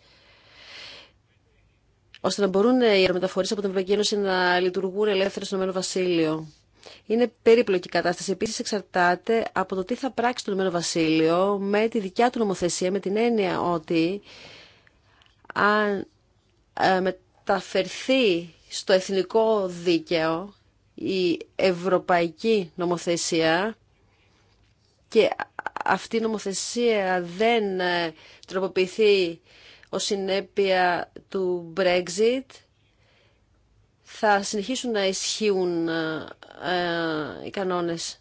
Speaker 2: ώστε να μπορούν οι αερομεταφορείς από την Ευρωπαϊκή Ένωση να λειτουργούν ελεύθερα στο Ηνωμένο Βασίλειο. Είναι περίπλοκη κατάσταση. Επίση, εξαρτάται από το τι θα πράξει το Ηνωμένο Βασίλειο με τη δικιά του νομοθεσία, με την έννοια ότι αν ε, μεταφερθεί στο εθνικό δίκαιο, η ευρωπαϊκή νομοθεσία και αυτή η νομοθεσία δεν ε, τροποποιηθεί ως συνέπεια του Brexit, θα συνεχίσουν να ισχύουν ε, οι κανόνες.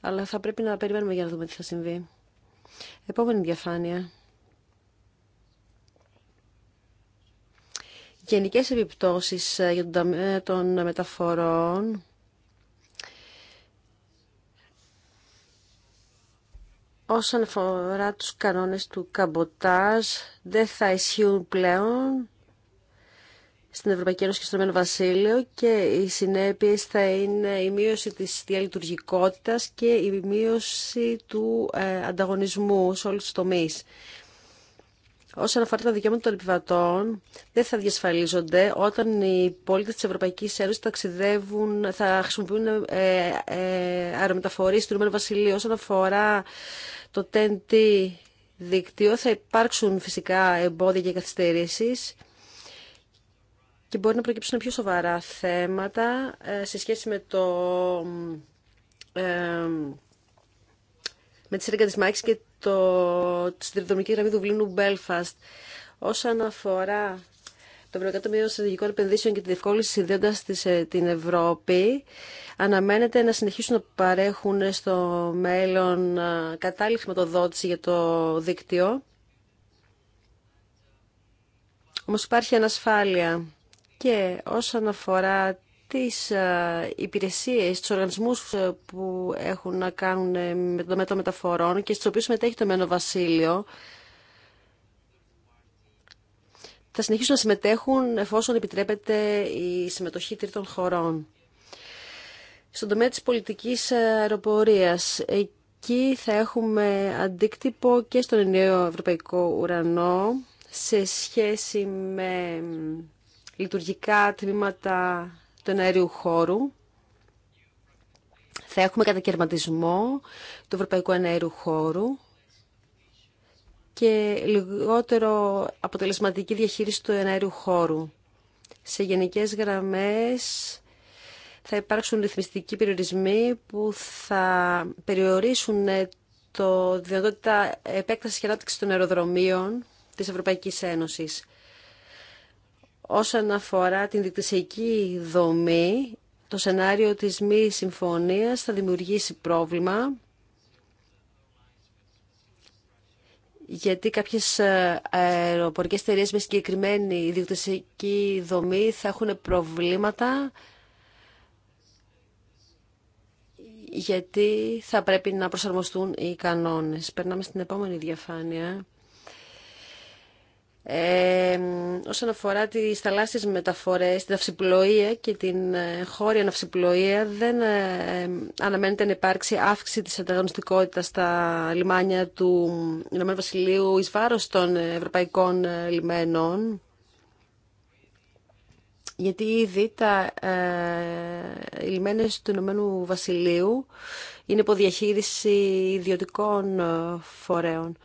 Speaker 2: Αλλά θα πρέπει να περιμένουμε για να δούμε τι θα συμβεί. Επόμενη διαφάνεια. γενικές επιπτώσεις ε, για τον ε, των μεταφορών όσον αφορά τους κανόνες του καμποτάζ δεν θα ισχύουν πλέον στην Ευρωπαϊκή Ένωση και στον Βασίλειο και οι συνέπειες θα είναι η μείωση της διαλειτουργικότητας και η μείωση του ε, ανταγωνισμού σε όλους τους τομείς όσον αφορά τα δικαιώματα των επιβατών, δεν θα διασφαλίζονται όταν οι πολίτες της Ευρωπαϊκής Ένωση ταξιδεύουν, θα χρησιμοποιούν ε, ε, του Ηνωμένου Βασιλείου. Όσον αφορά το TNT δίκτυο, θα υπάρξουν φυσικά εμπόδια και καθυστερήσεις και μπορεί να προκύψουν πιο σοβαρά θέματα ε, σε σχέση με το... Ε, με τις έργα και το, στην τριτομική γραμμή του Μπέλφαστ. Όσον αφορά το Ευρωπαϊκό Ταμείο Στρατηγικών Επενδύσεων και τη διευκόλυνση συνδέοντα ε, την Ευρώπη, αναμένεται να συνεχίσουν να παρέχουν στο μέλλον ε, κατάλληλη χρηματοδότηση για το δίκτυο. Όμω υπάρχει ανασφάλεια. Και όσον αφορά τις ε, υπηρεσίες, τους οργανισμούς ε, που έχουν να κάνουν ε, με το μέτρο μεταφορών και στους οποίους συμμετέχει το Μένο Βασίλειο, θα συνεχίσουν να συμμετέχουν εφόσον επιτρέπεται η συμμετοχή τρίτων χωρών. Στον τομέα της πολιτικής αεροπορίας, εκεί θα έχουμε αντίκτυπο και στον ενιαίο ευρωπαϊκό ουρανό σε σχέση με λειτουργικά τμήματα του εναέριου χώρου. Θα έχουμε κατακαιρματισμό του ευρωπαϊκού εναέριου χώρου και λιγότερο αποτελεσματική διαχείριση του εναέριου χώρου. Σε γενικές γραμμές θα υπάρξουν ρυθμιστικοί περιορισμοί που θα περιορίσουν ε, το δυνατότητα επέκταση και ανάπτυξη των αεροδρομίων της Ευρωπαϊκής Ένωσης. Όσον αφορά την δικτυσιακή δομή, το σενάριο της μη συμφωνίας θα δημιουργήσει πρόβλημα γιατί κάποιες ε, αεροπορικές εταιρείε με συγκεκριμένη ιδιοκτησιακή δομή θα έχουν προβλήματα γιατί θα πρέπει να προσαρμοστούν οι κανόνες. Περνάμε στην επόμενη διαφάνεια όσον αφορά τις θαλάσσιες μεταφορές, την αυσιπλοεία και την ε, χώρια αυσιπλοεία δεν ε, αναμένεται να υπάρξει αύξηση της ανταγωνιστικότητας στα λιμάνια του Ηνωμένου Βασιλείου εις βάρος των ευρωπαϊκών ε, λιμένων γιατί ήδη τα ε, λιμένες του Ηνωμένου Βασιλείου είναι υποδιαχείριση ιδιωτικών φορέων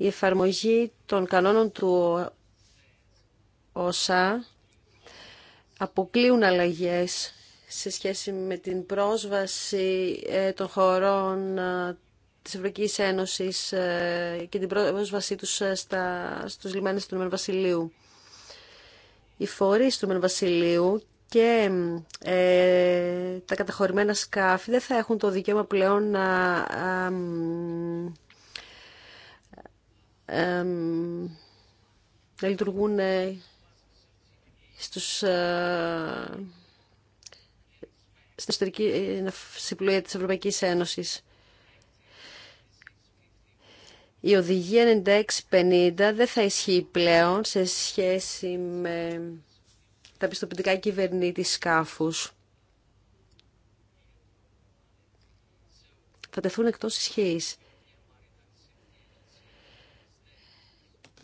Speaker 2: η εφαρμογή των κανόνων του ΩΣΑ αποκλείουν αλλαγές σε σχέση με την πρόσβαση ε, των χωρών ε, της Ευρωπαϊκής Ένωσης ε, και την πρόσβασή τους στα, στους λιμάνες του Νομένου Βασιλείου. Οι φορείς του Νομένου Βασιλείου και τα καταχωρημένα σκάφη δεν θα έχουν το δικαίωμα πλέον να να λειτουργούν ε, στους, ε, στην εσωτερική ε, συμπλοία της Ευρωπαϊκής Ένωσης. Η οδηγία 9650 δεν θα ισχύει πλέον σε σχέση με τα πιστοποιητικά κυβερνήτη σκάφους. Θα τεθούν εκτός ισχύης.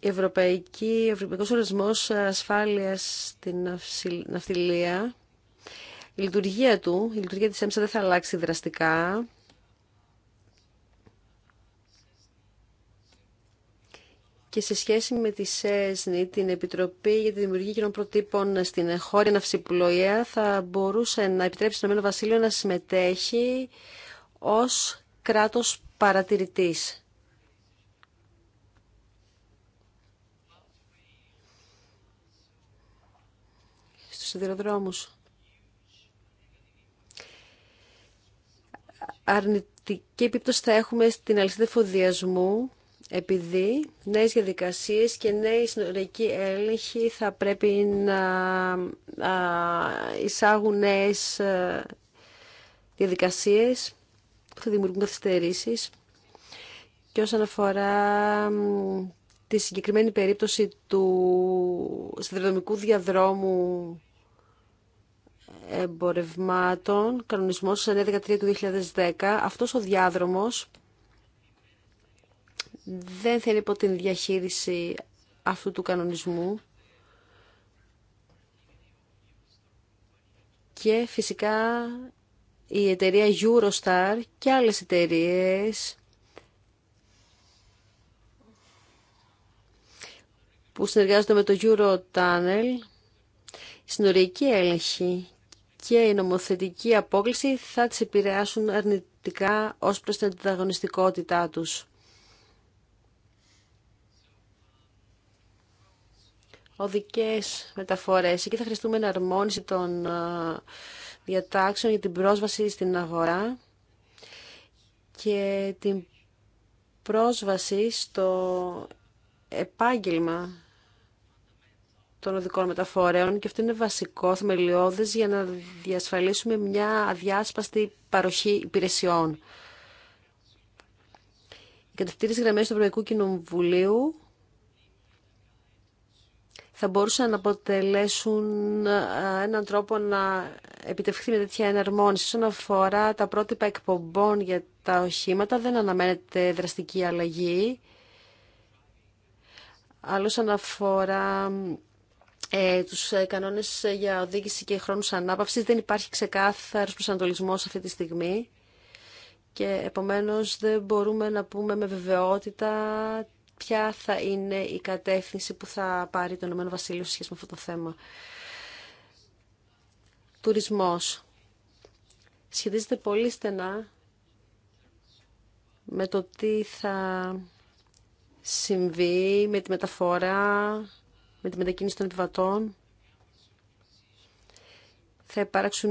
Speaker 2: Ευρωπαϊκή, ο Ευρωπαϊκός Ορισμός Ασφάλειας στην Ναυτιλία, η λειτουργία του, η λειτουργία της ΕΜΣΑ δεν θα αλλάξει δραστικά. Και σε σχέση με τη ΣΕΣΝΗ, την Επιτροπή για τη Δημιουργία Κοινών Προτύπων στην χώρια ναυσιπλοεία, θα μπορούσε να επιτρέψει το Μένο Βασίλειο να συμμετέχει ως κράτος παρατηρητής. σιδηροδρόμους. Αρνητική επίπτωση θα έχουμε στην αλυσίδα φοδιασμού επειδή νέες διαδικασίες και νέοι συνορικοί έλεγχοι θα πρέπει να εισάγουν νέες ε, διαδικασίες που θα δημιουργούν καθυστερήσεις. Και όσον αφορά τη συγκεκριμένη περίπτωση του συνδρομικού διαδρόμου εμπορευμάτων, κανονισμός 913 του 2010, αυτός ο διάδρομος δεν θέλει υπό την διαχείριση αυτού του κανονισμού και φυσικά η εταιρεία Eurostar και άλλες εταιρείες που συνεργάζονται με το Eurotunnel, στην συνοριακή έλεγχη και η νομοθετική απόκληση θα τις επηρεάσουν αρνητικά ως προς την ανταγωνιστικότητά τους. Οδικές μεταφορές. Εκεί θα χρειαστούμε εναρμόνιση των διατάξεων για την πρόσβαση στην αγορά και την πρόσβαση στο επάγγελμα των οδικών μεταφορέων και αυτό είναι βασικό θεμελιώδες για να διασφαλίσουμε μια αδιάσπαστη παροχή υπηρεσιών. Οι κατευθύνες γραμμές του Ευρωπαϊκού Κοινοβουλίου θα μπορούσαν να αποτελέσουν ε, έναν τρόπο να επιτευχθεί με τέτοια εναρμόνιση. Όσον αφορά τα πρότυπα εκπομπών για τα οχήματα, δεν αναμένεται δραστική αλλαγή ε, τους ε, κανόνες ε, για οδήγηση και χρόνους ανάπαυσης. Δεν υπάρχει ξεκάθαρος προσανατολισμό αυτή τη στιγμή και επομένως δεν μπορούμε να πούμε με βεβαιότητα ποια θα είναι η κατεύθυνση που θα πάρει το Ηνωμένο Βασίλειο σε σχέση με αυτό το θέμα. Τουρισμός. Σχετίζεται πολύ στενά με το τι θα συμβεί με τη μεταφορά με τη μετακίνηση των επιβατών. Θα υπάρξουν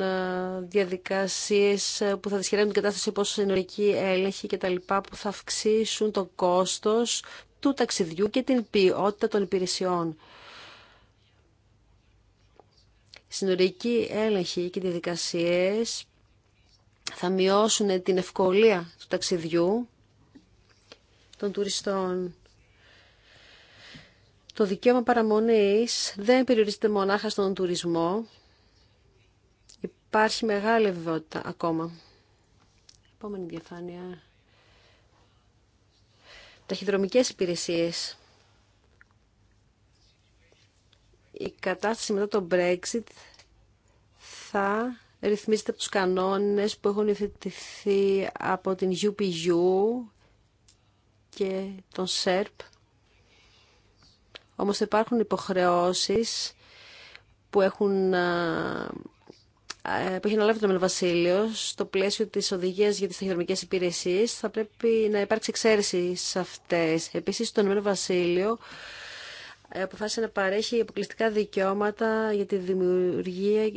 Speaker 2: ε, διαδικασίες ε, που θα δυσχεραίνουν την κατάσταση όπως συνολική έλεγχη και τα λοιπά που θα αυξήσουν το κόστος του ταξιδιού και την ποιότητα των υπηρεσιών. Συνορική έλεγχη και διαδικασίες θα μειώσουν την ευκολία του ταξιδιού των τουριστών. Το δικαίωμα παραμονής δεν περιορίζεται μονάχα στον τουρισμό. Υπάρχει μεγάλη βεβαιότητα ακόμα. Επόμενη διαφάνεια. Ταχυδρομικές υπηρεσίες. Η κατάσταση μετά το Brexit θα ρυθμίζεται από τους κανόνες που έχουν υιοθετηθεί από την UPU και τον ΣΕΡΠ. Όμως υπάρχουν υποχρεώσεις που έχουν ε, που έχει αναλάβει το Βασίλειο στο πλαίσιο της οδηγίας για τις ταχυδρομικές υπηρεσίες θα πρέπει να υπάρξει εξαίρεση σε αυτές. Επίσης το Μελ Βασίλειο ε, αποφάσισε να παρέχει αποκλειστικά δικαιώματα για τη δημιουργία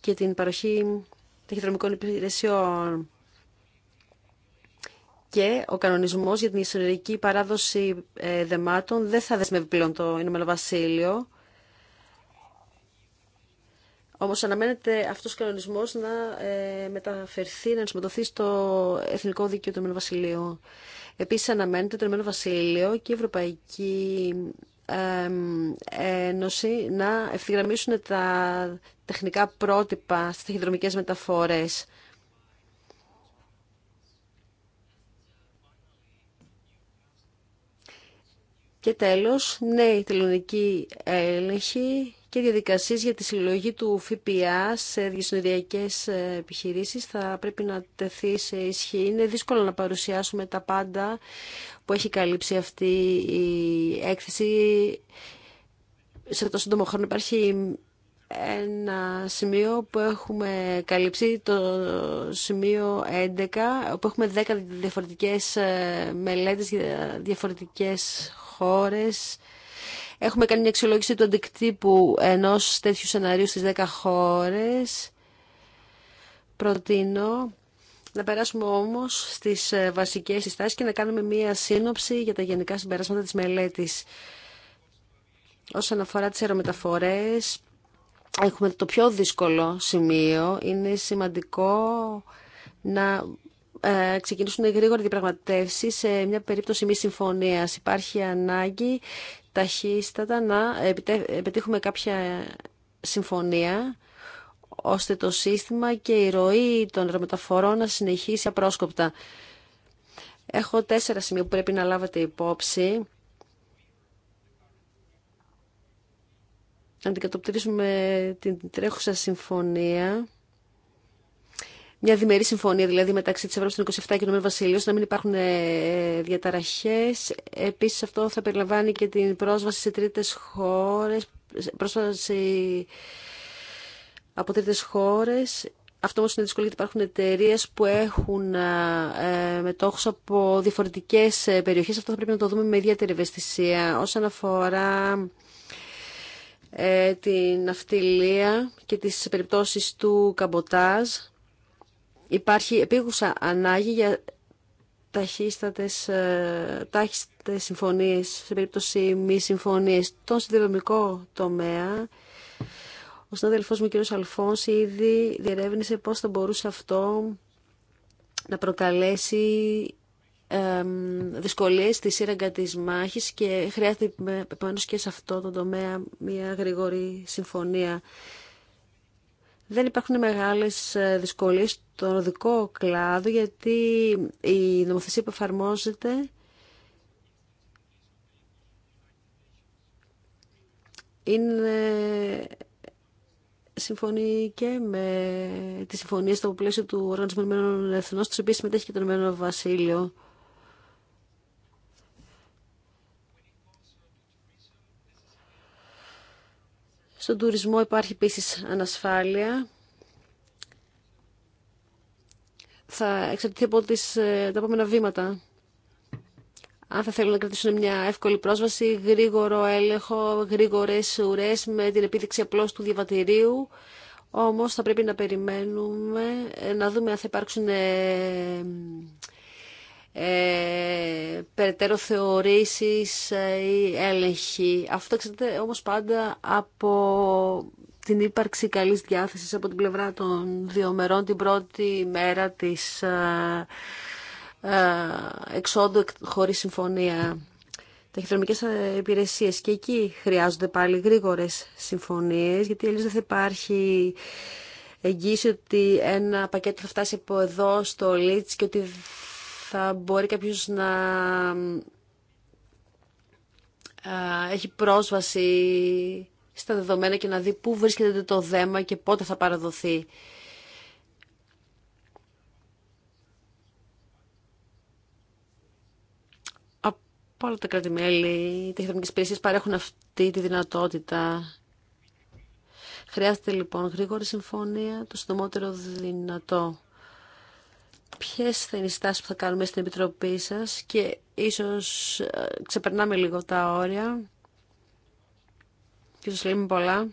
Speaker 2: και την παροχή ταχυδρομικών υπηρεσιών και ο κανονισμός για την ιστορική παράδοση ε, δεμάτων δεν θα δεσμεύει πλέον το Ηνωμένο Βασίλειο. Όμω αναμένεται αυτό ο κανονισμό να ε, μεταφερθεί, να ενσωματωθεί στο εθνικό δίκαιο του Ηνωμένου Βασιλείου. Επίση, αναμένεται το Ηνωμένο Βασίλειο και η Ευρωπαϊκή Ένωση να ευθυγραμμίσουν τα τεχνικά πρότυπα στι ταχυδρομικέ μεταφορέ. Και τέλος, νέοι τελωνικοί έλεγχοι και διαδικασίες για τη συλλογή του ΦΠΑ σε διασυνοριακές ε, επιχειρήσεις θα πρέπει να τεθεί σε ισχύ. Είναι δύσκολο να παρουσιάσουμε τα πάντα που έχει καλύψει αυτή η έκθεση. Σε το σύντομο χρόνο υπάρχει ένα σημείο που έχουμε καλύψει, το σημείο 11, όπου έχουμε 10 διαφορετικές ε, μελέτες για διαφορετικές χώρες. Έχουμε κάνει μια αξιολόγηση του αντικτύπου ενός τέτοιου σενάριου στις 10 χώρες. Προτείνω να περάσουμε όμως στις ε, βασικές συστάσεις και να κάνουμε μια σύνοψη για τα γενικά συμπεράσματα της μελέτης. Όσον αφορά τις αερομεταφορέ, έχουμε το πιο δύσκολο σημείο. Είναι σημαντικό να ε, ξεκινήσουν γρήγορα διαπραγματεύσει σε μια περίπτωση μη συμφωνία. Υπάρχει ανάγκη ταχύστατα να πετύχουμε κάποια συμφωνία ώστε το σύστημα και η ροή των αερομεταφορών να συνεχίσει απρόσκοπτα. Έχω τέσσερα σημεία που πρέπει να λάβετε υπόψη. Αντικατοπτρίζουμε την τρέχουσα συμφωνία μια διμερή συμφωνία δηλαδή μεταξύ της Ευρώπης των 27 και του Βασιλείου, να μην υπάρχουν ε, διαταραχέ. Επίση αυτό θα περιλαμβάνει και την πρόσβαση σε τρίτε χώρε πρόσβαση από τρίτε χώρε. Αυτό όμω είναι δύσκολο γιατί υπάρχουν εταιρείε που έχουν ε, μετόχου από διαφορετικέ ε, περιοχέ, Αυτό θα πρέπει να το δούμε με ιδιαίτερη ευαισθησία. Όσον αφορά την ναυτιλία και τις περιπτώσεις του καμποτάζ, Υπάρχει επίγουσα ανάγκη για ταχύστατες, ε, τάχιστες συμφωνίες σε περίπτωση μη συμφωνίες τον συνδυαμικό τομέα. Ο συνάδελφός μου, ο κ. Αλφόνς, ήδη διερεύνησε πώς θα μπορούσε αυτό να προκαλέσει δυσκολίες στη σύραγγα της μάχης και χρειάζεται ε, επομένως και σε αυτό το τομέα μια γρήγορη συμφωνία δεν υπάρχουν μεγάλες ε, δυσκολίες στον οδικό κλάδο γιατί η νομοθεσία που εφαρμόζεται είναι συμφωνεί και με τη συμφωνία στο πλαίσιο του Οργανισμού Εθνών, στις οποίες συμμετέχει και το Ηνωμένο Βασίλειο. Στον τουρισμό υπάρχει επίσης ανασφάλεια. Θα εξαρτηθεί από τις, ε, τα επόμενα βήματα. Αν θα θέλουν να κρατήσουν μια εύκολη πρόσβαση, γρήγορο έλεγχο, γρήγορες ουρές με την επίδειξη απλώς του διαβατηρίου. Όμως θα πρέπει να περιμένουμε ε, να δούμε αν θα υπάρξουν ε, ε, περαιτέρω θεωρήσεις ε, ή έλεγχη. Αυτό ξερετε όμως πάντα από την ύπαρξη καλής διάθεσης από την πλευρά των δύο μερών την πρώτη μέρα της ε, ε, εξόδου χωρίς συμφωνία. Ταχυδρομικές ε, υπηρεσίε και εκεί χρειάζονται πάλι γρήγορε συμφωνίε γιατί αλλιώ δεν θα υπάρχει εγγύηση ότι ένα πακέτο θα φτάσει από εδώ στο Λίτς και ότι θα μπορεί κάποιος να έχει πρόσβαση στα δεδομένα και να δει πού βρίσκεται το δέμα και πότε θα παραδοθεί. Από όλα τα κράτη-μέλη, οι υπηρεσίες παρέχουν αυτή τη δυνατότητα. Χρειάζεται λοιπόν γρήγορη συμφωνία, το συντομότερο δυνατό. Ποιε θα είναι οι στάσεις που θα κάνουμε στην Επιτροπή σας και ίσως ε, ξεπερνάμε λίγο τα όρια και σας λέμε πολλά.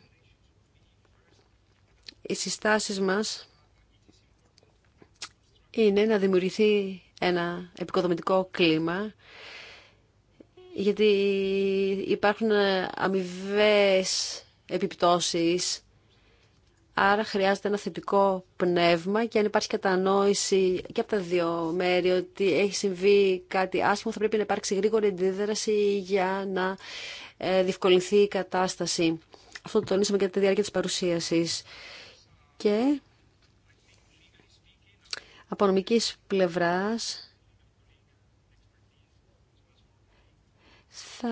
Speaker 2: Οι συστάσεις μας είναι να δημιουργηθεί ένα επικοδομητικό κλίμα γιατί υπάρχουν ε, αμοιβέ επιπτώσεις Άρα χρειάζεται ένα θετικό πνεύμα και αν υπάρχει κατανόηση και από τα δύο μέρη ότι έχει συμβεί κάτι άσχημο θα πρέπει να υπάρξει γρήγορη αντίδραση για να ε, διευκολυνθεί η κατάσταση. Αυτό το τονίσαμε και τη διάρκεια της παρουσίασης. Και από νομικής πλευράς Θα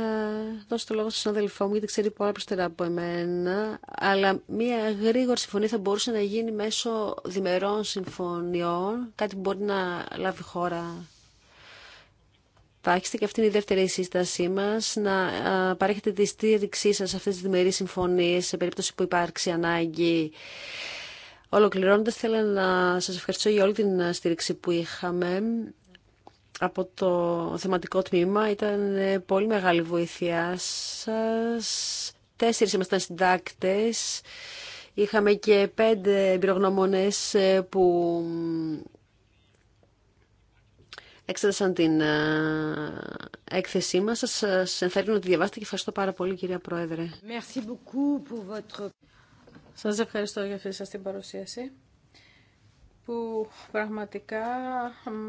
Speaker 2: δώσω το λόγο στον αδελφό μου, γιατί ξέρει πολλά προστερά από εμένα, αλλά μια γρήγορη συμφωνία θα μπορούσε να γίνει μέσω διμερών συμφωνιών, κάτι που μπορεί να λάβει χώρα έχετε και αυτή είναι η δεύτερη σύστασή μας, να παρέχετε τη στήριξή σα σε αυτές τις διμερείς συμφωνίες σε περίπτωση που υπάρξει ανάγκη. ολοκληρώνοντα θέλω να σα ευχαριστώ για όλη την στήριξη που είχαμε από το θεματικό τμήμα. Ήταν πολύ μεγάλη βοήθειά σας. Τέσσερις ήμασταν συντάκτες. Είχαμε και πέντε εμπειρογνώμονες ε, που εξέτασαν την ε, έκθεσή μας. Σας, ενθαρρύνω να τη διαβάσετε και ευχαριστώ πάρα
Speaker 1: πολύ κυρία Πρόεδρε. Merci Σας ευχαριστώ για αυτή σας την παρουσίαση που πραγματικά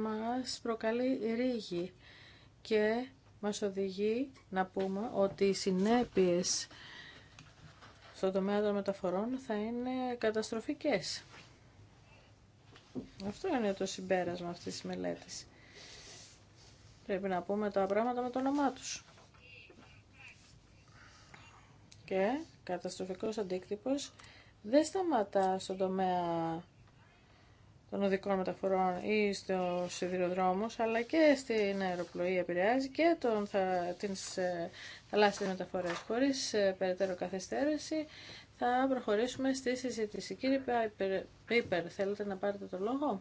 Speaker 1: μας προκαλεί ρίγη και μας οδηγεί να πούμε ότι οι συνέπειες στον τομέα των μεταφορών θα είναι καταστροφικές. Αυτό είναι το συμπέρασμα αυτής της μελέτης. Πρέπει να πούμε τα πράγματα με το όνομά τους. Και καταστροφικός αντίκτυπος δεν σταματά στον τομέα των οδικών μεταφορών ή στους σιδηροδρόμους, αλλά και στην αεροπλοεία επηρεάζει και τον, θα, τις ε, θαλάσσιες μεταφορές. Χωρίς ε, περαιτέρω καθυστέρηση θα προχωρήσουμε στη συζήτηση. Κύριε Πίπερ, θέλετε να πάρετε το λόγο.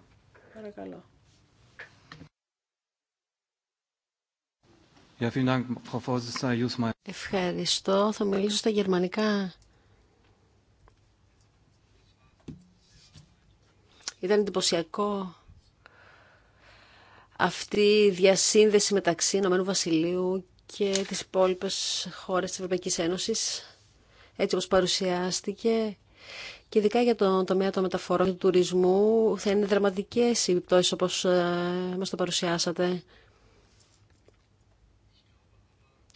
Speaker 1: Παρακαλώ.
Speaker 2: Ευχαριστώ. Θα μιλήσω στα γερμανικά. Ήταν εντυπωσιακό αυτή η διασύνδεση μεταξύ Ηνωμένου Βασιλείου και τις υπόλοιπε χώρες της Ευρωπαϊκής Ένωσης, έτσι όπως παρουσιάστηκε. Και ειδικά για το τομέα των μεταφορών και του τουρισμού θα είναι δραματικές οι επιπτώσεις όπως ε, μας το παρουσιάσατε.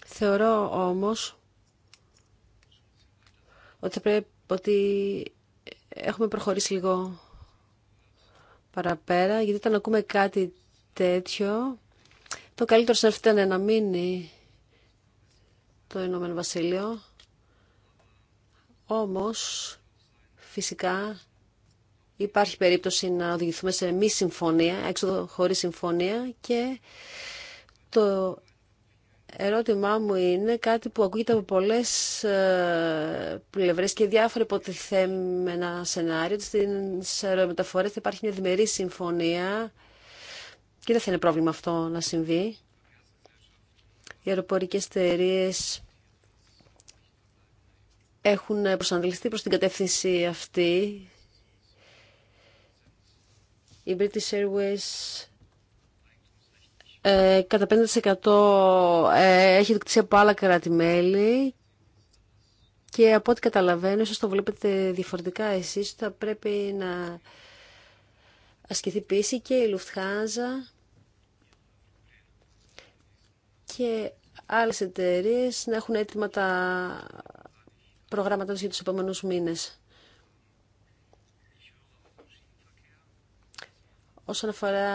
Speaker 2: Θεωρώ όμως ότι, πρέπει, ότι έχουμε προχωρήσει λίγο παραπέρα, γιατί όταν ακούμε κάτι τέτοιο, το καλύτερο σε αυτό είναι να μείνει το Ηνωμένο Βασίλειο. Όμως, φυσικά, υπάρχει περίπτωση να οδηγηθούμε σε μη συμφωνία, έξοδο χωρίς συμφωνία και το ερώτημά μου είναι κάτι που ακούγεται από πολλές ε, πλευρές και διάφορα υποτιθέμενα σενάρια. Στις αερομεταφορές θα υπάρχει μια διμερή συμφωνία και δεν θα είναι πρόβλημα αυτό να συμβεί. Οι αεροπορικές εταιρείε έχουν προσανατολιστεί προς την κατεύθυνση αυτή. Η British Airways ε, κατά 50% ε, έχει δικτυθεί από άλλα κράτη-μέλη και από ό,τι καταλαβαίνω, ίσως το βλέπετε διαφορετικά εσείς, θα πρέπει να ασκηθεί πίση και η και άλλες εταιρείε να έχουν έτοιμα τα προγράμματα τους για τους επόμενους μήνες. Όσον αφορά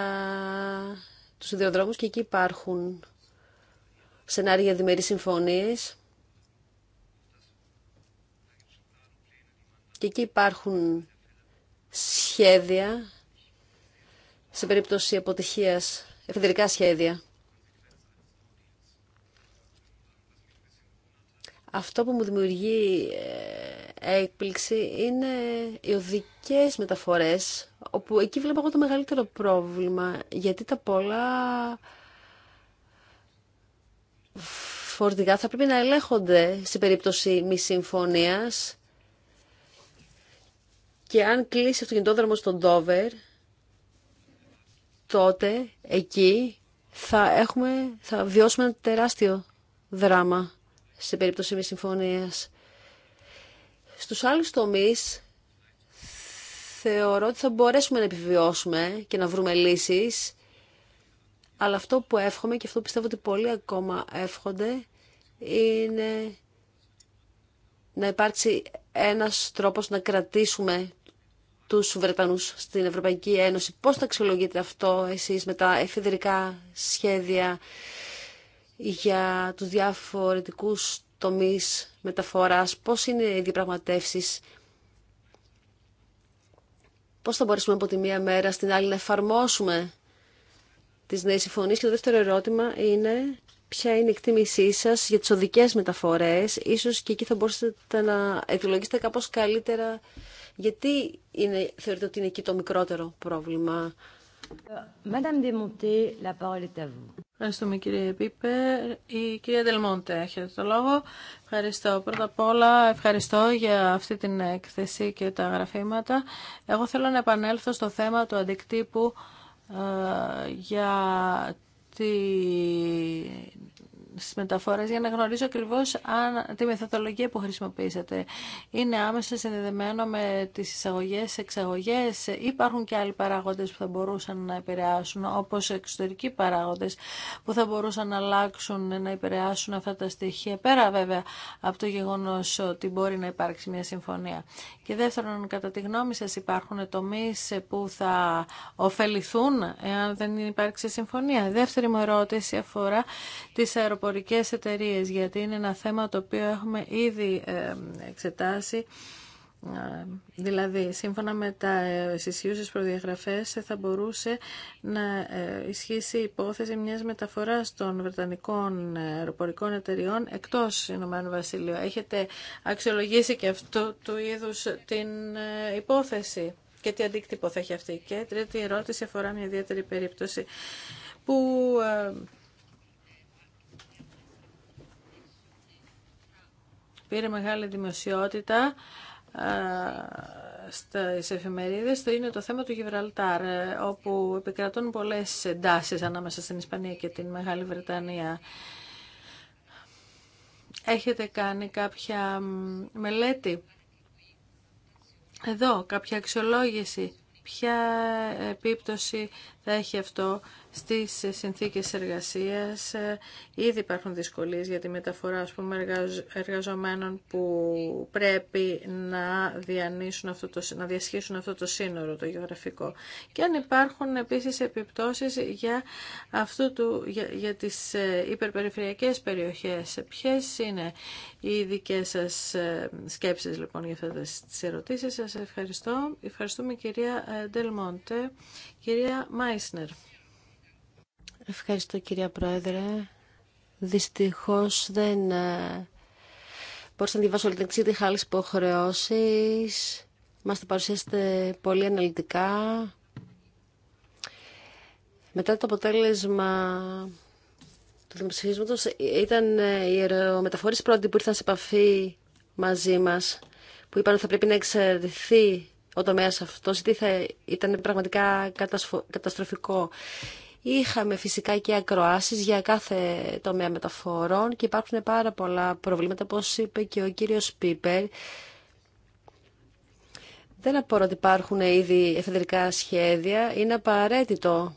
Speaker 2: τους ιδιοδρόμου και εκεί υπάρχουν σενάρια διμερείς συμφωνίες και εκεί υπάρχουν σχέδια σε περίπτωση αποτυχίας, εφεδρικά σχέδια. Αυτό που μου δημιουργεί ε, έκπληξη είναι οι οδικές μεταφορές όπου εκεί βλέπω εγώ το μεγαλύτερο πρόβλημα, γιατί τα πολλά φορτηγά θα πρέπει να ελέγχονται σε περίπτωση μη συμφωνίας και αν κλείσει το αυτοκινητόδρομο στον Ντόβερ, τότε εκεί θα, έχουμε, θα βιώσουμε ένα τεράστιο δράμα σε περίπτωση μη συμφωνίας. Στους άλλους τομείς θεωρώ ότι θα μπορέσουμε να επιβιώσουμε και να βρούμε λύσεις. Αλλά αυτό που εύχομαι και αυτό που πιστεύω ότι πολλοί ακόμα εύχονται είναι να υπάρξει ένας τρόπος να κρατήσουμε τους Βρετανούς στην Ευρωπαϊκή Ένωση. Πώς θα αξιολογείτε αυτό εσείς με τα εφηδρικά σχέδια για τους διαφορετικούς τομείς μεταφοράς. Πώς είναι οι διαπραγματεύσεις Πώς θα μπορέσουμε από τη μία μέρα στην άλλη να εφαρμόσουμε τις νέες συμφωνίες. Και το δεύτερο ερώτημα είναι ποια είναι η εκτίμησή σας για τις οδικές μεταφορές. Ίσως και εκεί θα μπορούσατε να επιλογίσετε κάπως καλύτερα γιατί είναι,
Speaker 1: θεωρείτε ότι είναι εκεί το μικρότερο πρόβλημα Euh, Ευχαριστούμε κύριε Επίπερ. Η κυρία Δελμόντε έχετε το λόγο. Ευχαριστώ. Πρώτα απ' όλα ευχαριστώ για αυτή την έκθεση και τα γραφήματα. Εγώ θέλω να επανέλθω στο θέμα του αντικτύπου ε, για τη στις μεταφορές για να γνωρίζω ακριβώ αν, τη μεθοδολογία που χρησιμοποιήσατε. Είναι άμεσα συνδεδεμένο με τις εισαγωγές, εξαγωγές. Υπάρχουν και άλλοι παράγοντε που θα μπορούσαν να επηρεάσουν, όπω εξωτερικοί παράγοντε που θα μπορούσαν να αλλάξουν, να επηρεάσουν αυτά τα στοιχεία. Πέρα βέβαια από το γεγονό ότι μπορεί να υπάρξει μια συμφωνία. Και δεύτερον, κατά τη γνώμη σα υπάρχουν τομεί που θα ωφεληθούν εάν δεν υπάρξει συμφωνία. Δεύτερη μου ερώτηση αφορά τις αεροπορικές εταιρείες, γιατί είναι ένα θέμα το οποίο έχουμε ήδη ε, εξετάσει. Ε, δηλαδή, σύμφωνα με τα ε, συσχύουσες προδιαγραφές θα μπορούσε να ισχύσει η υπόθεση μιας μεταφοράς των Βρετανικών αεροπορικών εταιριών εκτός Ηνωμένου Βασιλείου. Έχετε αξιολογήσει και αυτό του είδους την υπόθεση και τι αντίκτυπο θα έχει αυτή. Και τρίτη ερώτηση αφορά μια ιδιαίτερη περίπτωση που πήρε μεγάλη δημοσιότητα στις εφημερίδες το είναι το θέμα του Γιβραλτάρ ε, όπου επικρατούν πολλές εντάσεις ανάμεσα στην Ισπανία και την Μεγάλη Βρετανία. Έχετε κάνει κάποια μελέτη εδώ, κάποια αξιολόγηση, ποια επίπτωση θα έχει αυτό στις συνθήκες εργασίας. Ήδη υπάρχουν δυσκολίες για τη μεταφορά ας πούμε, εργαζομένων που πρέπει να, αυτό το, να διασχίσουν αυτό το σύνορο το γεωγραφικό. Και αν υπάρχουν επίσης επιπτώσεις για, αυτού του, για, για τις ε, υπερπεριφερειακές περιοχές. Ποιες είναι οι δικές σας ε, σκέψεις λοιπόν για αυτές τις ερωτήσεις. Σας ευχαριστώ. Ευχαριστούμε κυρία ε, Ντελμόντε, κυρία Μάισνερ.
Speaker 2: Ευχαριστώ κυρία Πρόεδρε. Δυστυχώς δεν ε, μπορούσα να διαβάσω όλη την εξήγητη που υποχρεώσει. Μας το παρουσιάσετε πολύ αναλυτικά. Μετά το αποτέλεσμα του δημοψηφίσματος ήταν ε, οι αερομεταφορείς πρώτοι που ήρθαν σε επαφή μαζί μας που είπαν ότι θα πρέπει να εξαιρεθεί ο τομέας αυτός, γιατί θα ήταν πραγματικά καταστροφικό. Είχαμε φυσικά και ακροάσεις για κάθε τομέα μεταφορών και υπάρχουν πάρα πολλά προβλήματα, όπως είπε και ο κύριος Πίπερ. Δεν απορώ ότι υπάρχουν ήδη εφεδρικά σχέδια. Είναι απαραίτητο.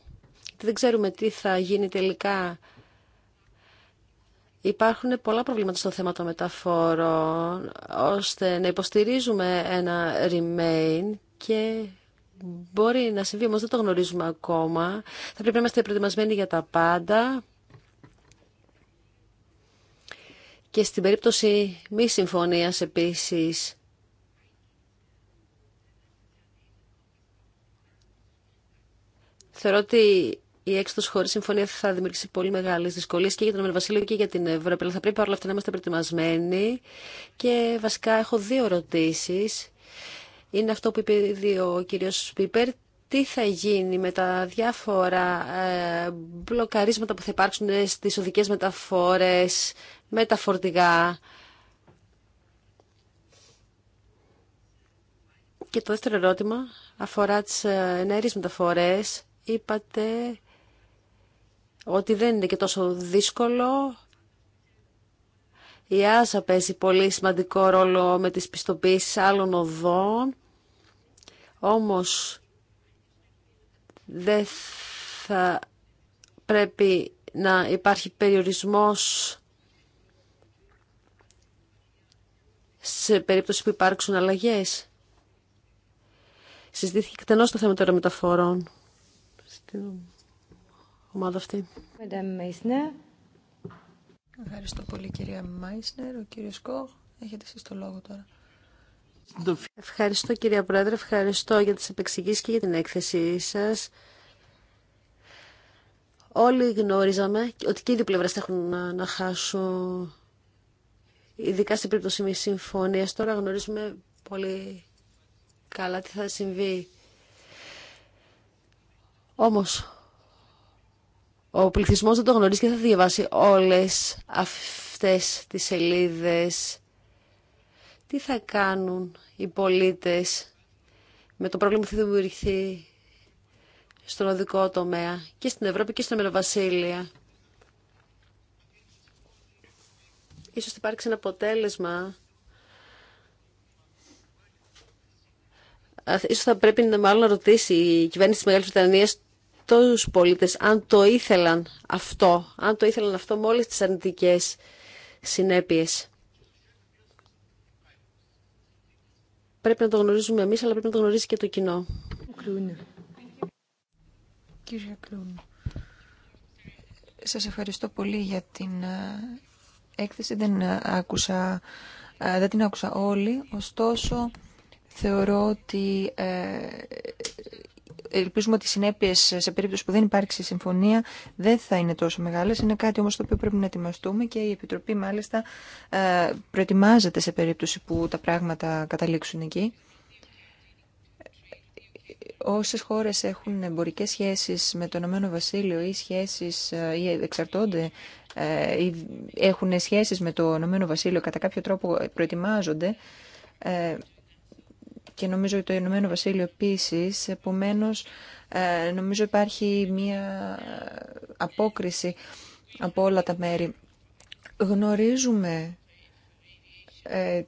Speaker 2: Δεν ξέρουμε τι θα γίνει τελικά. Υπάρχουν πολλά προβλήματα στο θέμα των μεταφορών, ώστε να υποστηρίζουμε ένα remain και μπορεί να συμβεί, όμως δεν το γνωρίζουμε ακόμα. Θα πρέπει να είμαστε προετοιμασμένοι για τα πάντα. Και στην περίπτωση μη συμφωνίας επίσης, θεωρώ ότι η έξοδο χωρί συμφωνία θα δημιουργήσει πολύ μεγάλε δυσκολίε και για τον Βασίλειο και για την Ευρώπη. Αλλά θα πρέπει παρόλα αυτά να είμαστε προετοιμασμένοι. Και βασικά έχω δύο ερωτήσει είναι αυτό που είπε ο κύριος Πίπερ, τι θα γίνει με τα διάφορα ε, μπλοκαρίσματα που θα υπάρξουν στις οδικές μεταφορές, με τα φορτηγά. Και το δεύτερο ερώτημα αφορά τις ε, νέες μεταφορές. Είπατε ότι δεν είναι και τόσο δύσκολο η ΆΣΑ παίζει πολύ σημαντικό ρόλο με τις πιστοποίησεις άλλων οδών, όμως δεν θα πρέπει να υπάρχει περιορισμός σε περίπτωση που υπάρξουν αλλαγές. Συζητήθηκε εκτενώς το θέμα των μεταφορών στην ομάδα αυτή.
Speaker 3: Ευχαριστώ πολύ κυρία Μάισνερ. Ο κύριος Κοχ, έχετε εσείς το λόγο τώρα.
Speaker 2: Ευχαριστώ κυρία Πρόεδρε, ευχαριστώ για τις επεξηγήσεις και για την έκθεσή σας. Όλοι γνώριζαμε ότι και οι δύο πλευρές έχουν να, να χάσουν, ειδικά στην περίπτωση μη συμφωνίας. Τώρα γνωρίζουμε πολύ καλά τι θα συμβεί. Όμως, ο πληθυσμός δεν το γνωρίζει και θα διαβάσει όλες αυτές τις σελίδες. Τι θα κάνουν οι πολίτες με το πρόβλημα που θα δημιουργηθεί στον οδικό τομέα και στην Ευρώπη και στην Μεροβασίλεια. Ίσως υπάρξει ένα αποτέλεσμα ίσως θα πρέπει να μάλλον ρωτήσει η κυβέρνηση της Μεγάλης Βρετανίας τους πολίτες αν το ήθελαν αυτό, αν το ήθελαν αυτό με όλε τι αρνητικέ συνέπειες. Πρέπει να το γνωρίζουμε εμεί, αλλά πρέπει να το γνωρίζει και το κοινό.
Speaker 3: Κύριε σας ευχαριστώ πολύ για την ε, έκθεση. Δεν, ε, άκουσα, ε, δεν την άκουσα όλη, ωστόσο θεωρώ ότι ελπίζουμε ότι οι συνέπειε σε περίπτωση που δεν υπάρξει συμφωνία δεν θα είναι τόσο μεγάλε. Είναι κάτι όμω το οποίο πρέπει να ετοιμαστούμε και η Επιτροπή μάλιστα ε, προετοιμάζεται σε περίπτωση που τα πράγματα καταλήξουν εκεί. Όσες χώρες έχουν εμπορικές σχέσεις με το Ηνωμένο Βασίλειο ή σχέσεις ε, ή εξαρτώνται ε, ή έχουν σχέσεις με το Ηνωμένο Βασίλειο κατά κάποιο τρόπο προετοιμάζονται και νομίζω ότι το Ηνωμένο Βασίλειο επίση. Επομένω, ε, νομίζω υπάρχει μία απόκριση από όλα τα μέρη. Γνωρίζουμε ε,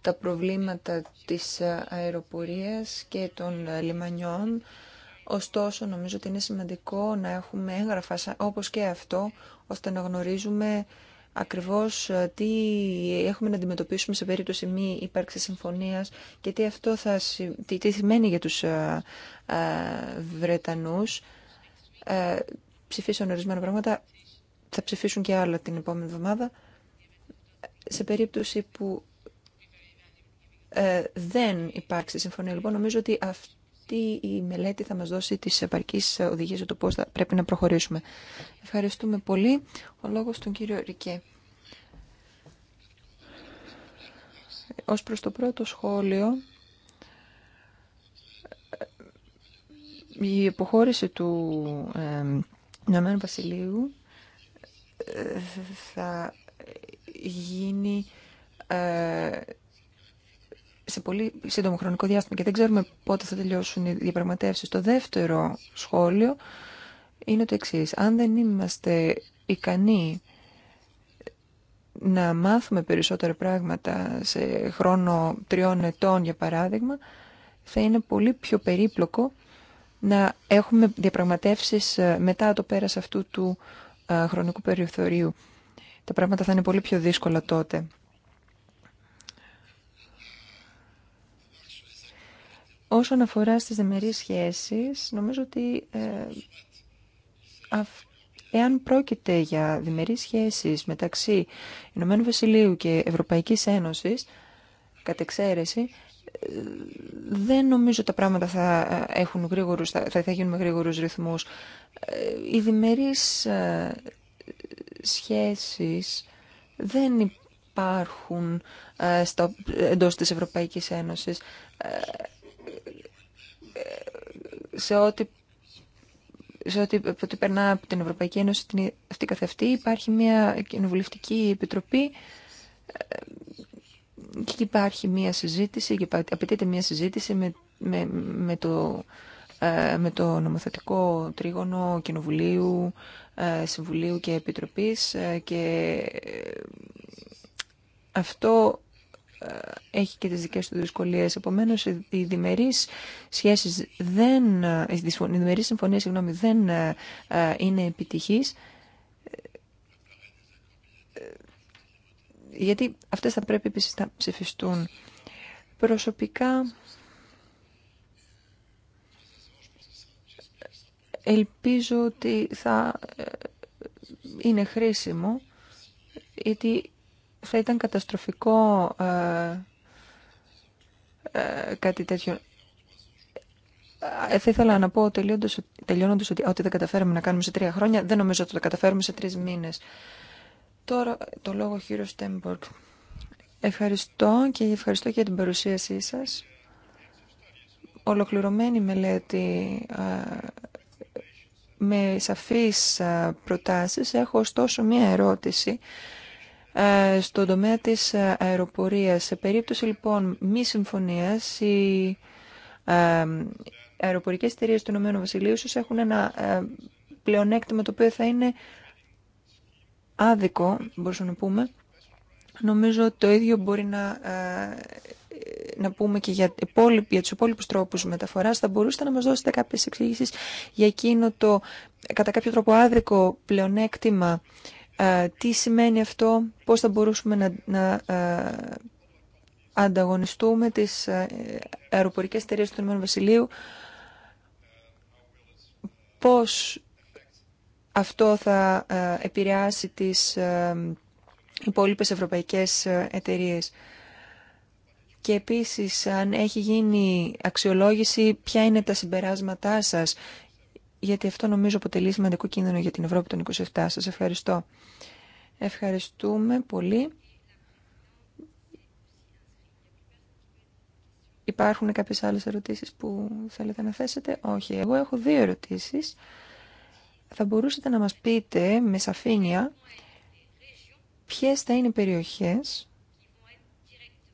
Speaker 3: τα προβλήματα της αεροπορίας και των λιμανιών. Ωστόσο, νομίζω ότι είναι σημαντικό να έχουμε έγγραφα όπως και αυτό, ώστε να γνωρίζουμε ακριβώς ε, τι έχουμε να αντιμετωπίσουμε σε περίπτωση μη ύπαρξη συμφωνίας και τι αυτό θα τι, τι σημαίνει για τους α, ε, ε, Βρετανούς. Α, ψηφίσαν ορισμένα πράγματα, θα ψηφίσουν και άλλα την επόμενη εβδομάδα. Σε περίπτωση που δεν υπάρξει συμφωνία, λοιπόν, νομίζω ότι αυτό αυτή η μελέτη θα μας δώσει τις επαρκείς οδηγίες για το πώς θα πρέπει να προχωρήσουμε. Ευχαριστούμε πολύ. Ο λόγος τον κύριο Ρικέ. Ως προς το πρώτο σχόλιο, η υποχώρηση του Ηνωμένου Βασιλείου ε, θα γίνει ε, σε πολύ σύντομο χρονικό διάστημα και δεν ξέρουμε πότε θα τελειώσουν οι διαπραγματεύσεις. Το δεύτερο σχόλιο είναι το εξής. Αν δεν είμαστε ικανοί να μάθουμε περισσότερα πράγματα σε χρόνο τριών ετών, για παράδειγμα, θα είναι πολύ πιο περίπλοκο να έχουμε διαπραγματεύσεις ε, μετά το πέρας αυτού του ε, χρονικού περιθωρίου. Τα πράγματα θα είναι πολύ πιο δύσκολα τότε. Όσον αφορά στις δεμερείς σχέσεις, νομίζω ότι ε, εάν πρόκειται για διμερείς σχέσεις μεταξύ Ηνωμένου Βασιλείου και Ευρωπαϊκής Ένωσης, κατ' εξαίρεση, ε, δεν νομίζω τα πράγματα θα, ε, έχουν γρήγορους, θα, θα γίνουν με γρήγορους ρυθμούς. Οι διμερείς σχέσεις δεν υπάρχουν στο, εντός της Ευρωπαϊκής Ένωσης σε ό,τι σε ό,τι, περνά από την Ευρωπαϊκή Ένωση την, αυτή καθευτεί υπάρχει μια κοινοβουλευτική επιτροπή ε, και υπάρχει μια συζήτηση και απαιτείται μια συζήτηση με, με, το, ε, με το νομοθετικό τρίγωνο Κοινοβουλίου, ε, Συμβουλίου και Επιτροπής και αυτό ε, έχει και τις δικές του δυσκολίες. Επομένως, οι διμερείς σχέσεις δεν, ε, οι διμερείς συμφωνίες, συγγνώμη, δεν ε, είναι επιτυχείς. Γιατί αυτές θα πρέπει επίσης να ψηφιστούν. Προσωπικά, ελπίζω ότι θα είναι χρήσιμο, γιατί θα ήταν καταστροφικό ε, ε, κάτι τέτοιο. Ε, θα ήθελα να πω τελειώνοντας, ότι ό,τι δεν καταφέραμε να κάνουμε σε τρία χρόνια, δεν νομίζω ότι το καταφέρουμε σε τρεις μήνες. Τώρα το λόγο κύριο Στέμπορκ. Ευχαριστώ και ευχαριστώ για την παρουσίασή σας. Ολοκληρωμένη μελέτη ε, με σαφείς ε, προτάσεις. Έχω ωστόσο μία ερώτηση ε, στον τομέα της ε, αεροπορίας. Σε περίπτωση λοιπόν μη συμφωνίας, οι ε, αεροπορικές εταιρείε του Ηνωμένου Βασιλείου έχουν ένα πλεονέκτημα το οποίο θα είναι άδικο, μπορούσαμε να πούμε. Νομίζω το ίδιο μπορεί να, να πούμε και για, για τους υπόλοιπους τρόπους μεταφοράς. Θα μπορούσατε να μας δώσετε κάποιες εξηγήσεις για εκείνο το κατά κάποιο τρόπο άδικο πλεονέκτημα ε, τι σημαίνει αυτό, πώς θα μπορούσαμε να, ε, ανταγωνιστούμε τις ε, αεροπορικές εταιρείε του Ηνωμένου Βασιλείου, πώς αυτό θα επηρεάσει τις υπόλοιπες ευρωπαϊκές εταιρείε. Και επίσης, αν έχει γίνει αξιολόγηση, ποια είναι τα συμπεράσματά σας γιατί αυτό νομίζω αποτελεί σημαντικό κίνδυνο για την Ευρώπη των 27. Σας ευχαριστώ. Ευχαριστούμε πολύ. Υπάρχουν κάποιες άλλες ερωτήσεις που θέλετε να θέσετε. Όχι, εγώ έχω δύο ερωτήσεις. Θα μπορούσατε να μας πείτε με σαφήνεια ποιες θα είναι οι περιοχές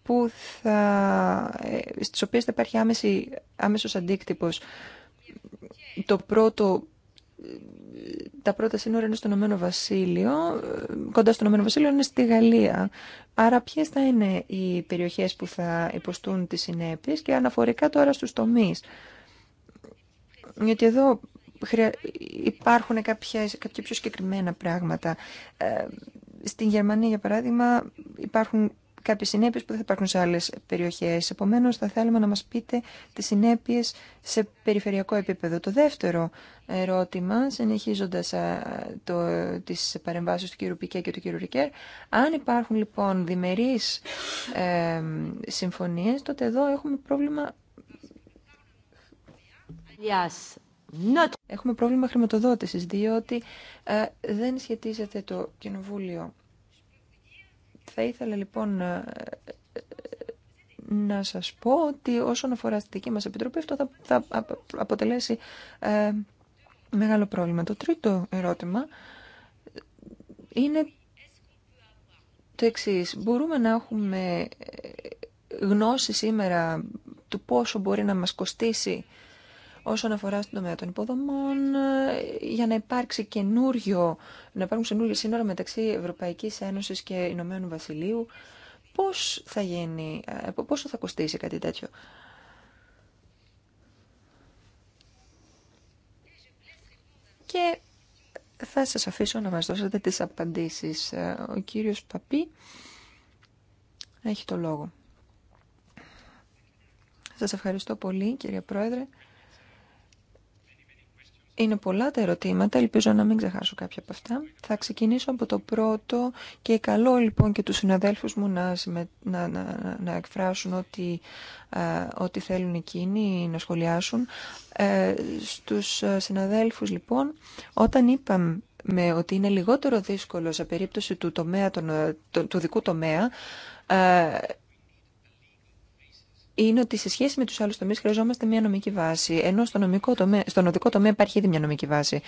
Speaker 3: που θα, ε, στις οποίες θα υπάρχει άμεση, άμεσος αντίκτυπος το πρώτο τα πρώτα σύνορα είναι στο Ηνωμένο Βασίλειο, κοντά στο Ηνωμένο Βασίλειο είναι στη Γαλλία. Άρα ποιε θα είναι οι περιοχές που θα υποστούν τις συνέπειες και αναφορικά τώρα στους τομείς. Γιατί εδώ υπάρχουν κάποια, κάποια πιο συγκεκριμένα πράγματα. Ε, στην Γερμανία, για παράδειγμα, υπάρχουν κάποιες συνέπειες που δεν θα υπάρχουν σε άλλες περιοχές. Επομένως, θα θέλουμε να μας πείτε τις συνέπειες σε περιφερειακό επίπεδο. Το δεύτερο ερώτημα, συνεχίζοντας το, τις παρεμβάσεις του κ. Πικέ και του κ. Ρικέρ, αν υπάρχουν λοιπόν διμερείς ε, συμφωνίες, τότε εδώ έχουμε πρόβλημα... Yes. Not... Έχουμε πρόβλημα χρηματοδότησης, διότι ε, δεν σχετίζεται το Κοινοβούλιο θα ήθελα λοιπόν ε, ε, ε, να σας πω ότι όσον αφορά στη δική μας επιτροπή αυτό θα, θα αποτελέσει μεγάλο πρόβλημα. Το τρίτο ερώτημα είναι το εξής. Μπορούμε να έχουμε γνώση σήμερα του πόσο μπορεί να μας κοστίσει όσον αφορά στον τομέα των υποδομών ε, για να υπάρξει καινούριο, να υπάρχουν καινούργια σύνορα μεταξύ Ευρωπαϊκής Ένωσης και Ηνωμένου Βασιλείου. Πώς θα γίνει, ε, πόσο θα κοστίσει κάτι τέτοιο. Και θα σας αφήσω να μας δώσετε τις απαντήσεις. Ε, ο κύριος Παπί έχει το λόγο. Σας ευχαριστώ πολύ κύριε Πρόεδρε. Είναι πολλά τα ερωτήματα, ελπίζω να μην ξεχάσω κάποια από αυτά. Θα ξεκινήσω από το πρώτο και καλό λοιπόν και τους συναδέλφους μου να, να, να, εκφράσουν ότι, ότι θέλουν εκείνοι να σχολιάσουν. Ε, στους ε, συναδέλφους λοιπόν, όταν είπαμε ότι είναι λιγότερο δύσκολο σε περίπτωση του, τομέα, τον, ε, του δικού τομέα, ε, είναι ότι σε σχέση με του άλλου τομεί χρειαζόμαστε μια νομική βάση. Ενώ στο νομικό τομέα, στον οδικό τομέα υπάρχει ήδη μια νομική βάση.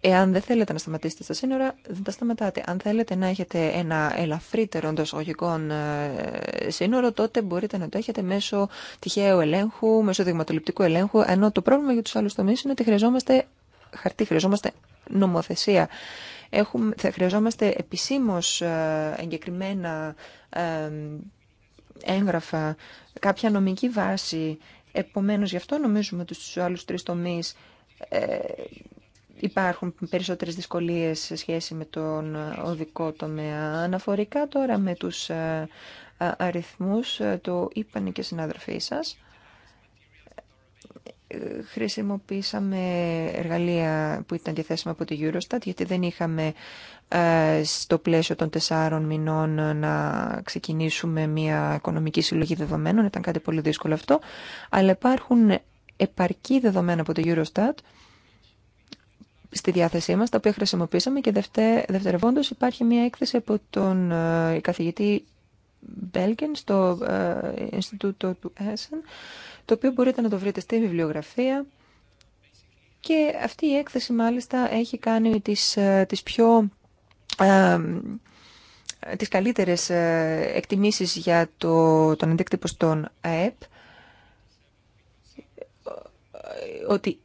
Speaker 3: Ε, εάν δεν θέλετε να σταματήσετε στα σύνορα, δεν τα σταματάτε. Αν θέλετε να έχετε ένα ελαφρύτερο εντό εισαγωγικών ε, σύνορο, τότε μπορείτε να το έχετε μέσω τυχαίου ελέγχου, μέσω δειγματοληπτικού ελέγχου. Ενώ το πρόβλημα για του άλλου τομεί είναι ότι χρειαζόμαστε χαρτί, χρειαζόμαστε νομοθεσία. Έχουμε, θα χρειαζόμαστε επισήμω ε, εγκεκριμένα έγγραφα, κάποια νομική βάση. Επομένως, γι' αυτό νομίζουμε ότι στους άλλους τρεις τομείς ε, υπάρχουν περισσότερες δυσκολίες σε σχέση με τον ε, οδικό τομέα. Αναφορικά τώρα με τους ε, αριθμούς, ε, το είπαν και συνάδελφοί σας χρησιμοποίησαμε εργαλεία που ήταν διαθέσιμα από τη Eurostat, γιατί δεν είχαμε ε, στο πλαίσιο των τεσσάρων μηνών να ξεκινήσουμε μια οικονομική συλλογή δεδομένων. Ήταν κάτι πολύ δύσκολο αυτό. Αλλά υπάρχουν επαρκή δεδομένα από το Eurostat στη διάθεσή μας, τα οποία χρησιμοποίησαμε και δευτε, δευτερευόντως υπάρχει μια έκθεση από τον ε, καθηγητή Μπέλγκεν στο ε, Ινστιτούτο του Έσεν το οποίο μπορείτε να το βρείτε στη βιβλιογραφία. Και αυτή η έκθεση μάλιστα έχει κάνει τις, ε, τις πιο... Ε, τις καλύτερες ε, εκτιμήσεις για το, τον αντίκτυπο στον ΑΕΠ ότι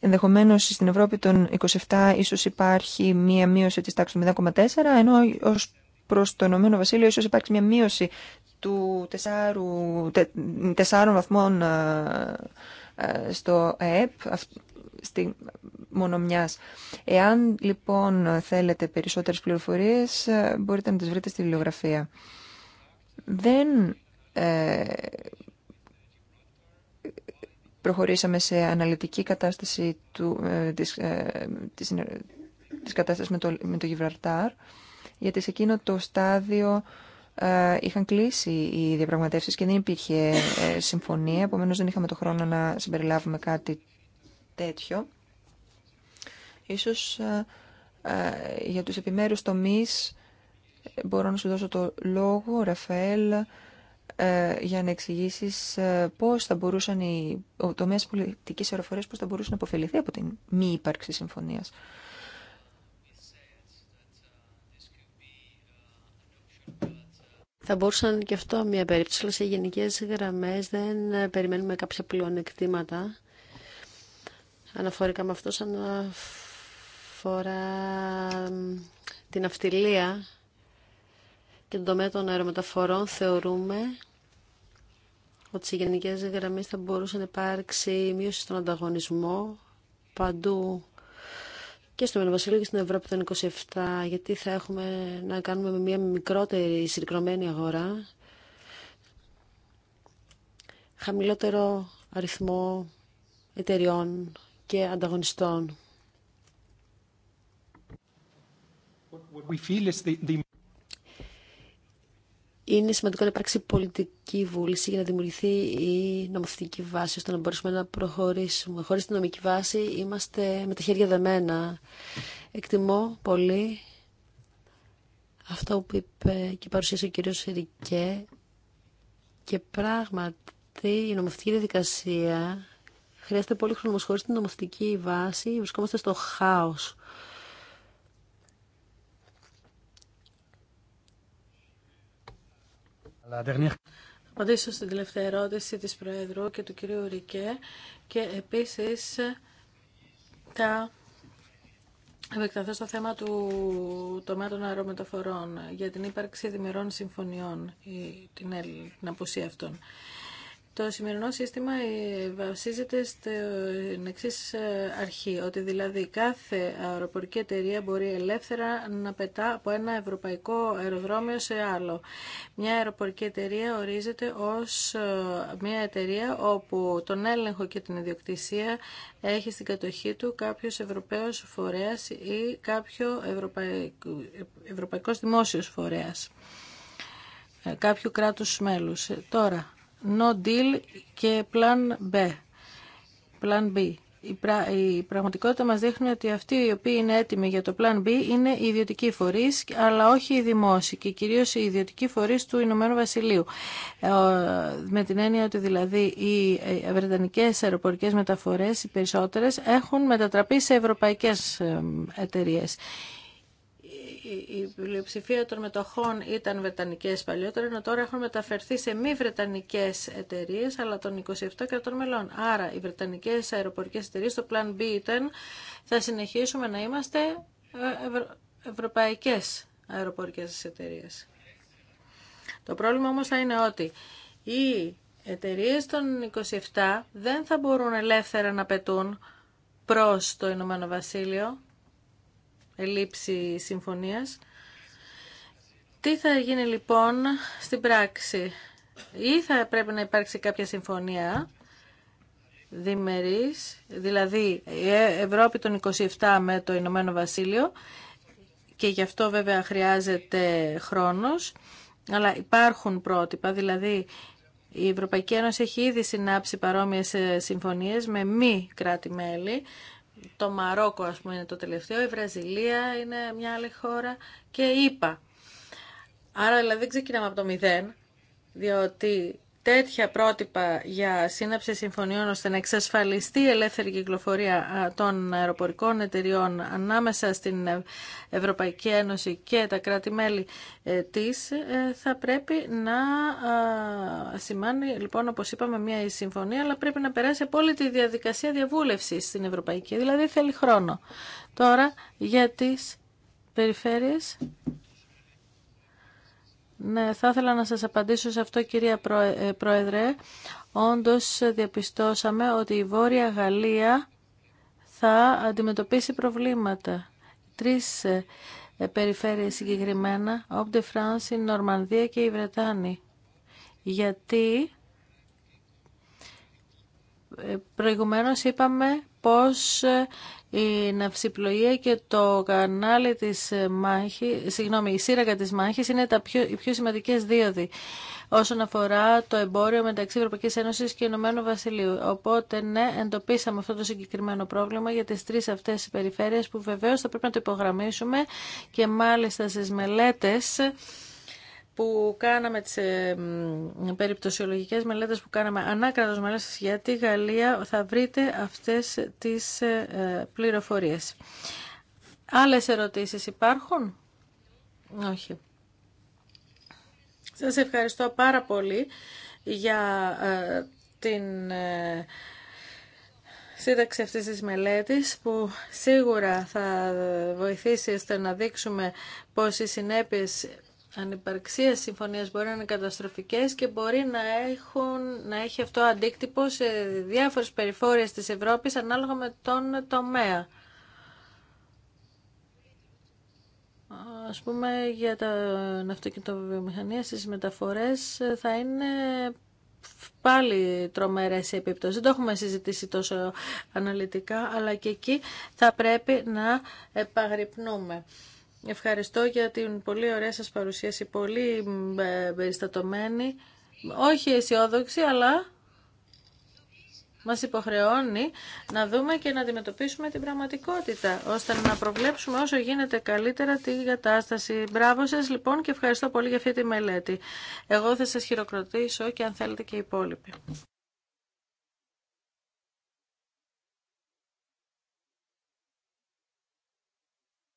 Speaker 3: ενδεχομένως στην Ευρώπη των 27 ίσως υπάρχει μία μείωση της τάξης 0,4 ενώ ως προς το Ηνωμένο Βασίλειο ίσως υπάρχει μία μείωση του 4, βαθμών ε, ε, στο ΕΕΠ, στη μονομιάς. Εάν λοιπόν θέλετε περισσότερες πληροφορίες, ε, μπορείτε να τις βρείτε στη βιβλιογραφία. Δεν προχωρήσαμε σε αναλυτική κατάσταση του, ε, της, της, κατάστασης με το, με το Γιβραρτάρ, γιατί σε εκείνο το στάδιο ε, είχαν κλείσει οι διαπραγματεύσεις και δεν υπήρχε ε, συμφωνία, επομένως δεν είχαμε το χρόνο να συμπεριλάβουμε κάτι τέτοιο. Ίσως ε, για τους επιμέρους τομείς μπορώ να σου δώσω το λόγο, Ραφαέλ, για να εξηγήσει πώς θα μπορούσαν οι τομείς πολιτικής αεροπορίας πώς θα μπορούσαν να αποφεληθεί από την μη ύπαρξη συμφωνίας. Θα
Speaker 2: μπορούσαν και αυτό μια περίπτωση, αλλά σε γενικέ γραμμέ δεν ε, περιμένουμε κάποια πλεονεκτήματα αναφορικά με αυτό σαν αφορά την αυτιλία και τον τομέα των αερομεταφορών θεωρούμε ότι σε γενικέ γραμμέ θα μπορούσε να υπάρξει μείωση στον ανταγωνισμό παντού και στο Βασίλειο και στην Ευρώπη των 27, γιατί θα έχουμε να κάνουμε με μια μικρότερη συγκεκριμένη αγορά, χαμηλότερο αριθμό εταιριών και ανταγωνιστών είναι σημαντικό να υπάρξει πολιτική βούληση για να δημιουργηθεί η νομοθετική βάση ώστε να μπορέσουμε να προχωρήσουμε. Χωρί την νομική βάση είμαστε με τα χέρια δεμένα. Εκτιμώ πολύ αυτό που είπε και παρουσίασε ο κύριος Ερικέ και πράγματι η νομοθετική διαδικασία χρειάζεται πολύ χρόνο χωρίς την νομοθετική βάση βρισκόμαστε στο χάος.
Speaker 1: Απαντήσω στην τελευταία ερώτηση της Προεδρού και του κυρίου Ρικέ και επίσης θα επεκταθώ στο θέμα του τομέα των αερομεταφορών για την ύπαρξη δημιουργών συμφωνιών ή την, την απουσία αυτών. Το σημερινό σύστημα ε, βασίζεται στην εξή ε, αρχή, ότι δηλαδή κάθε αεροπορική εταιρεία μπορεί ελεύθερα να πετά από ένα ευρωπαϊκό αεροδρόμιο σε άλλο. Μια αεροπορική εταιρεία ορίζεται ως ε, μια εταιρεία όπου τον έλεγχο και την ιδιοκτησία έχει στην κατοχή του κάποιος ευρωπαίος φορέας ή κάποιο ευρωπαϊκός δημόσιος φορέας κάποιου κράτους μέλους. Τώρα, no deal και plan B. Plan B. Η, πραγματικότητα μας δείχνει ότι αυτοί οι οποίοι είναι έτοιμοι για το Plan B είναι οι ιδιωτικοί φορείς, αλλά όχι οι δημόσιοι και κυρίως οι ιδιωτικοί φορείς του Ηνωμένου Βασιλείου. Ε, με την έννοια ότι δηλαδή οι ε, βρετανικές αεροπορικές μεταφορές, οι περισσότερες, έχουν μετατραπεί σε ευρωπαϊκές ε, εταιρείε η πλειοψηφία των μετοχών ήταν βρετανικές παλιότερα, ενώ τώρα έχουν μεταφερθεί σε μη βρετανικές εταιρείε, αλλά των 27 κρατών μελών. Άρα οι βρετανικές αεροπορικές εταιρείε, το Plan B ήταν, θα συνεχίσουμε να είμαστε ε, ευρω... ευρωπαϊκές αεροπορικές εταιρείε. Το πρόβλημα όμως θα είναι ότι οι εταιρείε των 27 δεν θα μπορούν ελεύθερα να πετούν προς το Ηνωμένο Βασίλειο, Ελήψη συμφωνίας. Τι θα γίνει λοιπόν στην πράξη. Ή θα πρέπει να υπάρξει κάποια συμφωνία διμερής, δηλαδή η ε- Ευρώπη των 27 με το Ηνωμένο Βασίλειο και γι' αυτό βέβαια χρειάζεται χρόνος, αλλά υπάρχουν πρότυπα, δηλαδή η Ευρωπαϊκή Ένωση έχει ήδη συνάψει παρόμοιες ε, συμφωνίες με μη κράτη-μέλη, το Μαρόκο ας πούμε είναι το τελευταίο, η Βραζιλία είναι μια άλλη χώρα και η Άρα δηλαδή δεν ξεκινάμε από το μηδέν, διότι τέτοια πρότυπα για σύναψη συμφωνιών ώστε να εξασφαλιστεί η ελεύθερη κυκλοφορία των αεροπορικών εταιριών ανάμεσα στην Ευρωπαϊκή Ένωση και τα κράτη-μέλη ε, της ε, θα πρέπει να σημάνει λοιπόν όπως είπαμε μια συμφωνία αλλά πρέπει να περάσει από όλη τη διαδικασία διαβούλευσης στην Ευρωπαϊκή δηλαδή θέλει χρόνο. Τώρα για τις περιφέρειες ναι, θα ήθελα να σας απαντήσω σε αυτό κυρία ε, Πρόεδρε. Όντως διαπιστώσαμε ότι η Βόρεια Γαλλία θα αντιμετωπίσει προβλήματα. Τρεις ε, ε, περιφέρειες συγκεκριμένα, Ωπ' η Νορμανδία και η Βρετάνη. Γιατί προηγουμένως είπαμε πώς ε, η ναυσιπλοεία και το κανάλι της μάχη, συγγνώμη, η σύραγγα της μάχης είναι τα πιο, οι πιο σημαντικές δίωδοι όσον αφορά το εμπόριο μεταξύ Ευρωπαϊκής Ένωσης και Ηνωμένου Βασιλείου. Οπότε, ναι, εντοπίσαμε αυτό το συγκεκριμένο πρόβλημα για τις τρεις αυτές τις περιφέρειες που βεβαίως θα πρέπει να το υπογραμμίσουμε και μάλιστα στις μελέτες που κάναμε τις ε, περιπτωσιολογικές μελέτες που κάναμε ανάκρατος μελέτες για τη Γαλλία θα βρείτε αυτές τις ε, ε, πληροφορίες. Άλλες ερωτήσεις υπάρχουν? Όχι. Σας ευχαριστώ πάρα πολύ για ε, την σύνταξη αυτής της μελέτης που σίγουρα θα βοηθήσει ώστε να δείξουμε πως οι συνέπειες ανυπαρξία συμφωνίας μπορεί να είναι καταστροφικές και μπορεί να, έχουν, να έχει αυτό αντίκτυπο σε διάφορες περιφόρειες της Ευρώπης ανάλογα με τον τομέα. Ας πούμε για τα ναυτοκινητοβιομηχανία, στις μεταφορές θα είναι πάλι τρομερές οι επιπτώσεις. Δεν το έχουμε συζητήσει τόσο αναλυτικά, αλλά και εκεί θα πρέπει να επαγρυπνούμε. Ευχαριστώ για την πολύ ωραία σας παρουσίαση, πολύ ε, περιστατωμένη, όχι αισιόδοξη, αλλά μας υποχρεώνει να δούμε και να αντιμετωπίσουμε την πραγματικότητα, ώστε να προβλέψουμε όσο γίνεται καλύτερα την κατάσταση. Μπράβο σας λοιπόν και ευχαριστώ πολύ για αυτή τη μελέτη. Εγώ θα σας χειροκροτήσω και αν θέλετε και οι υπόλοιποι.